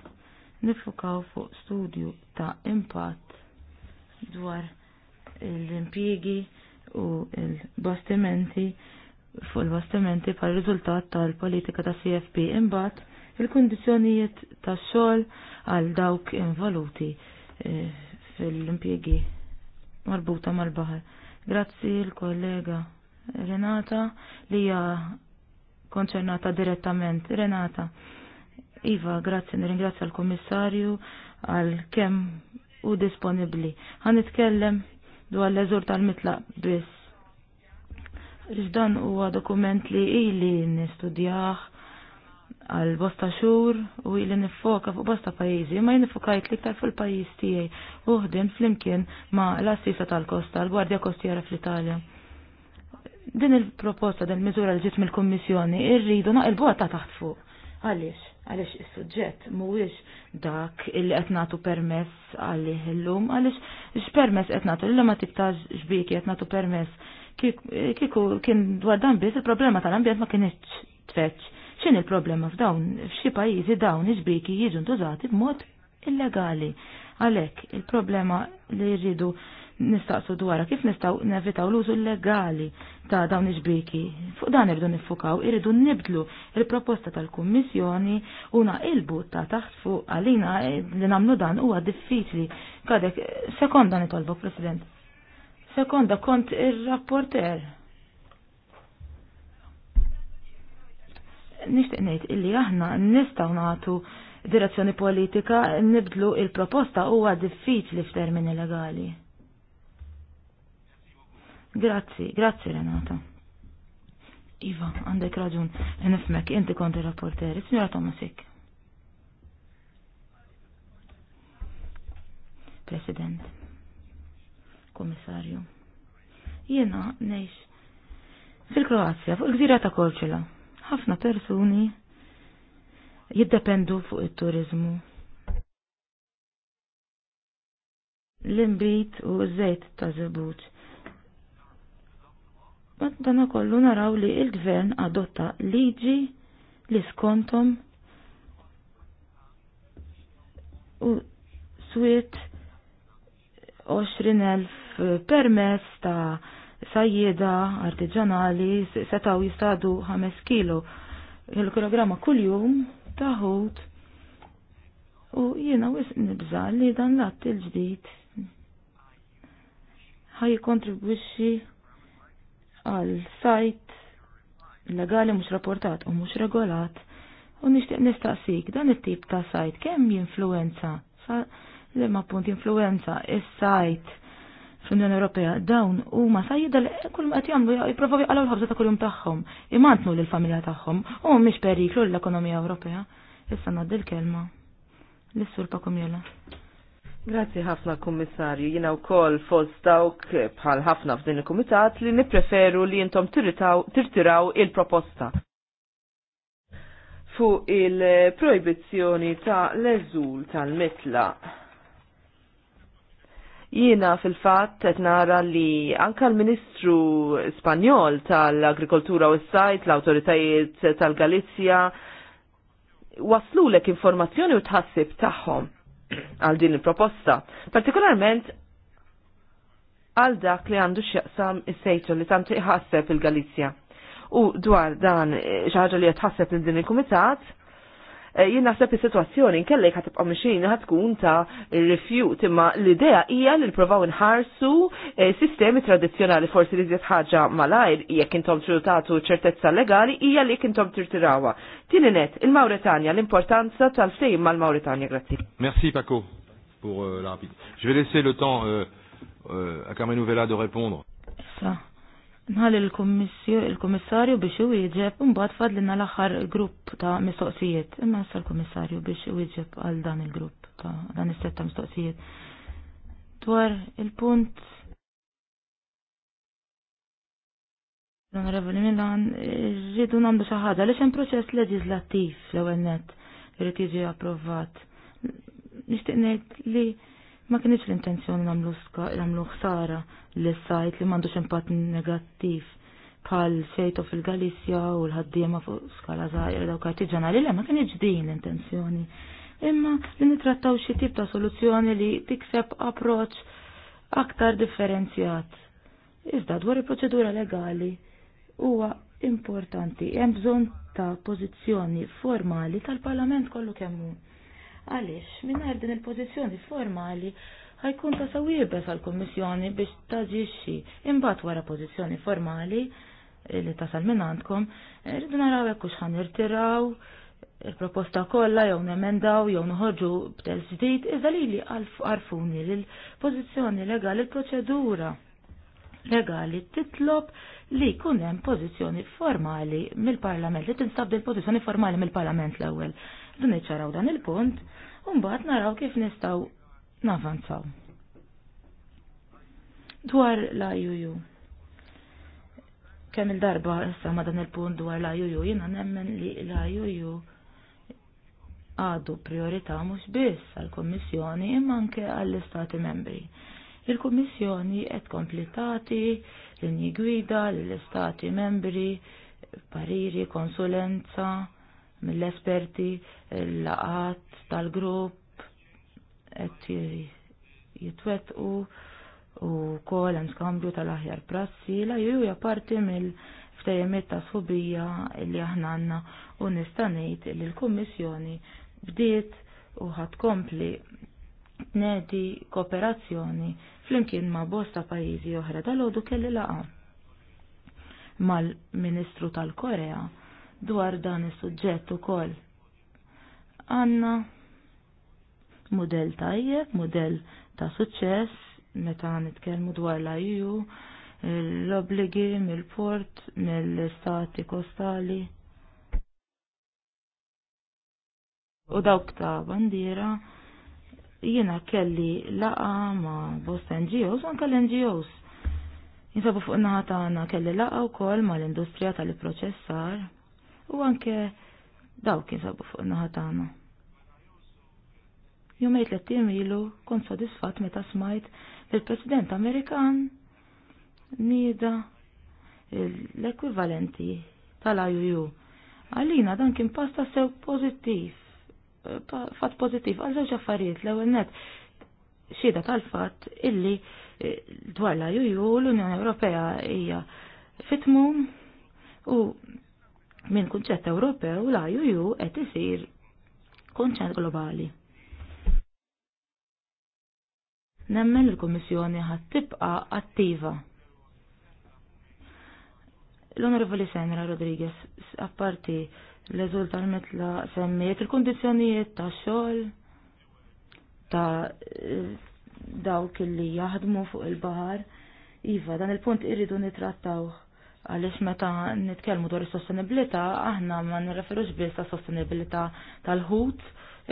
nifukaw fuq studju ta' impatt dwar l-impjigi u l-bastimenti fuq il-bastimenti pa' riżultat tal-politika ta' CFP imbagħad il-kundizzjonijiet tax-xogħol għal dawk involuti eh, fil impiegi marbuta mal-baħar. Grazzi l-kollega Renata li hija konċernata direttament. Renata, Iva, grazzi, nirringrazzja l-Komissarju għal kem u disponibli. Għan itkellem dwar l-eżur tal-mitlaq biss Iżdan huwa dokument li ili nistudjah għal bosta xur u ili nifoka fuq bosta pajizi, ma jnifokajt li ktar fil-pajiz tijaj uħdin fl-imkien ma l-assisa tal-kosta, l-Gwardja Kostjera fl-Italja. Din il-proposta, din il-mizura li ġiet mill-Kommissjoni, irridu il ta' taħt fuq. Għaliex, għaliex il sujġet mhuwiex dak illi qed nagħtu permess għalli illum, għaliex x'permess qed nagħtu, l ma tiktax xbiki qed nagħtu permess Kiku kien dwar dan biss il-problema tal-ambjent ma kienx tfetx. X'in il-problema f'dawn f'xi pajjiżi dawn iġbiki jiġu ntużati b'mod illegali. Għalhekk il-problema li jridu nistaqsu dwarha kif nistgħu nevitaw l-użu illegali ta' dawn iġbiki. Fuq dan irridu niffukaw, irridu nibdlu il-proposta tal-Kummissjoni u naqilbu ta' taħt fuq għalina eh, li nagħmlu dan huwa diffiċli. Kadek, sekonda nitolbok, President. Sekonda, kont il-rapporter. Nishtiq ngħid illi aħna nistgħu nagħtu direzzjoni politika nibdlu il-proposta huwa diffiċli f'termini legali. Grazzi, grazzi Renata. Iva, għandek raġun, nifmek, inti konti rapporteri, signora Tomasik. President. Komissarju. Jena nejx fil-Kroazja, fuq il-gżira ta' Kolċela. Ħafna persuni jiddependu fuq il-turizmu. L-imbit u z-zejt ta' zebuċ. Dana kollu naraw li il-gvern adotta liġi li skontom u swiet 20.000 permess ta' sajjeda artiġanali setaw jistadu 5 kilo il-kilogramma kull-jum taħut u jiena wis nibża li dan l-att il-ġdid ħaj kontribwixxi għal sajt legali mhux rapportat u mhux regolat u nixtieq nistaqsik dan it-tip ta' sajt kemm jinfluenza sa li ma punt influenza is-sajt fl-Unjoni Ewropea dawn huma sajjida li kull ma qed jagħmlu jippruvaw jaqalgħu l-ħabsa ta' kuljum tagħhom, imantnu lill-familja tagħhom u mhumiex periklu l-ekonomija Ewropea. Issa ngħaddi l-kelma Lissur sur Pakumjola. Grazzi ħafna kummissarju, jina u kol fost dawk bħal ħafna f'din il-komitat li nipreferu li jintom tirtiraw il-proposta. Fu il proibizzjoni ta' l tal metla Jiena fil-fatt qed nara li anka l-Ministru Spanjol tal-Agrikoltura u s-Sajt, l-Awtoritajiet tal-Galizja waslu lek informazzjoni u tħassib tagħhom għal din il-proposta, partikolarment għal dak li għandu x'jaqsam is-sejtu li tant iħasseb il-Galizja. U dwar dan xi ħaġa li qed tħasseb din il-Kumitat, Eh, jien naħseb is-sitwazzjoni nkella jekk ħatibqa' tkun ta' rifjut imma l-idea hija li l-provaw nħarsu eh, sistemi tradizzjonali forsi li zjet ħaġa malajr jekk intom trutatu ċertezza legali hija li jekk intom tirtirawha. Tieni net, il-Mawretanja, l-importanza tal-fejn mal mauretania grazzi. Merci Paco pour euh, la rapide. Je vais laisser le temps euh, euh, à Carmen Nouvella de répondre. Ça. Nħalli l-Kummissarju biex u wieġeb imbagħad fadlina l-aħħar grupp ta' mistoqsijiet. Imma issa l-Kummissarju biex u wieġeb għal dan il-grupp ta' dan is-set ta' mistoqsijiet. Dwar il-punt L-Onorevoli Milan, rridu namlu xi ħaġa għaliex hemm proċess leġislattiv l-ewwel nett irid jiġi approvat. Nixtieq ngħid li Ma kienx l-intenzjoni namlu ħsara l sajt li m'għandux impatt negattiv bħal sejto fil-Galizja u l-ħaddiema fuq skala żgħira dawk artiġanali le ma kienx din l-intenzjoni. Imma li nitrattaw xi tip ta' soluzzjoni li tikseb approċċ aktar differenzjat. Iżda dwar il-proċedura legali huwa importanti hemm bżonn ta' pożizzjoni formali tal-Parlament kollu kemm hu għaliex mingħajr din il-pożizzjoni formali ħajkun ta' sawieber għal kummissjoni biex taġixxi imbagħad wara pożizzjoni formali li tasal minn għandkom, rridu naraw jekku xħan irtiraw il-proposta kollha jew nemendaw jew nħorġu b'tel ġdid iżda li għarfuni l-pożizzjoni legali l-proċedura legali titlob li jkun hemm pożizzjoni formali mill-Parlament, li tinstab l pożizzjoni formali mill-Parlament l-ewwel. Rridu niċċaraw dan il-punt un mbagħad naraw kif nistgħu nafanzaw. Dwar la juju. Kemm il-darba issa dan il-punt dwar la juju jiena nemmen li la juju għadu priorità mhux biss għall-Kummissjoni imman anke għall-Istati membri. Il-Kummissjoni qed komplitati linji gwida lill istati membri, pariri, konsulenza, mill-esperti, l-laqat tal-grupp, qed jitwetqu u kol hemm skambju tal-aħjar prassi, la juju parti mill-ftejjemiet ta' sħubija li Aħnanna u nista' ngħid li l-Kummissjoni bdiet u ħat kompli tnedi kooperazzjoni flimkien ma' bosta pajjiżi oħra dal-għodu kelli laqa mal-Ministru tal-Korea dwar dan is-suġġett ukoll. Għanna model tajjeb, model ta' suċċess, meta nitkellmu dwar la iu l-obligi mill-port, mill-stati kostali. U dawk ta' bandiera jiena kelli laqa ma' bost NGOs, anke l-NGOs. Jinsabu fuq naħa tagħna kelli laqa wkoll mal-industrija tal-proċessar u anke kien sabu fuq naħa tagħna. Jumejn tliet ilu kont sodisfatt meta smajt il-President Amerikan nida l-ekwivalenti tal-IUU. Għalina dan kien pasta sew pozittiv, fat pozittiv, għal żewġ affarijiet l-ewwel net xieda tal-fatt illi eh, dwar l-IUU l-Unjoni Ewropea hija fitmum u minn kunċett Ewropew la juju qed isir kunċett globali. Nemmen il-Kummissjoni ħad tibqa attiva. L-Onorevoli Senra Rodriguez, apparti l-eżul tal-metla semmiet il-kondizjonijiet ta' xogħol ta' dawk li jaħdmu fuq il-bahar. Iva, dan il-punt irridu nitrattawħ għaliex meta nitkellmu dwar is-sostenibilità aħna ma nirreferux biss ta' sostenibilità tal-ħut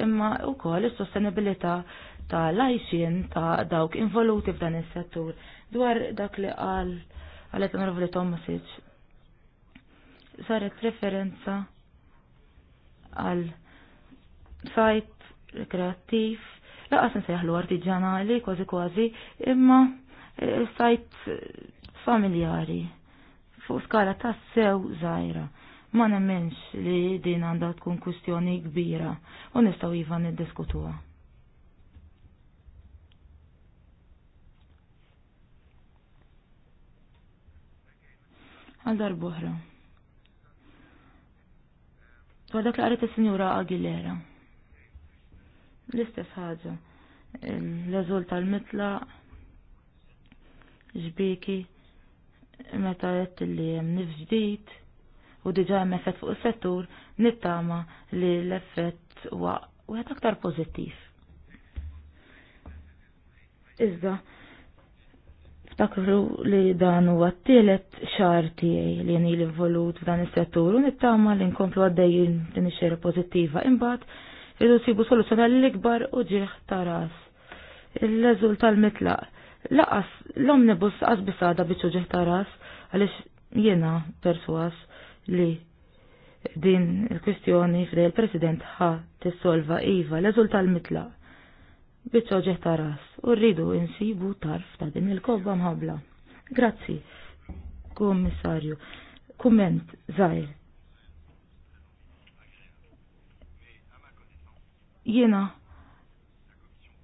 imma wkoll is-sostenibilità tal lajxin ta' dawk involuti f'dan is-settur dwar dak li qal għalet nrofli Tomasic. Saret referenza għal sajt rekreattiv, laqas nsejħlu artiġanali kważi kważi, imma eh, sajt familjari fuq skala ta' sew zaħira. Ma nemmenx li din għandha tkun kwistjoni kbira u nistgħu iva niddiskutuha. Għal buħra. Għadak li qaret is-Sinjura Aguilera. L-istess ħaġa. L-eżul tal-mitla, ġbiki, meta għedt li hemm nif ġdid u diġà hemm effett fuq is-settur nittama li l-effett huwa wieħed aktar pożittiv. Iżda ftakru li dan huwa għattilet tielet xar tiegħi li jeni l-involut f'dan is-settur u nittama li nkomplu għaddejjin din ix pozittiva pożittiva. Imbagħad irridu sibu soluzzjoni l-ikbar u ġieħ ta' ras. Il-leżul tal-mitlaq laqas l-omnibus qas bisada biċu ġeħta ras għalix jena persuas li din il-kwistjoni fdej il-president ħa tissolva iva l-eżult tal-mitla biċu ġeħta ras u rridu insibu tarf ta' din il-kobba mħabla. Grazzi, kommissarju. Kumment, zaħir. Jena,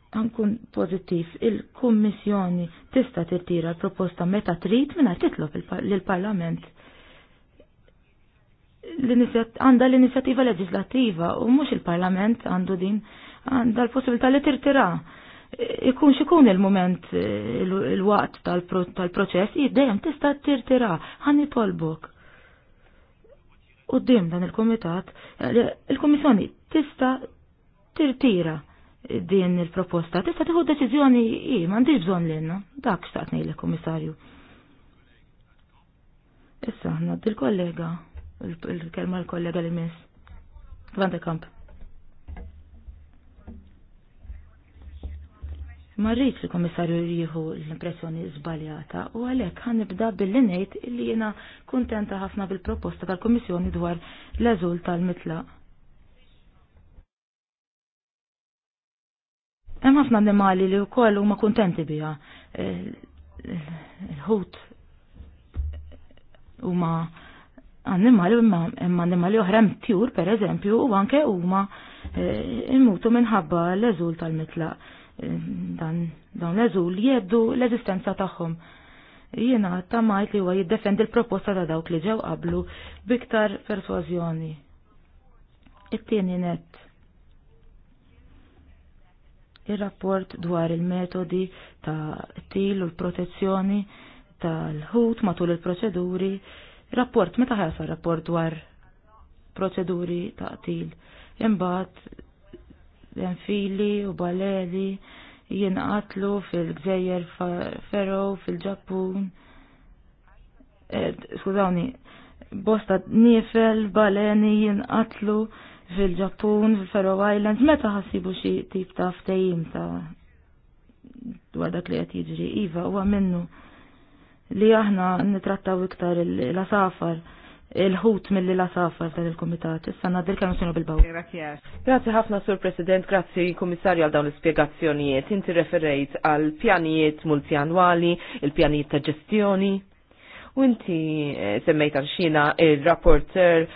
Ankun pozittif il-Kummissjoni tista' tirtira l-proposta meta trid mingħajr titlob lill-Parlament għanda l inizjativa leġislativa u mhux il-Parlament għandu din għanda l-possibilità li tirtira. Ikun xikun il-moment il-waqt tal-proċess jiddejjem tista' tirtira ħanni tolbok. U dan il-komitat, eh, il-komissjoni tista' tirtira din il-proposta. Tista' tieħu deċiżjoni i m'għandix bżonn lilna. Dak xtaqt ngħidlek, komissarju. Issa ngħaddi il kollega il-kelma l-kollega li miss. Vande Kamp. Ma rridx komissarju jieħu l-impressjoni żbaljata u għalhekk ħan nibda billi ngħid li jiena kuntenta ħafna bil-proposta tal-Kummissjoni dwar l-eżul tal-mitlaq ħafna annimali li wkoll huma kuntenti biha. Il-ħut huma annimali imma annimali oħra hemm tjur pereżempju u anke huma e, immutu minħabba l-eżul tal-mitlaq. E, dan dawn l-eżul jeddu l-eżistenza tagħhom jiena ta' majt li huwa jiddefendi l-proposta ta' dawk li ġew qablu biktar persważjoni. It-tieni net ir-rapport dwar il-metodi ta' til u l-protezzjoni tal-ħut matul il-proċeduri. Rapport, meta ħasa rapport dwar proċeduri ta' til. Imbagħad enfili u baleli jinqatlu fil-gżejjer Ferro, fil-Ġappun. Eh, skużawni, bosta nifel baleni jinqatlu fil-Ġappun, fil-Faroe Islands, meta ħassibu xi tip ta' ftehim ta' dwar dak li qed jiġri iva huwa minnu li aħna nitrattaw iktar l-asafar il-ħut mill l-asafar tal-komitat. il Issa nadir kemm sinu bil-baw. Grazzi ħafna sur President, grazzi Kummissarju għal dawn l-spjegazzjonijiet. Inti referejt għal pjanijiet multjanwali, il-pjanijiet ta' ġestjoni U inti eh, semmejta xina il-rapporter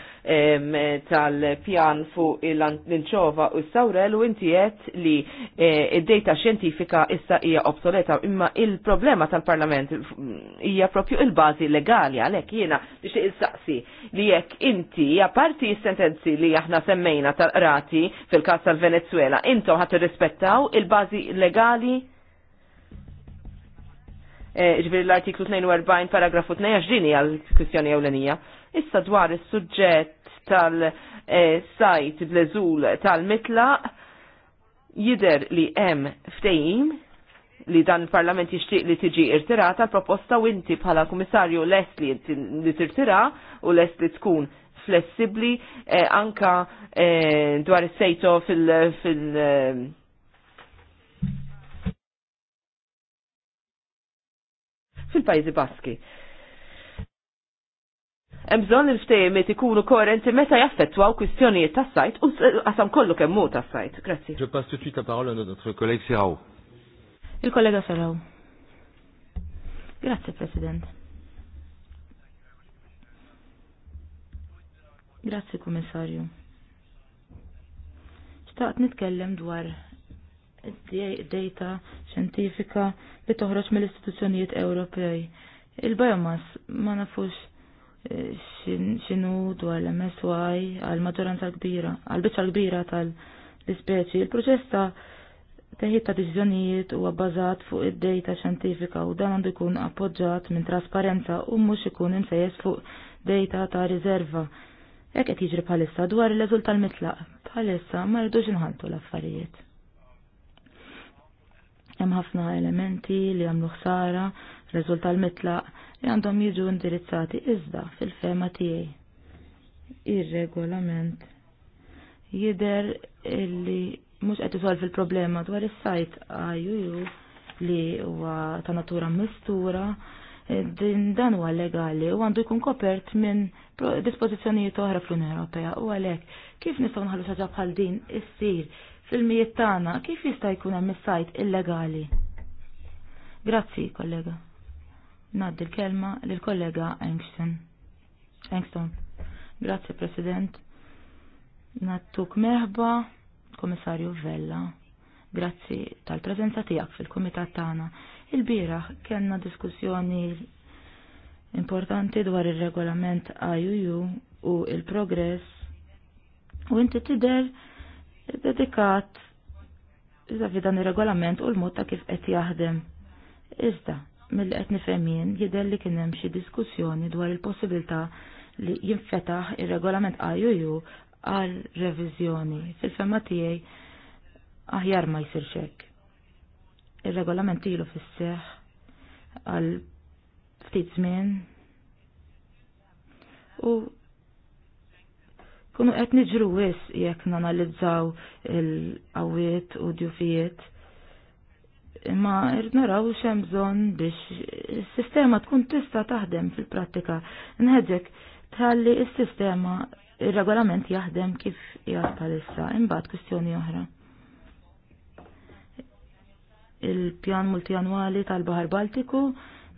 tal-pjan fuq l-inċova u s-sawrel u inti jett li eh, id-data xjentifika issa hija obsoleta imma il-problema tal-Parlament hija propju il-bażi legali għalhekk jiena biex il-saqsi li jekk inti hija parti sentenzi li aħna semmejna tal-qrati fil-każ tal-Venezuela intom ħadd rispettaw il-bażi legali Eh, ġbir l-artiklu 42 paragrafu 22 għal kwistjoni ewlenija. Issa dwar is-suġġett tal-sajt eh, bl-Eżul tal-mitlaq jider li hemm ftejim li dan il-parlament jixtieq li tiġi irtirata proposta u inti bħala kummissarju lest li tirtira u lest li tkun flessibli eh, anka dwar is-sejto fil fil-Pajjiżi Baski. Hemm bżonn il-ftehimiet ikunu koerenti meta jaffettwaw kwistjonijiet tas-sajt u għasam kollu kemm hu tas-sajt. Grazzi. Je pass tout de la parole à notre collègue Serrault. Il-kollega Serrault. Grazie President. Grazie Kummissarju. Xtaqt nitkellem dwar data xjentifika li toħroġ mill-istituzzjonijiet Ewropej. Il-biomass ma nafux eh, xinu dwar l-MSY għal maġġoranza kbira, għal biċċa kbira tal-ispeċi. Il-proċess ta' teħid ta' deċiżjonijiet huwa bbażat fuq id-data xjentifika u dan għandu jkun appoġġjat minn trasparenza u mhux ikun imsejjes fuq data ta' riserva. Hekk qed jiġri bħalissa dwar ir-reżult tal-mitlaq. Bħalissa ma rridux inħaltu l-affarijiet. Hemm ħafna elementi li għamlu ħsara, reżulta tal-mitlaq li għandhom jiġu indirizzati iżda fil-fema tiegħi. Ir-regolament jider li mhux qed isolvi il-problema dwar is-sajt IUU li huwa ta' natura mistura din dan huwa legali u għandu jkun kopert minn dispożizzjonijiet oħra fl-Unjoni Ewropea u għalhekk kif nistgħu naħlu xi bħal din issir fil-mijiet tagħna kif jista' jkun hemm is-sajt illegali? Grazzi, kollega. Naddi l-kelma lill-kollega Engston. Engston. Grazzi, President. Nattuk meħba, Komissarju Vella. Grazzi tal-preżenza tiegħek fil-Kumitat tagħna. Il-bieraħ kellna diskussjoni importanti dwar ir-regolament IUU u il-progress u inti tidher dedikat iżavi dan ir-regolament u l-mod ta' kif qed jaħdem. Iżda, mill qed nifhem jien jidher li kien hemm xi diskussjoni dwar il-possibilità li jinfetaħ ir-regolament IUU għal reviżjoni. Fil-femma tiegħi aħjar ma jsir hekk. Ir-regolament ilu fis-seħħ għal ftit żmien u Kunu qed niġru wis jekk nanalizzaw il-qawiet u djufijiet. Imma irid naraw x'hemm bżonn biex is-sistema tkun tista' taħdem fil-prattika. Nħeġġek tħalli is-sistema ir-regolament jaħdem kif jgħad palissa, imbagħad kwistjoni oħra. Il-pjan multianwali tal-Bahar Baltiku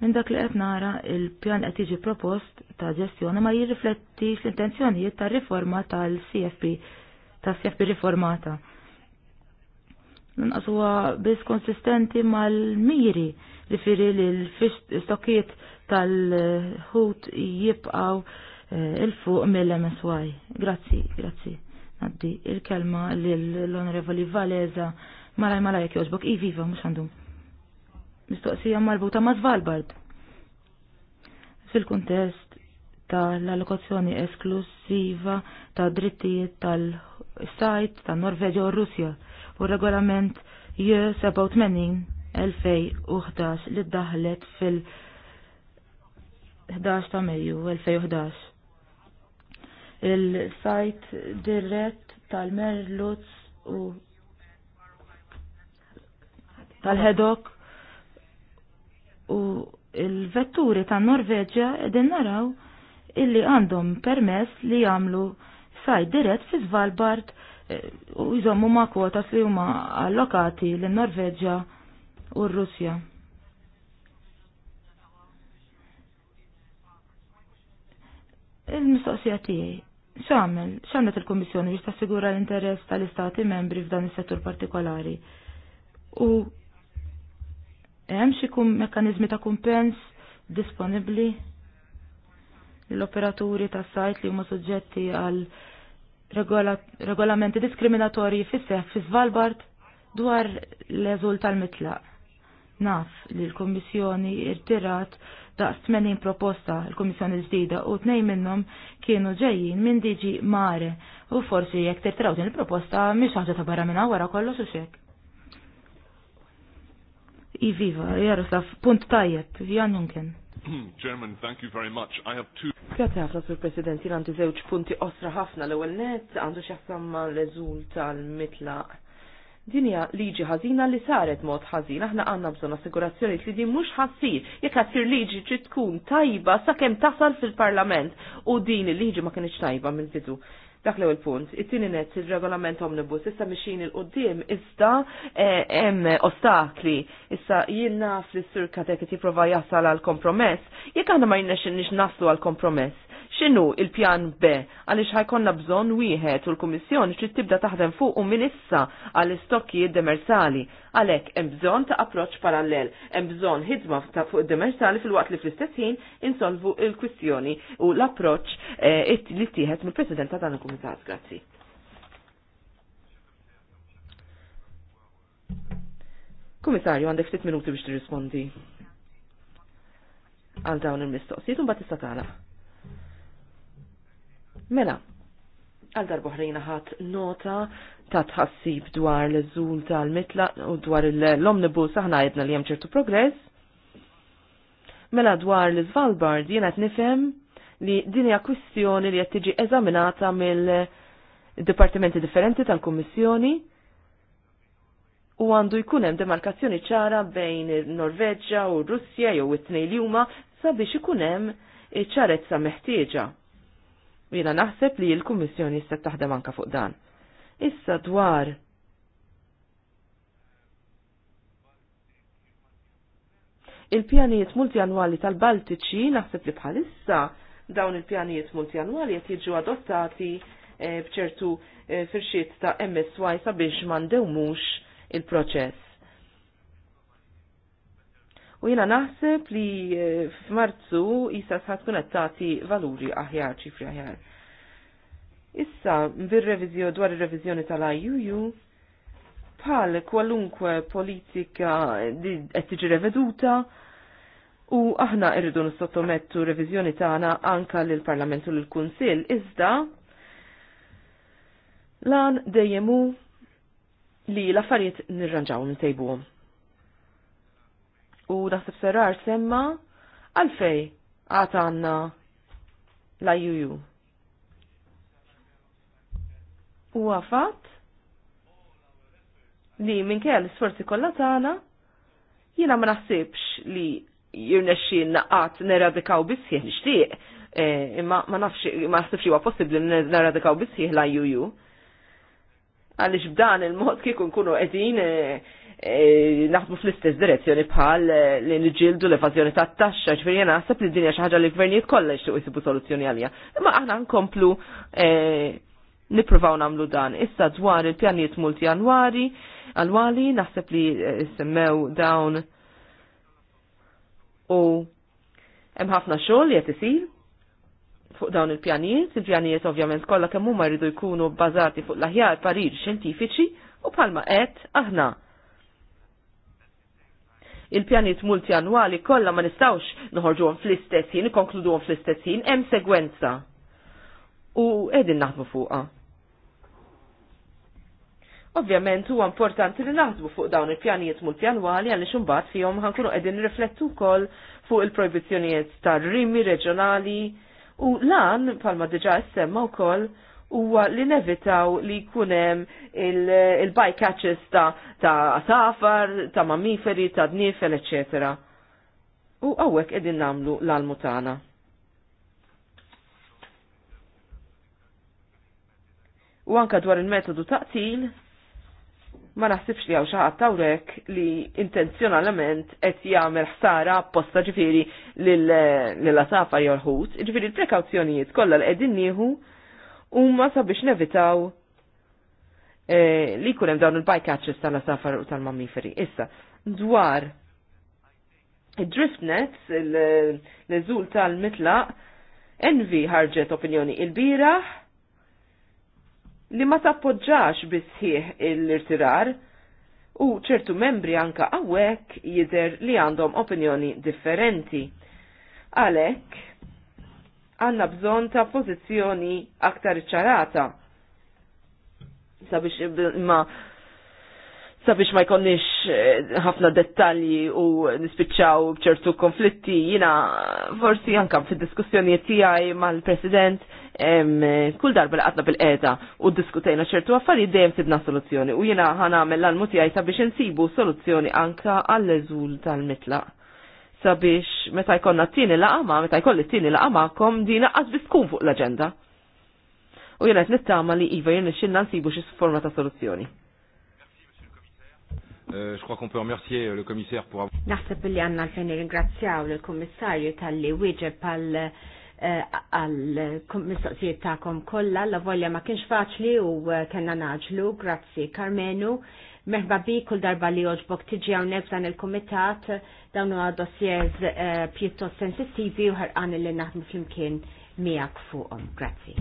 Minn dak li qed nara il-pjan qed jiġi propost ta' ġestjoni ma jirriflettix l-intenzjonijiet ta' riforma tal-CFP ta' CFP riformata. Nanqas huwa biss konsistenti mal-miri li firi li l-stokkiet tal-ħut jibqaw eh, il-fuq mill-MSY. Grazzi, grazzi. Naddi il-kelma lill onorevoli Valeza. Malaj, malaj, jogħġbok. i viva, mux għandum mistoqsija marbuta ma' Svalbard. Fil-kuntest tal-allokazzjoni esklusiva ta' drittijiet tal-sajt ta' Norveġa u Russja u regolament J87-2011 li ddaħlet fil-11 ta' Mejju 2011. Il-sajt dirett tal-Merluz u tal-Hedok u il-vetturi ta' Norveġġja edin naraw illi għandhom permess li jagħmlu saj dirett fi Svalbard eh, u jżommu ma' kwotas li huma allokati l norveġġa u r-Russja. Il-mistoqsija tiegħi X'għamel? X'għandet il kummissjoni biex tassigura l-interess tal-Istati membri f'dan is-settur partikolari. U hemm xi mekkaniżmi ta' kumpens disponibbli l-operaturi ta' sajt li huma suġġetti għal regolamenti diskriminatorji fis-seħ fi Svalbard dwar l-eżul tal-mitlaq. Naf li l-Kommissjoni irtirat da' 80 proposta l-Kommissjoni ġdida u tnej minnhom kienu ġejjin minn diġi mare u forsi jekk tirtiraw din il-proposta mhix ħaġa ta' barra minn wara kollox u xek. Iviva, Jaroslav, punt tajjeb, Jan Junken. Hmm, Chairman, thank you very much. I have two... Grazie ħafna, Sur President, jina għandi zewċ punti osra ħafna l-ewel net, għandu xaħsam l ezul tal-mitla. Dinja liġi ħazina li saret mod ħazina, aħna għanna bżon assigurazzjoni li din mux ħassir, jekk ħassir liġi ċi tkun tajba sa' kem tasal fil-parlament u din il-liġi ma kienieċ tajba mill-bidu. Dak l-ewwel punt. It-tieni net ir-regolament omnibus issa mixin il-qudiem issa eh, hemm ostakli. Issa jien naf li s-sur katek jipprova jasal għal kompromess, jekk aħna ma jinnexxinniex naslu għal kompromess x'inhu il-pjan B għaliex ħajkonna bżonn wieħed u l-Kummissjoni trid tibda taħdem fuq u minn issa għall istokkijiet demersali. Għalhekk hemm bżonn ta' approċċ parallel, hemm bżonn ħidma ta' fuq id-demersali fil-waqt li fl-istess ħin insolvu il-kwistjoni u l-approċċ eh, li tieħed mill-President ta' dan il-Kumitat. Grazzi. Kummissarju, għandek ftit minuti biex tirrispondi għal dawn il-mistoqsijiet un bat tista' tagħlaq. Mela, għal darbu ħrejna ħat nota ta' tħassib dwar l-żul tal-mitla u dwar l-omnibus aħna jedna li hemm ċertu progress. Mela dwar l-Svalbard jiena qed nifhem li din hija kwistjoni li qed tiġi eżaminata mill-dipartimenti differenti tal-Kummissjoni u għandu jkun hemm demarkazzjoni ċara bejn Norveġġa u Russja jew it-tnejn li huma sabiex ikun hemm ċarezza meħtieġa U naħseb li l-Kummissjoni jista' taħdem anka fuq dan. Issa dwar il-pjanijiet multianwali tal-Baltiċi naħseb li bħalissa dawn il-pjanijiet multianwali qed jiġu adottati eh, bċertu eh, firxiet ta' MSY sabiex mandewmux il-proċess. U jena naħseb li eh, f'Marzu jisa sħat tkun qed tagħti valuri aħjar ċifri aħjar. Issa bir-reviżjoni dwar ir-reviżjoni tal-IUU bħal kwalunkwe politika qed tiġi reveduta u aħna rridu nissottomettu reviżjoni tagħna anka lil Parlamentu lil Kunsill iżda lan dejjem li l-affarijiet nirranġaw ntejbuhom u daħseb serrar semma għalfej għata għanna la juju. U għafat li minn kell sforzi kollha tagħna jiena ma naħsibx li jirnexxi naqqat neradikaw bisħieħ nixtieq eh, imma ma nafx ma naħsibx huwa possibbli neradikaw bisħieħ la juju. Għaliex b'dan il-mod kieku nkunu qegħdin e, e, naħdmu fl-istess direzzjoni bħal e, li nġildu l-evazjoni ta' taxxa, ġifieri jena naħseb li dinja xi ħaġa li gvernijiet kollha jixtiequ jisibu soluzzjoni għalija. Imma aħna nkomplu nippruvaw nagħmlu dan. Issa dwar il-pjanijiet multi annwari, għalwali naħseb li semmew dawn u hemm ħafna xogħol li qed isir fuq dawn il-pjanijiet, il-pjanijiet ovvjament kollha kemm huma jridu jkunu bbażati fuq l-aħjar parir xjentifiċi u bħalma qed aħna. Il-pjanijiet multjanwali kollha ma nistgħux noħorġuhom fl-istess ħin, ikonkluduhom fl-istess ħin, hemm segwenza. U qegħdin naħdmu fuqha. Ovvjament huwa importanti li naħdmu fuq dawn il-pjanijiet multjanwali għaliex imbagħad fihom ħankunu qegħdin nirriflettu wkoll fuq il-projbizzjonijiet tar-rimi reġjonali, U lan, palma diġa semma u koll, huwa li nevitaw li kunem il-bycatches il ta' ta' safar, ta' mammiferi, ta' dnifel, etc. U għawek edin namlu l-almutana. U anka dwar il-metodu ta' taqtil, ma naħsibx li għaw xaħat tawrek li intenzjonalment qed jagħmel ħsara apposta ġifiri l-lasafa jew l-ħut, ġifiri l-prekawzjonijiet kollha li qegħdin nieħu huma sabiex nevitaw eh, li jkun hemm dawn il-bycatches tal lasafa u tal-mammiferi. Issa, dwar id driftnet l-eżul tal-mitlaq, Envi ħarġet opinjoni il-biraħ, li ma tappoġġax bisħieħ l-irtirar u ċertu membri anka għawek jider li għandhom opinjoni differenti. Għalek, għanna bżon ta' pozizjoni aktar ċarata sabiex ma sabiex ma jkonniex eh, ħafna dettalji u nispiċċaw bċertu konflitti, jina forsi anka fid diskussjonijiet tiegħi mal-President kull darba li qatna bil-qeda u diskutejna ċertu affarijiet dejjem sibna soluzzjoni u jiena ħana l mutijaj tiegħi sabiex nsibu soluzzjoni anka għall-eżul tal-mitlaq sabiex meta jkollna t-tieni laqama, meta jkolli t-tieni laqamakom din dina biss tkun fuq l-aġenda. U jiena qed nittama li iva xinna nsibu xi forma ta' soluzzjoni. Euh, je crois qu'on peut remercier euh, le commissaire pour avoir... Naħseb li għanna fejn ringrazzjaw l-Kommissarju tal-li wieġeb għal-mistoqsijiet eh, ta'kom kollha la volja ma kienx faċli u eh, kellna naġlu, grazzi Karmenu. Meħba bi kull darba li oġbok tiġi hawnhekk dan il-kumitat dawn huwa dossiers eh, pjuttost sensittivi u ħarqan li naħdmu flimkien miegħek fuqhom. Grazzi.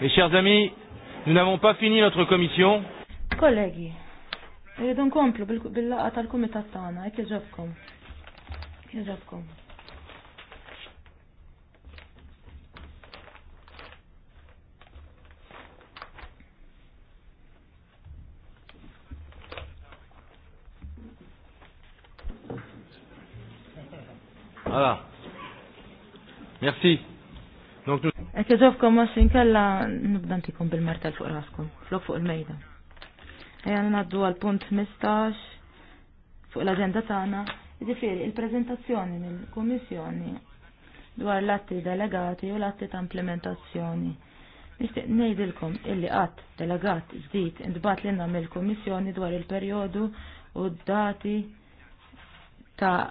Mes chers amis, nous n'avons pas fini notre commission. Kollegi, irridu nkomplu bil-laqa tal-kumitat tagħna, jekk iġobkom. Iġobkom. Voilà. Merci. Ek jġobkom ma xinkella nibdantikom bil-martel fuq raskom, flok fuq il-mejda. Ejan naddu għal-punt 15 fuq l-agenda tagħna. Ġifiri, il-preżentazzjoni mill-Kummissjoni dwar l-atti delegati u l-atti ta' implementazzjoni. Nixtieq ngħidilkom illi qatt delegat indbat l-inna mill-Kummissjoni dwar il-perjodu u d-dati ta'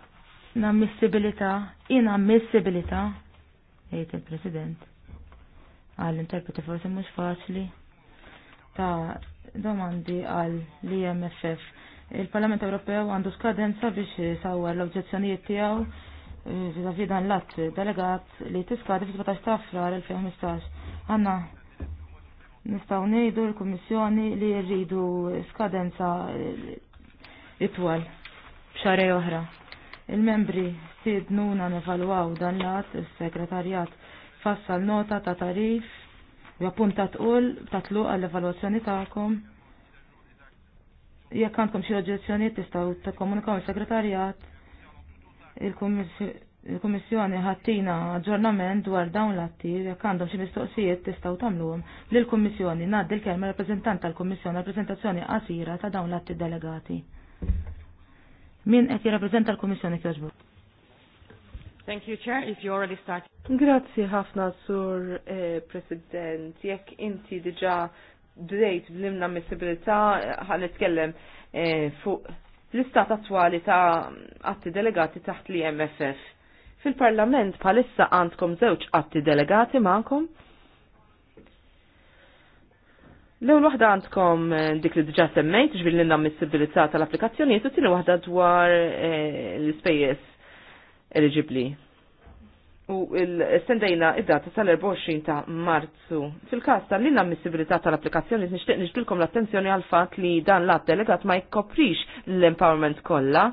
nammissibilità, inammissibilità, jgħid il-President għall-interpreti forsi mhux faċli ta' domandi għal l-IMFF. Il-Parlament Ewropew għandu skadenza biex sawar l obġezzjonijiet tiegħu eh, vis dan l-att delegat li tiskadi fis-17 ta' frar 2015. Għandna nistgħu ngħidu l-Kummissjoni li rridu skadenza eh, itwal b'xarej oħra. Il-membri sidnuna nevalwaw dan l-att is-segretarjat fassal nota ta' tarif u appunta tqul ta' tluq għall-evalwazzjoni tagħkom. Jekk għandkom xi oġġezzjonijiet tistgħu tikkomunikaw il-segretarjat il-Kummissjoni ħattina aġġornament dwar dawn l atti jekk għandhom xi mistoqsijiet tistgħu tagħmluhom lill-Kummissjoni ngħaddi l-kelma rappreżentant tal-Kummissjoni preżentazzjoni qasira ta' dawn l-atti delegati. Min qed jirrappreżenta l-Kummissjoni kjoġbut? Thank you, Chair, if you already start. Grazzi ħafna, Sur eh, President. Jekk inti diġa bdejt bl-imna missibilità ħan nitkellem eh, fuq l-istat attwali ta' atti delegati taħt li MFF. Fil-parlament palissa għandkom zewċ atti delegati ma'kom? L-ewwel waħda għandkom eh, dik li diġà semmejt ġbir l-inammissibilità tal-applikazzjonijiet u tieni waħda dwar l-ispejjeż eligibli. U il-sendejna id-data tal-24 ta' marzu. Fil-kas tal-inammissibilità tal-applikazzjoni nixtieq nishtilkom l-attenzjoni għal fatt li dan l-att delegat ma jkoprix l-empowerment kollha.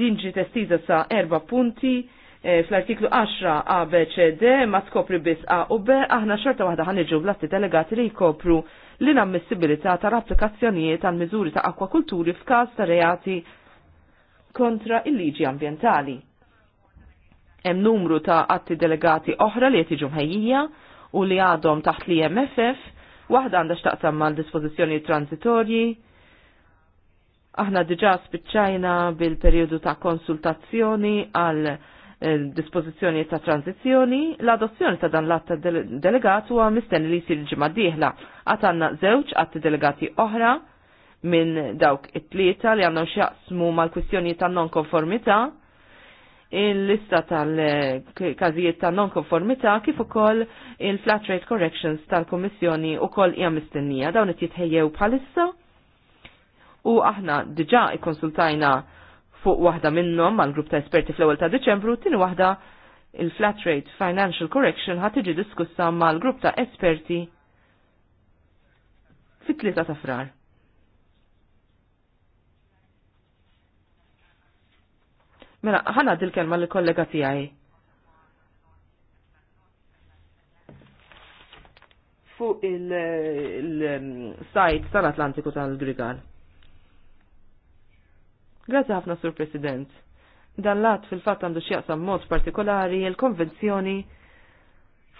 Din testiza sa' erba punti eh, fl-artiklu 10 ABCD ma tkopri biss A u B, aħna xorta waħda ħanġu blatti delegati li jkopru l-inammissibilità tal-applikazzjonijiet tal-miżuri ta' akwakulturi f'każ ta' reati kontra il-liġi ambientali. Hemm numru ta' atti delegati oħra li qed jiġu mħejjija u li għadhom taħt li MFF, waħda għandha xtaqsam mal dispożizzjoni transitorji, aħna diġà spiċċajna bil perjodu ta' konsultazzjoni għal eh, dispożizzjoni ta' tranzizzjoni, l-adozzjoni ta' dan l atta delegat huwa mistenni li jsir ġimgħa dieħla. Għad għandna żewġ atti delegati oħra minn dawk it-tlieta li għandhom xjaqsmu mal-kwistjoni ta' nonkonformità, il-lista tal-każijiet ta' nonkonformità kif ukoll il-flat rate corrections tal-Kummissjoni ukoll hija mistennija dawn qed jitħejjew bħalissa u aħna diġà ikkonsultajna fuq waħda minnhom mal-grupp ta' esperti fl-ewwel ta' Diċembru, tieni waħda il-flat rate financial correction ħat tiġi diskussa mal-grupp ta' esperti fit-tlieta ta' frar. Mela, ħana dil-kelma li kollega tijaj. Fuq il-sajt il um, sajt tal tal-Grigal. Grazie ħafna, Sur President. Dan lat fil-fat għandu xieqsa mod partikolari il-konvenzjoni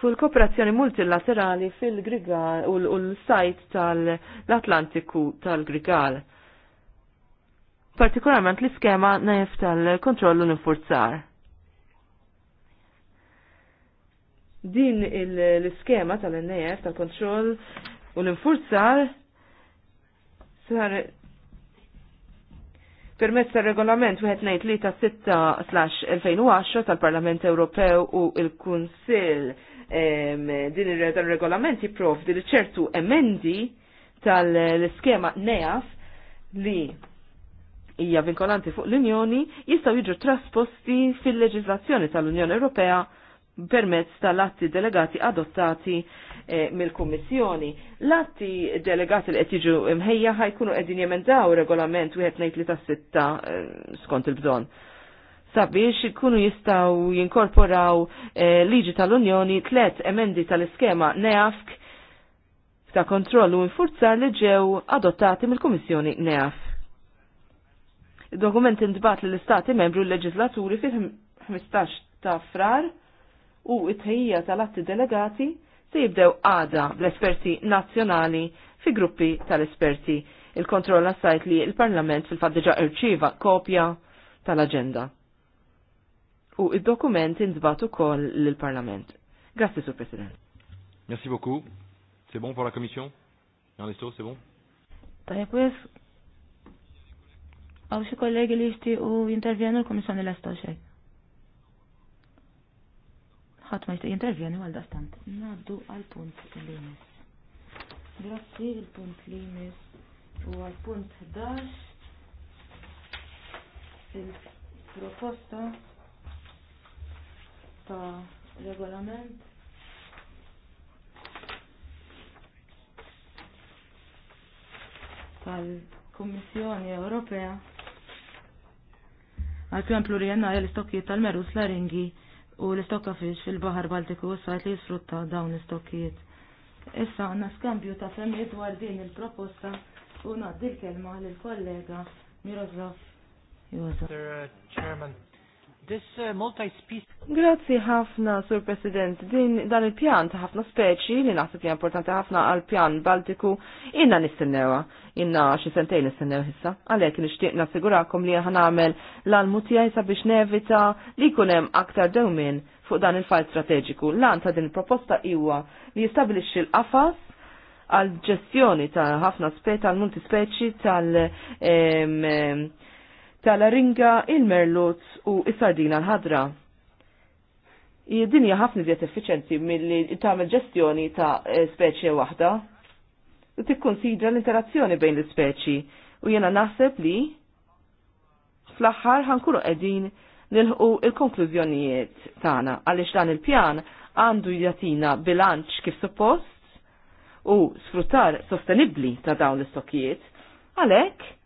fuq il-kooperazzjoni multilaterali fil-Grigal u l-sajt tal-Atlantiku tal-Grigal. tal atlantiku tal grigal partikolarment l-iskema najf tal-kontrollu l-infurzar. Din l-iskema tal-NAF tal-kontroll u l-infurzar sar permezz tal-regolament 1.3.6-2010 tal-Parlament Ewropew u il-Kunsil din il-regolament jiprovdi li ċertu emendi tal-iskema NEAF li hija vinkolanti fuq l-Unjoni jistgħu jiġu trasposti fil-leġiżlazzjoni tal-Unjoni Ewropea permezz tal-atti delegati adottati eh, mill-Kummissjoni. L-atti delegati li qed jiġu imħejja ħajkunu qegħdin jemendaw regolament wieħed tas-sitta eh, skont il-bżonn sabiex ikunu jistaw jinkorporaw eh, liġi tal-Unjoni tlet emendi tal-iskema NEAFK ta' kontrollu infurzar li ġew adottati mill-Kummissjoni NEAF. Dokument intbat lill istati membru l-leġislaturi fil-15 ta' frar u it-ħejja tal-atti delegati se jibdew għada bl-esperti nazzjonali fi gruppi tal-esperti. Il-kontroll sajt li il-Parlament fil-faddeġa irċiva kopja tal-agenda. U il-dokument u kol l-Parlament. Grazie, Sur President. Merci beaucoup. C'est bon pour la Commission? Ernesto, c'est bon? Tajab, Għaw xi kollegi li u jintervjenu l-Komissjoni l-esta xejn. Ħadd ma jixtieq jintervjenu għal dastant. Ngħaddu għal punt li jmiss. Grazzi il-punt li jmiss u għal punt 11 il-proposta ta' regolament tal-Kummissjoni Ewropea Għal pjan pluriennali l-istokkijiet tal-merus laringi u l-istokka fiex fil-Bahar Baltiku u sajt li jisfrutta dawn l-istokkijiet. Issa għanna skambju ta' femmi dwar din il-proposta u naddi l-kelma l-kollega Miroslav Jozef. Uh, Chairman, This uh, multi-species. Grazzi ħafna, Sur President. Din dan il-pjan ta' ħafna speċi li naħseb li importanti ħafna għal pjan Baltiku inna nistennewa. Inna xi sentejn nistennew issa. Għalhekk nixtieq nassigurakom li aħna nagħmel l-almutijaj sabiex nevita li jkun hemm aktar dewmien fuq dan il-fajl strateġiku. Lan ta' din il-proposta iwa li jistabilixxi l-qafas għal ġestjoni ta' ħafna speċi tal-multispeċi tal-, -multispeċi, tal tal-aringa, il-merluz u is-sardina l-ħadra. Id-dinja ħafna iżjed effiċenti mill-li tagħmel ġestjoni ta' speċi waħda u tikkonsidra l-interazzjoni bejn l-speċi u jena naħseb li fl-aħħar ħankunu qegħdin nilħu il-konklużjonijiet tagħna għaliex dan il-pjan għandu jatina bilanċ kif suppost u sfruttar sostenibbli ta' dawn l-istokkijiet. Għalhekk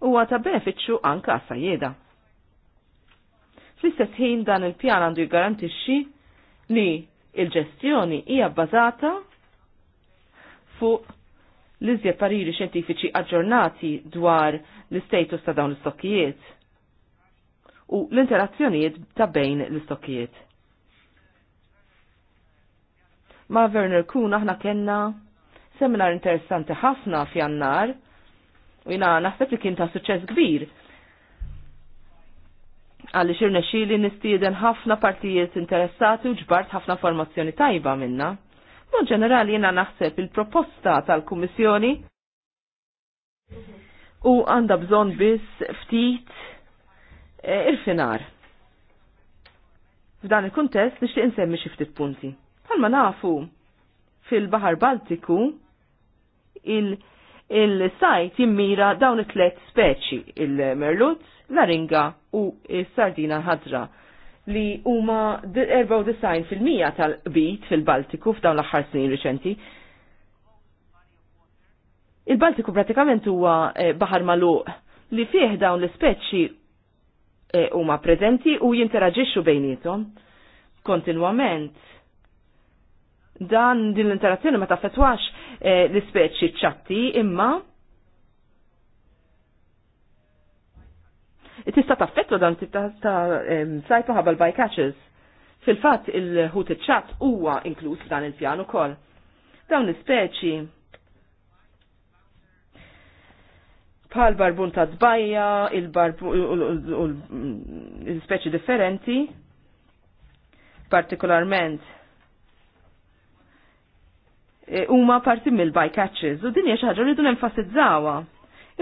huwa ta' benefiċċju anke għas-sajjeda. Fl-istess ħin dan il-pjan għandu jgarantixxi li il-ġestjoni hija bbażata fuq l-iżjed pariri xjentifiċi aġġornati dwar l-istatus ta' dawn l-istokkijiet u l-interazzjonijiet ta' bejn l-istokkijiet. Ma' Werner Kuhn aħna kenna seminar interessanti ħafna f'jannar U jina naħseb li kien ta' suċċess kbir. Għalli xirna xili nistieden ħafna partijiet interessati u ġbart ħafna formazzjoni tajba minna. Mon ġenerali jina naħseb il-proposta tal-Kummissjoni u għanda bżon biss ftit eh, il-finar. F'dan il-kuntest nixtieq insemmi xi ftit punti. Palma nafu fil-Baħar Baltiku il- il-sajt jimmira dawn it-tlet speċi il-merluz, l-aringa u s-sardina ħadra li huma 94% tal-bit fil-Baltiku f'dawn l-aħħar snin riċenti. Il-Baltiku pratikament huwa eh, baħar maluq li fih dawn l-ispeċi eh, huma prezenti u jinteraġixxu bejnietom kontinwament dan din l-interazzjoni ma tafetwax eh, l-ispeċi ċatti imma tista' taffetwa dan tista ta' sajtu ħabal bycatches. Fil-fatt il-ħut iċ-ċatt huwa inkluż dan il-pjan ukoll. Dawn l-ispeċi bħal barbun ta' dbajja, il-speċi differenti, partikolarment huma parti mill-bycatches u din hija xi ħaġa rridu nenfasizzawha.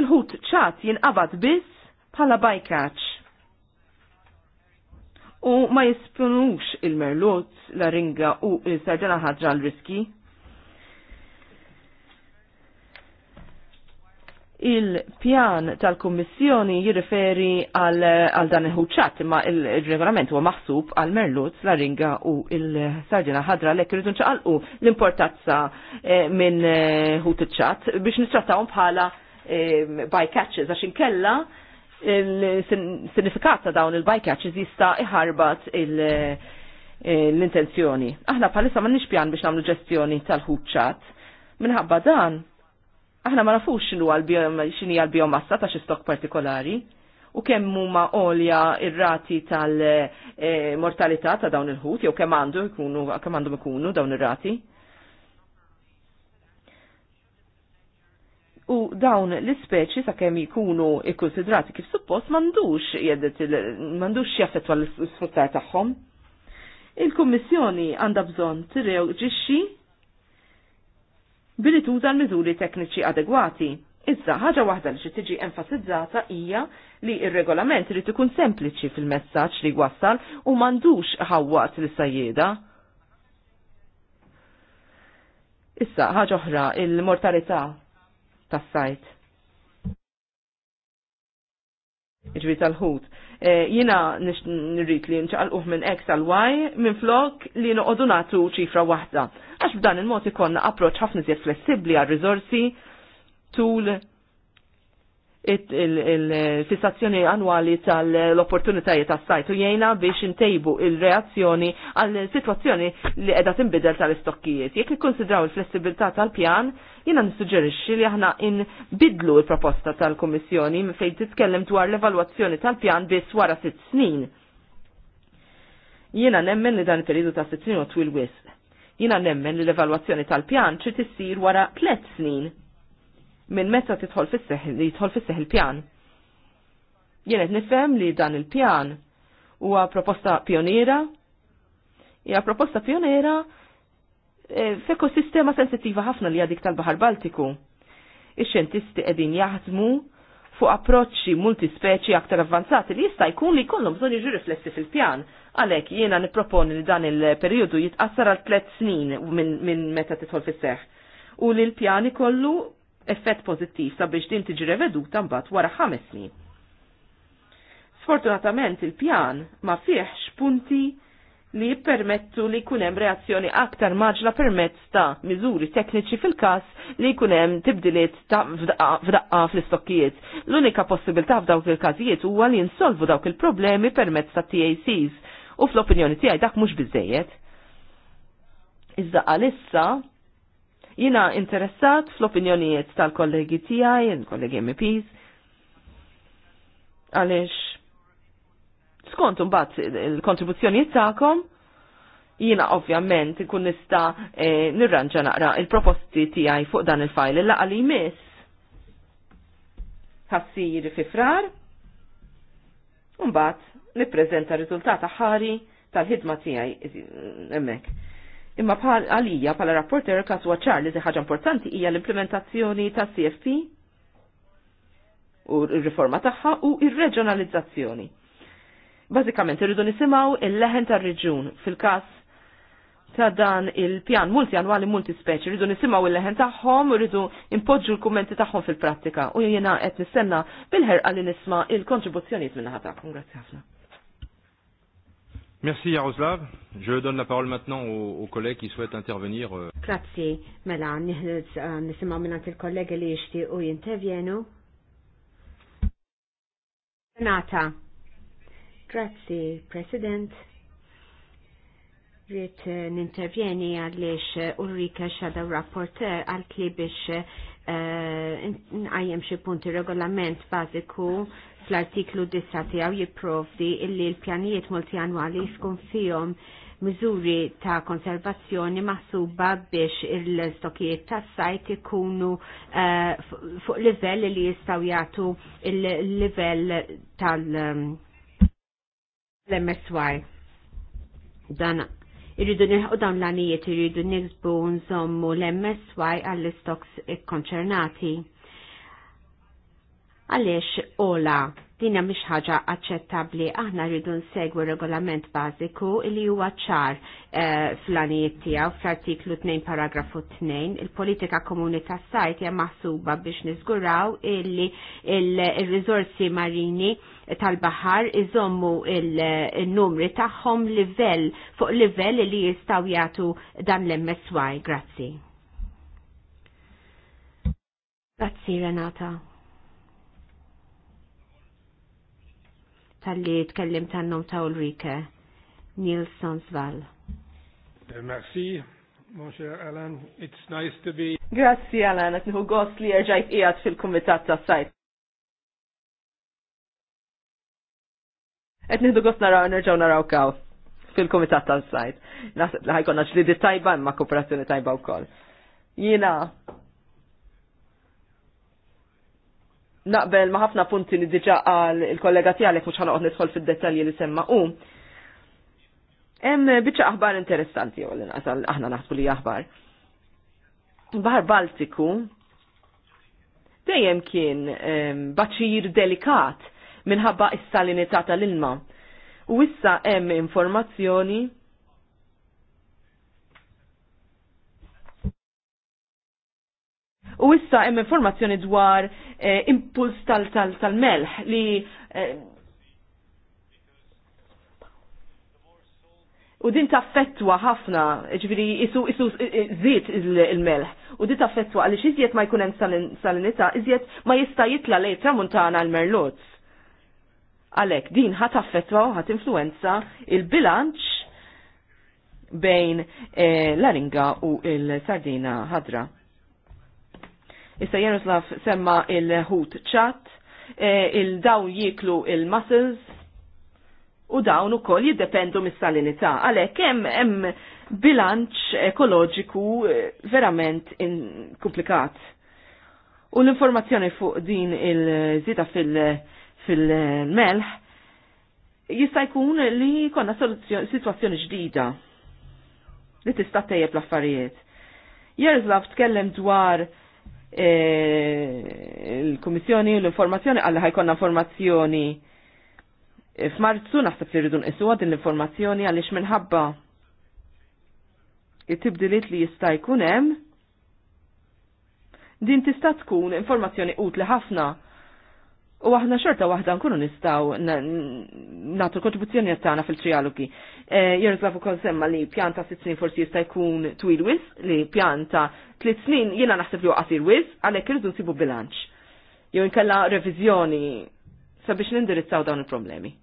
Il-ħut ċat jinqabad biss bħala bycatch. U ma jispunux il-merlot, la ringa u il-sarġana ħadġa l-riski. il-pjan tal-Kummissjoni jirriferi għal dan il-ħuċat imma il-regolament huwa maħsub għal merluz, laringa u il-sardina ħadra lek irridu nċaqalqu l-importanza eh, minn eh, ħut iċ-ċat biex nittrattawhom bħala eh, bycatches għax inkella il-sinifikat ta' dawn il-bycatches jista' iħarbat l-intenzjoni. Aħna bħalissa ma nix pjan biex nagħmlu ġestjoni tal ħuċat Minħabba dan, aħna ma nafux xinu xini għal-biomassa ta' xi stok partikolari u kemm huma għolja ir-rati tal-mortalità ta' dawn il-ħut jew kemm għandu jkunu kemm għandhom ikunu dawn ir-rati. U dawn l-ispeċi sa' kemm jkunu ikkonsidrati kif suppost mandux jedet mandux jaffettwa l-sfruttar tagħhom. Il-Kummissjoni għandha bżonn tirreġixxi billi tuża l-miżuri tekniċi adegwati. Iżda ħaġa waħda li xi tiġi enfasizzata hija li ir-regolament irid ikun sempliċi fil-messaġġ li wassal u m'għandux ħawwat li sajjieda. Issa ħaġa oħra il-mortalità tas-sajt. Iġbi tal-ħut Eh, jina nirrit li nċaqalquh minn X għal Y minn flok li noqogħdu natu ċifra waħda. Għax b'dan il-mod ikonna approċċ ħafna iżjed flessibbli għal rizorsi tul il-fissazzjoni annwali tal-opportunitajiet tas sajtu u biex intejbu il-reazzjoni għal situazzjoni li qiegħda tinbidel tal-istokkijiet. Jekk nikkonsidraw il-flessibilità tal-pjan, jiena nissuġġerixxi li aħna inbidlu l-proposta tal-Kummissjoni fejn titkellem dwar l-evalwazzjoni tal-pjan biss wara sitt snin. Jiena nemmen li dan il-periodu ta' sitt snin u twil wisq. Jiena nemmen li l-evalwazzjoni tal-pjan trid issir wara tliet snin minn meta titħol fis-seħ li jidħol fis-seħ il-pjan. Jien qed nifhem li dan il-pjan huwa proposta pioniera, hija proposta pioniera e, f'ekosistema sensittiva ħafna li għadik tal baħar Baltiku. Ix-xjentisti qegħdin jaħdmu fuq approċċi multispeċi aktar avvanzati li jista' jkun li jkollhom bżonn jiġu riflessi fil-pjan. Għalhekk jiena nipproponi li dan il-perjodu jitqassar għal tliet snin minn min meta titħol fis-seħħ. U li l-pjan ikollu effett pozittiv sabiex din tiġi reveduta mbagħad wara ħames snin. Sfortunatament il-pjan ma fieħx punti li jippermettu li hemm reazzjoni aktar maġla permezz ta' miżuri tekniċi fil każ li hemm tibdiliet ta' f'daqqa fl-istokkijiet. L-unika possibilità f'dawk il-każijiet huwa li insolvu dawk il-problemi permezz ta' TACs u fl-opinjoni tiegħi dak mhux biżejjed. Iżda għalissa Jina interessat fl-opinjonijiet tal-kollegi tijaj, kollegi MPs, għalix skont bat il-kontribuzzjonijiet ta'kom, jina ovvjament ikun nista e, nirranġa naqra il-proposti tijaj fuq dan il-fajl il li mis. Ħassir fi frar, un bat nipprezenta rizultata ħari tal-ħidma tijaj emmek. Imma bħal għalija bħala rapporter kaswa ċar li ħaġa importanti hija l-implementazzjoni ta' CFP u r-riforma tagħha u ir-reġjonalizzazzjoni. Bażikament irridu nisimgħu il-leħen tar-reġun fil-każ ta' dan il-pjan multianwali multispeċi, rridu nisimgħu il-leħen tagħhom, rridu impoġġu l-kummenti tagħhom fil-prattika u jiena qed nistenna bil-ħerqa li nisma' il-kontribuzzjonijiet minnaħa tagħkom. Grazzi ħafna. Merci Jaroslav. Je donne la parole maintenant aux, aux collègues qui souhaitent intervenir. Euh. Grazie, mela, euh, nisimaw minnant il-kollegi li jishti u jintervjenu. Nata. Grazie, President. Rrit eh, nintervjeni għalix eh, Ulrika Shadow Rapporteur għal-kli biex għajem eh, xi punti regolament baziku fl-artiklu 9 tiegħu jipprovdi illi l-pjanijiet multianwali jkun fihom miżuri ta' konservazzjoni maħsuba biex il-stokijiet tas sajt ikunu uh, fuq livell li jistaw jagħtu il-livell tal-MSY. Ehm, Dan irridu nilħu dawn l-anijiet irridu nixbu nżommu l-MSY għall-istoks konċernati Għaliex ola dinja mhix ħaġa aċċettabbli aħna rridu nsegwu regolament bażiku li huwa ċar eh, fl-għanijiet tiegħu fl-artiklu 2 paragrafu 2 il-politika komuni tas-sajt hija maħsuba biex niżguraw illi il-riżorsi marini tal-baħar iżommu il-numri tagħhom livell fuq livell li jistgħu jagħtu dan l-MSY. Grazzi. Grazzi Renata. tal-li tkellim tannom ta' Ulrike Nilsson Sval. Eh, merci, mon cher Alan. It's nice to be. Grazie Alan, għet nħu għost li erġajt ijat fil-komitat ta' sajt. Għet nħu għost naraw, nerġaw naraw kaw fil-komitat ta' sajt. Naħseb li ħajkonna ġlidi tajba ma' kooperazzjoni tajba u koll. Jina, naqbel ma ħafna punti li diġa għal il-kollega tijalek mux ħanoqt nidħol fil-detalji li semma u. Hemm biċċa aħbar interessanti u l-inqasal aħna naħsbu li aħbar. Bahar Baltiku dejjem kien ehm, baċir delikat minħabba is-salinità tal-ilma. U issa hemm informazzjoni U issa hemm informazzjoni dwar eh, impuls tal-melħ tal, tal li eh, U din taffettwa ħafna, ġviri, isu, isu, eh, eh, zit il-melħ. U din taffettwa għalix iżjed ma jkunem salinita, iżjed ma jista jitla lej tramuntana l merluz Għalek, din ħat affettwa u ħat influenza il-bilanċ bejn eh, l-aringa u il-sardina ħadra. Issa Jaroslav semma il-ħut ċat, e, il-dawn jiklu il-muscles, u dawn ukoll jiddependu mis-salinità. Għalhekk hemm hemm bilanċ ekoloġiku e, verament komplikat. U l-informazzjoni fuq din il-żita fil-melħ jista' jkun li konna sitwazzjoni ġdida li tista' tejjeb l-affarijiet. Jarzlav tkellem dwar Eh, il-Kummissjoni u l-informazzjoni għalla ħajkonna informazzjoni eh, f'Marzu naħseb li rridu nqisu din l-informazzjoni għaliex minħabba it-tibdiliet li jista' jkun hemm din tista' tkun informazzjoni utli ħafna U aħna xorta waħda nkunu nistaw natu kontribuzzjoni tagħna fil-trialogi. Eh, Jaroslav ukoll semma li pjanta sitt snin forsi jista' jkun twil wis, li pjanta tliet snin jiena naħseb li qasir wis, għalhekk irridu nsibu bilanċ. Jew inkella reviżjoni sabiex nindirizzaw dawn il-problemi.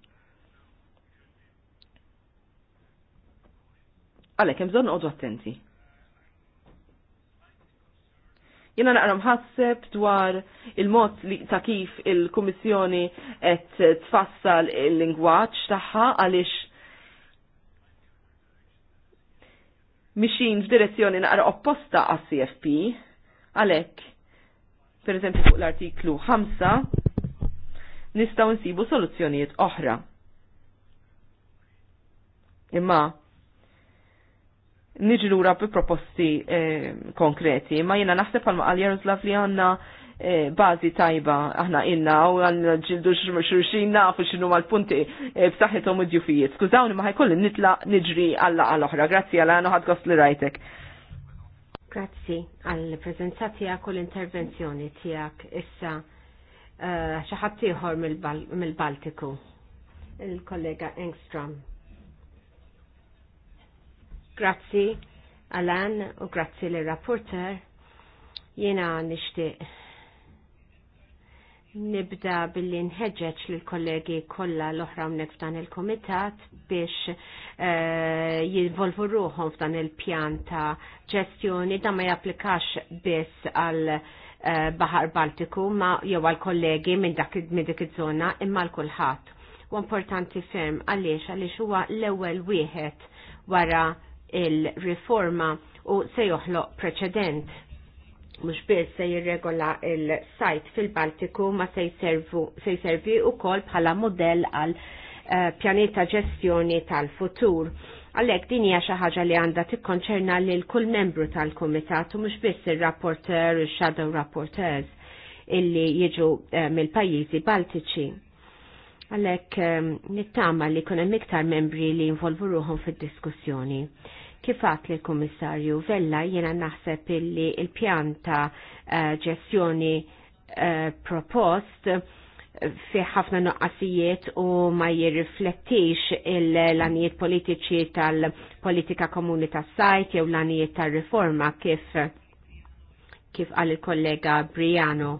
Għalhekk hemm bżonn attenti. Jena naqra mħasseb dwar il-mod ta' kif il-Kummissjoni qed tfassal il-lingwaġġ tagħha għaliex mixin f'direzzjoni naqra opposta għas CFP għalhekk per eżempju fuq l-artiklu 5 nistgħu nsibu soluzzjonijiet oħra. Imma niġi lura bi proposti eh, konkreti, ma jena naħseb palma għal Jaroslav li għanna eh, bazi tajba aħna inna u għanna ġildu xurxin nafu xinu l punti eh, b'saħħithom u djufijiet. Skużawni ma ħajkoll nitla niġri għalla għal-oħra. Grazzi għal għanu ħadgost li rajtek. Grazzi għal prezenza tijak u l-intervenzjoni tijak issa eh, xaħat uh, tiħor mill-Baltiku, mil il-kollega Engstrom. Grazzi Alan u grazzi li rapporter Jena nishtiq nibda billi nħeġġeġ l kollegi kollha l-oħra mnek f'dan il-komitat biex eh, jinvolvu ruħhom f'dan il-pjan ta' ġestjoni da ma japplikax biss għal eh, Bahar Baltiku ma jew għal kollegi minn dak minn dik imma l kulħadd. U importanti ferm għaliex għaliex huwa l-ewwel wieħed wara il-riforma u se joħloq preċedent. Mux biss se jirregola il-sajt fil-Baltiku ma se jservi u kol bħala modell għal eh, pjaneta ġestjoni tal-futur. Għalek din hija xi ħaġa li għandha tikkonċerna lil kull membru tal-kumitat u mhux biss ir-rapporter u shadow rapporteurs illi jiġu eh, mill-pajjiżi Baltiċi. Għalek ehm, nittama li kunem miktar membri li involvu ruħom fil-diskussjoni. Kifat li l-Komissarju Vella jena naħseb li il-pjanta eh, ġestjoni eh, propost eh, fi ħafna nuqqasijiet u ma jirriflettix il-lanijiet politiċi tal-politika komuni tas sajt jew l-anijiet tal-riforma kif kif għal il-kollega Briano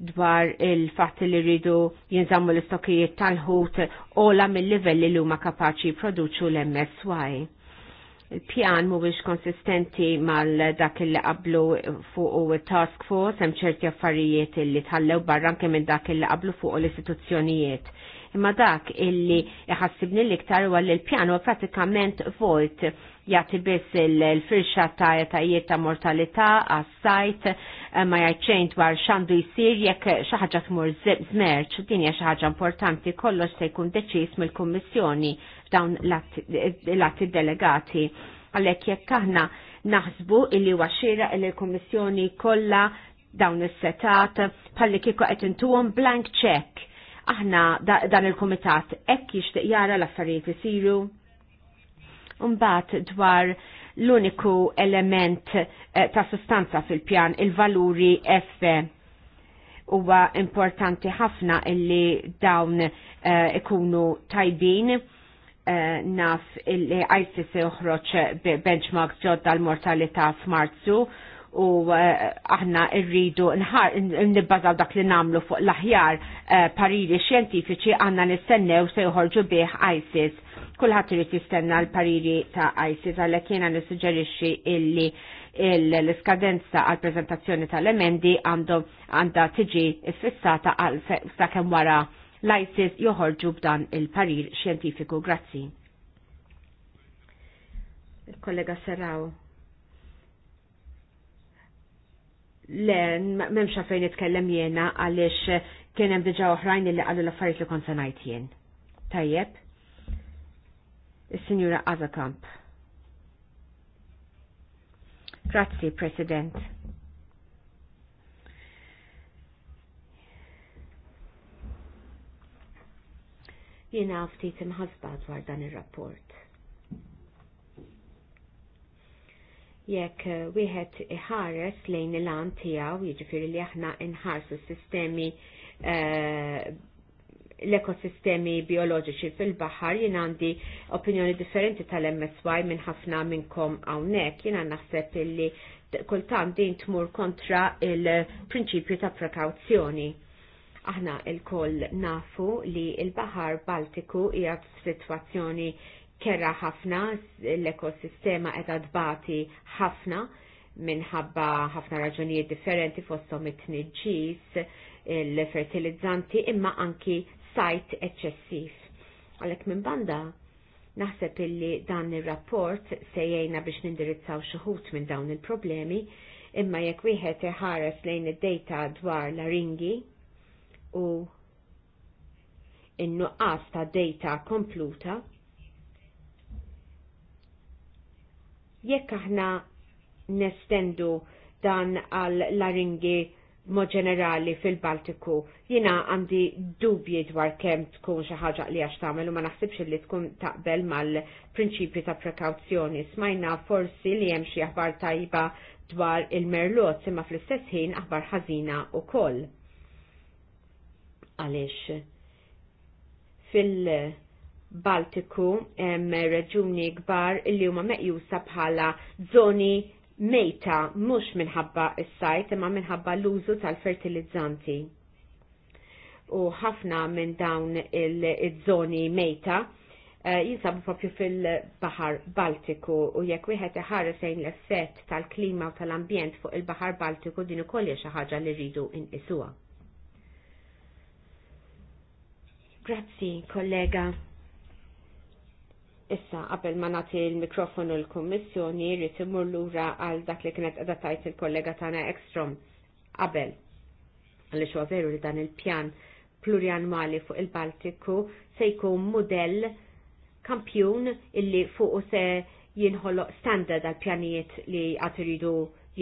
dwar il fatti li rridu jinżammu l-istokijiet tal-ħut u la mill-livelli li huma kapaċi produċu l-MSY. Il-pjan mhuwiex konsistenti mal dak il qablu fuq it-task force hemm ċerti affarijiet li tħallew barra anke minn dak il qablu fuq l-istituzzjonijiet Imma dak illi jħassibni l-iktar huwa li l-pjan huwa pratikament vojt jagħti biss il-firxa ta' tajiet ta' mortalità għas-sajt eh, ma jgħidxejn dwar xandu jsir jekk xi ħaġa tmur żmerġ, din hija xi ħaġa importanti kollox se jkun deċiż mill-Kummissjoni f'dawn l-atti delegati. Għalhekk jekk aħna naħsbu illi waxxira illi l-Kummissjoni kollha dawn is-setat palli kiko qed intuhom blank check aħna dan il-komitat ekkix jixtieq jara l-affarijiet isiru. Mbagħad dwar l-uniku element eh, ta' sustanza fil-pjan il-valuri F huwa importanti ħafna illi dawn eh, ikunu tajbin eh, naf il-ISIS uħroċ benchmark ġodda l-mortalità f'Marzu u eh, aħna rridu nibbażaw dak li namlu fuq l-aħjar eh, pariri xjentifiċi għanna nistennew se joħorġu bih ISIS. Kulħadd irid jistenna l-pariri ta' ISIS għalhekk jiena nissuġġerixxi illi l-iskadenza għal prezentazzjoni tal-emendi għandha tiġi fissata għal sakemm wara l-ISIS joħorġu b'dan il-parir xjentifiku. Grazzi. Il-kollega Serraw. Le, memx fejn nitkellem jena għalix kienem diġa oħrajn li għallu l-affarijiet li kon sanajt jien. Tajjeb, il-Sinjura Azakamp. Grazzi, President. Jena ftit imħasba dwar dan il-rapport. jekk wieħed iħares lejn il-għan tiegħu, jiġifieri li aħna nħarsu s-sistemi l-ekosistemi bioloġiċi fil-baħar jien għandi opinjoni differenti tal-MSY minn ħafna minnkom hawnhekk. Jien naħseb illi kultant din tmur kontra il-prinċipju ta' prekawzjoni. Aħna il-koll nafu li il-baħar Baltiku hija f'sitwazzjoni Kera ħafna, l-ekosistema qed adbati ħafna minħabba ħafna raġunijiet differenti fosthom it-tniġġis, il-fertilizzanti imma anki sajt eċċessiv. Għalhekk minn banda naħseb illi dan ir-rapport se jgħinna biex nindirizzaw xi minn dawn il-problemi, imma jekk wieħed iħares lejn id-dejta dwar l-aringi u in-nuqqas ta' data kompluta, Jekk aħna nestendu dan għal laringi mod ġenerali fil-Baltiku, jina għandi dubji dwar kem tkun xi ħaġa li għax tagħmel u ma naħsibx li tkun taqbel mal-prinċipju ta' prekawzjoni. Smajna forsi li hemm xi aħbar tajba dwar il-merlot imma fl-istess ħin aħbar ħażina wkoll. Għaliex fil- Baltiku hemm reġuni kbar li huma meqjusa bħala żoni mejta mhux minħabba s-sajt imma minħabba l-użu tal-fertilizzanti. U ħafna minn dawn iż-żoni mejta eh, jinsabu proprju fil-Bahar Baltiku u jekk wieħed sejn l-effett tal-klima u tal-ambjent fuq il-Bahar Baltiku din ukoll hija xi ħaġa li rridu inqisuha. Grazzi, kollega. Issa, qabel ma nagħti l-mikrofonu l-Kummissjoni, rrid imur lura għal dak li kienet qiegħda tajt il-kollega tagħna Ekstrom qabel. Għaliex huwa veru li dan il-pjan plurianwali fuq il-Baltiku se jkun mudell kampjun illi fuq se jinħoloq standard għal pjanijiet li għad iridu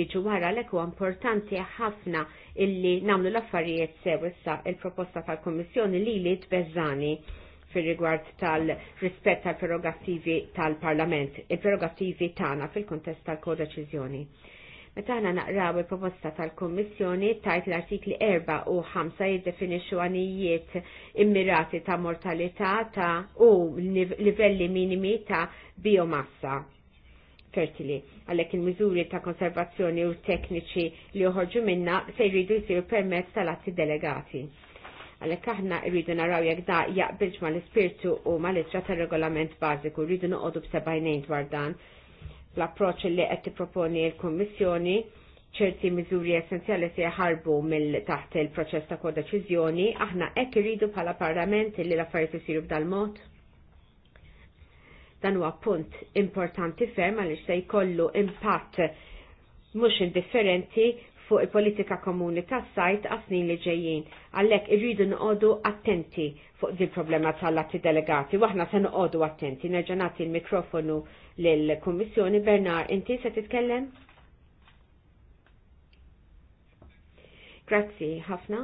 jiġu wara l huwa importanti ħafna illi namlu l-affarijiet sew issa il-proposta tal-Kommissjoni li li tbeżani fir rigward tal-rispett tal prerogativi tal-Parlament, il prerogativi tagħna fil-kontest tal-kodeċiżjoni. Meta għana naqraw il-proposta tal-Kommissjoni tajt l-artikli 4 u 5 jiddefinixxu għanijiet immirati ta' mortalità ta' u livelli minimi ta' biomassa fertili. Għalhekk il-miżuri ta' konservazzjoni u tekniċi li joħorġu minna se jridu jisiru permezz tal-atti delegati. Għalhekk aħna rridu naraw jekk da jaqbilx mal-ispirtu u mal-ittra tar-regolament bażiku, rridu noqogħdu b'sebajnejn dwar dan. L-approċċ li qed tipproponi l-Kummissjoni ċerti miżuri essenzjali se jħarbu mill taħt il-proċess ta' kodeċiżjoni, aħna hekk irridu bħala parlament li l-affarijiet isiru b'dal mod dan huwa punt importanti ferm għaliex se jkollu impatt mhux indifferenti fuq il-politika komuni tas sajt għasnin li ġejjin. Għallek irridu nqodu attenti fuq din problema tal lati delegati. Waħna se nqodu attenti. Nerġanati il-mikrofonu lill-Kummissjoni. Bernard, inti se titkellem? Grazzi, ħafna.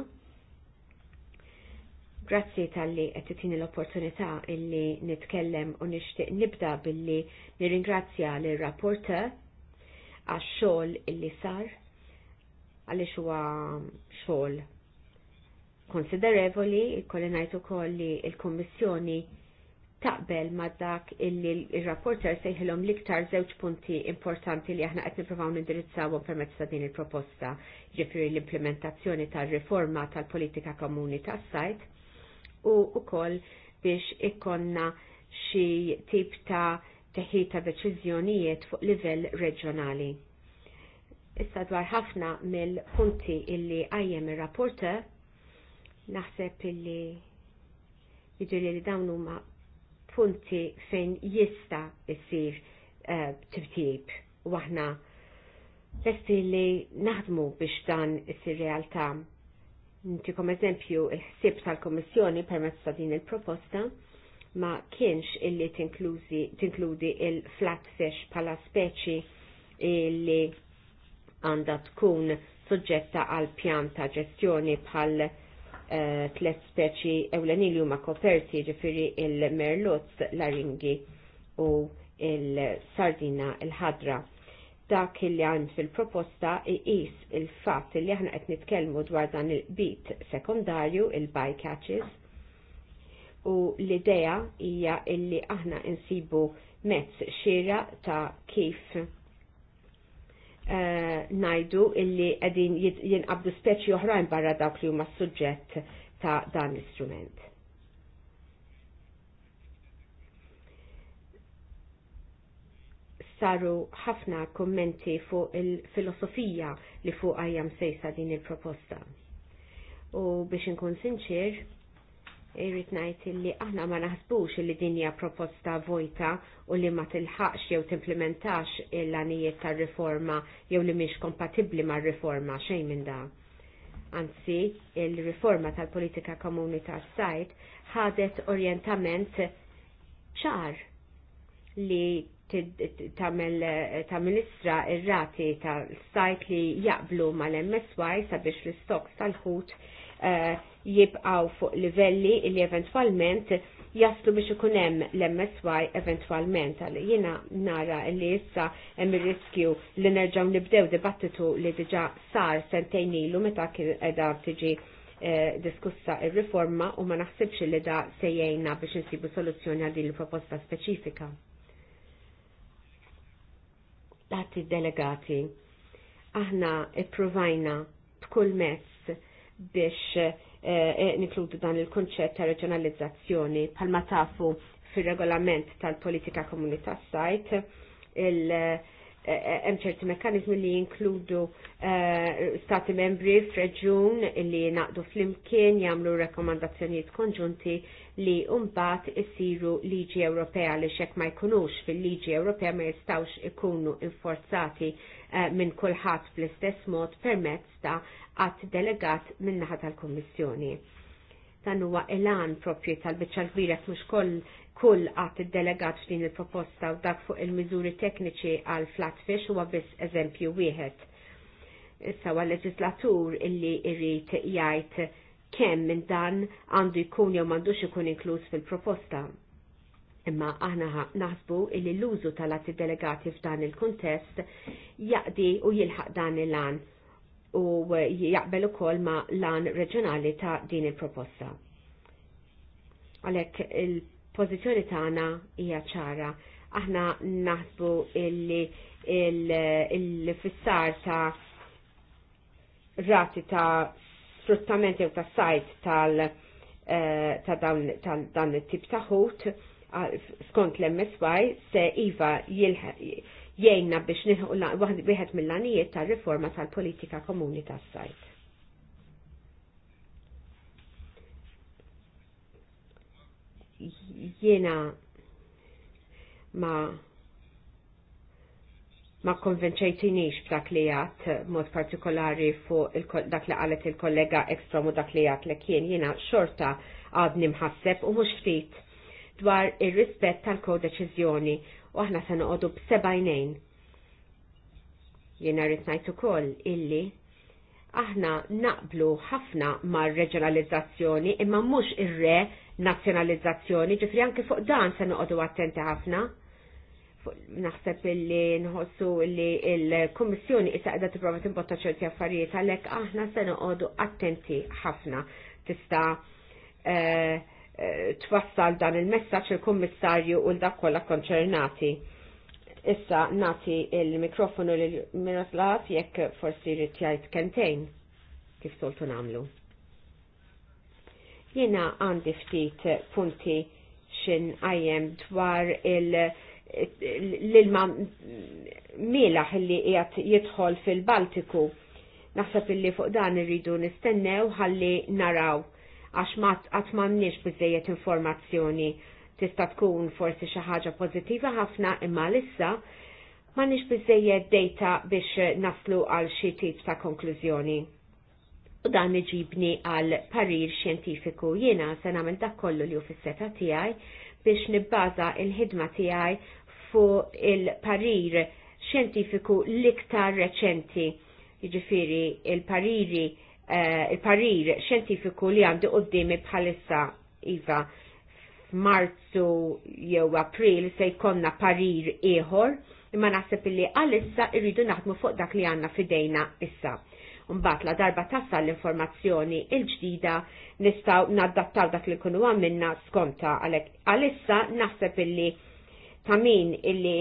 Grazzi tal-li għettitini l-opportunità illi nitkellem u nishtiq nibda billi nirringrazzja l rapporta għax xogħol illi sar għaliex huwa xogħol konsiderevoli, il ngħid ukoll li l-Kummissjoni taqbel ma dak illi il-rapporter sejħilhom l-iktar żewġ punti importanti li aħna qed nippruvaw nindirizzawhom permezz ta' din il-proposta, ġifieri l-implementazzjoni tal-riforma tal-politika komuni tas-sajt u ukoll biex ikkonna xi tip ta' teħid ta' deċiżjonijiet fuq livell reġjonali. Issa dwar ħafna mill-punti illi għajjem il-rapporter, naħseb illi jidri li dawn huma punti fejn jista jisir eh, tibtib u aħna lesti li naħdmu biex dan jisir realtà. Ntikom eżempju il-ħsib tal-Komissjoni permezz ta' din il-proposta ma kienx illi tinkludi il-flat fish pala speċi illi għandha tkun soġġetta għal pjan ta' ġestjoni bħal eh, tlet speċi ewlenin li huma koperti ġifiri il-merlot aringi u il-sardina il-ħadra. Dak li għand fil-proposta iqis il-fatt li aħna qed nitkellmu dwar dan il-bit sekundarju il-bycatches u l-idea hija illi aħna insibu mezz xira ta' kif uh, najdu illi qegħdin jinqabdu speċi oħrajn barra dawk li huma s-suġġett ta' dan l-istrument. Saru ħafna kommenti fuq il-filosofija li fuq għajam sejsa din il-proposta. U biex inkun sinċir, irrit najt illi aħna ma naħsbux illi din hija proposta vojta u li ma tilħaqx jew timplementax il-għanijiet tar-riforma jew li mhix kompatibbli mar-riforma xejn minn da. Anzi, il-riforma tal-politika komuni tas-sajt ħadet orjentament ċar li tamministra ir-rati tal-sajt li jaqblu mal-MSY sabiex l stoks tal-ħut eh, jibqaw fuq livelli li eventwalment jaslu biex ikun hemm l-MSY eventwalment għal jiena nara li issa hemm ir-riskju li nerġgħu nibdew dibattitu li diġa' sar sentejn ilu meta kien qiegħda tiġi eh, diskussa il riforma u ma naħsibx li da sejjajna biex insibu soluzzjoni għal din il-proposta speċifika. Dati delegati, aħna ipprovajna b'kull mezz biex Eh, eh, nikludu dan il-konċett ta' reġjonalizzazzjoni pal tafu fil-regolament tal-politika komunità sajt il eh, hemm ċerti mekkanizmi li jinkludu stati membri f'reġjun li naqdu flimkien jagħmlu rakkomandazzjonijiet konġunti li mbagħad isiru liġi Ewropea li xek ma jkunux fil-liġi Ewropea ma jistgħux ikunu inforzati Eh, minn kulħadd fl istess mod permezz ta' għat delegat min-naħa tal-Kommissjoni. Dan huwa elan propju tal-biċċa kbira mhux kull kull għat delegat f'din il-proposta u dak fuq il-miżuri tekniċi għal flatfish huwa biss eżempju wieħed. Issa għal leġislatur illi irrid jgħid kemm minn dan għandu jkun jew m'għandux ikun inkluż fil-proposta. Imma aħna naħsbu illi l-użu tal-atti delegati f'dan il-kontest jaqdi u jilħaq dan il-lan u jaqbel ukoll ma lan reġjonali ta' din il-proposta. Għalhekk il-pożizzjoni tagħna hija ċara. Aħna naħsbu illi il-fissar ta' rati ta' sfruttamenti u ta' sajt tal- eh, ta' dan it-tip ta' ħut skont l-MSY se iva jgħinna biex nilħu wieħed mill-għanijiet ta' riforma tal-politika komuni tas-sajt. Jiena ma ma konvenċejtinix b'dak li jgħat mod partikolari fuq dak li għalet il-kollega ekstrom u dak li jgħat li kien jena xorta għadni mħasseb u mux ftit dwar ir-rispett tal-kodeċiżjoni u aħna se noqogħdu b'sebajnejn. Jiena rrid ngħid ukoll illi aħna naqblu ħafna mar reġionalizzazzjoni imma mhux ir-re nazzjonalizzazzjoni, ġifri anke fuq dan se noqogħdu attenti ħafna. Naħseb illi nħossu illi il-Kummissjoni issa qiegħda tipprova timbotta ċerti affarijiet għalhekk aħna se noqogħdu attenti ħafna tista' eh, twassal dan il-messaċ il-Kummissarju u l-dak kollha konċernati. Issa nati il-mikrofonu lil Miroslav jekk forsi rrid jgħid kentejn kif soltu nagħmlu. Jiena għandi ftit punti xin għajem dwar l-ilma milaħ li jgħat jidħol fil-Baltiku. Naħseb illi fuq dan irridu nistennew ħalli naraw għax qatt m'għandniex bizzejiet informazzjoni tista' tkun forsi xi ħaġa pożittiva ħafna imma lissa m'għandniex biżejjed data biex naslu għal xi tip ta' konklużjoni. U dan iġibni għal parir xjentifiku jiena se nagħmel dak kollu li hu fis-seta tiegħi biex nibbaża l ħidma tiegħi fuq il-parir xjentifiku l-iktar reċenti, jiġifieri il-pariri Eh, il-parir xjentifiku li għandu qoddimi bħalissa iva f'Marzu jew April se jkollna parir ieħor imma naħseb illi għalissa irridu naħdmu fuq dak li għandna fidejna issa. Mbagħad la darba tassa l-informazzjoni il-ġdida nistgħu naddattaw dak li kunu għamilna skonta għalhekk għalissa naħseb illi ta' min illi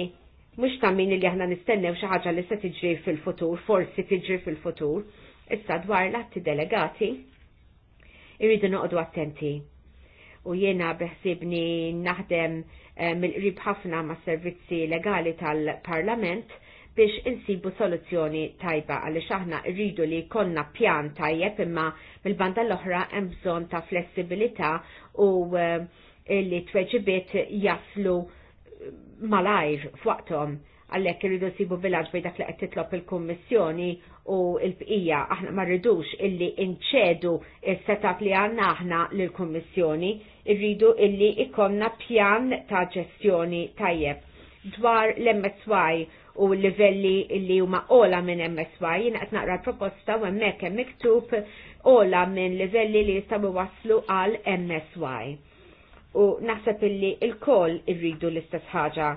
mhux ta' min illi aħna nistennew xi ħaġa li se tiġri fil-futur, forsi tiġri fil-futur Issa dwar l-atti delegati, irridu noqdu attenti. U jiena beħsibni naħdem eh, mill-qrib ħafna ma' servizzi legali tal-Parlament biex insibu soluzzjoni tajba għalli xaħna rridu li konna pjan tajjeb imma mill-banda l-oħra hemm bżonn ta' flessibilità u eh, li tweġibiet jaslu eh, malajr fuqtom għallek irridu sibu bilanċ bej dak li qed titlob il-Kummissjoni u l-bqija aħna ma rridux illi inċedu s setup li għandna aħna lill-Kummissjoni, rridu illi ikonna pjan ta' ġestjoni tajjeb. Dwar l-MSY u l-livelli li huma ola minn MSY, jien qed naqra proposta u hemmhekk hemm miktub ola minn livelli li jistgħu waslu għal MSY. U naħseb illi il-kol irridu l-istess ħaġa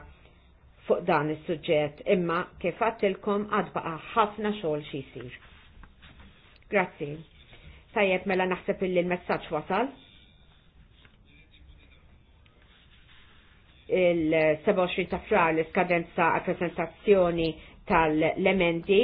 fuq dan is-suġġett, imma kif għattilkom għad ħafna xogħol xi jsir. Grazzi. Tajjeb mela naħseb illi l-messaġġ wasal. Il-27 ta' frar l-iskadenza għal presentazzjoni tal-emendi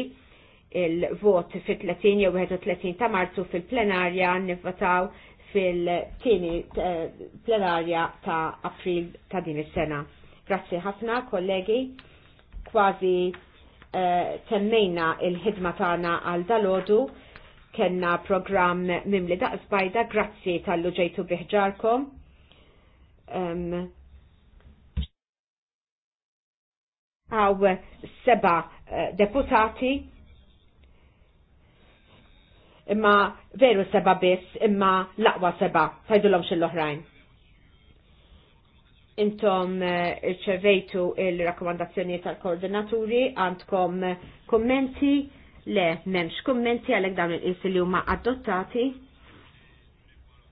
il-vot fil 30 jew 31 ta' Marzu fil-plenarja nivvotaw fil-tieni eh, plenarja ta' April ta' din is-sena. Grazzi ħafna, kollegi. Kważi uh, temmejna il-ħidma tagħna għal dalodu. Kenna programm mimli daqs bajda, grazzi tal-lu ġejtu biħġarkom. Um, għaw seba eh, deputati imma veru seba biss imma laqwa seba tajdulom l oħrajn intom eh, irċervejtu il-rakkomandazzjoni tal-koordinaturi, għandkom kommenti, le memx kommenti għalek dawn il-qis li huma adottati.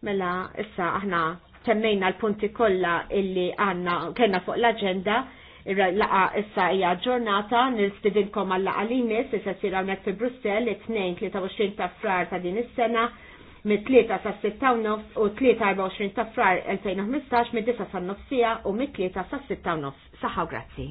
Mela, issa aħna temmejna l-punti kollha illi għanna kena fuq l-agenda, laqa issa hija ġurnata, nistidinkom għal laqa li mis, issa sira għamnek fi Brussel, 2-23 ta' frar ta' din is-sena, mit-3 sa' 6 u 3-24 ta' frar 2015 mid-9 sa' 9 u mit-3 sa' 6 nofs. grazzi.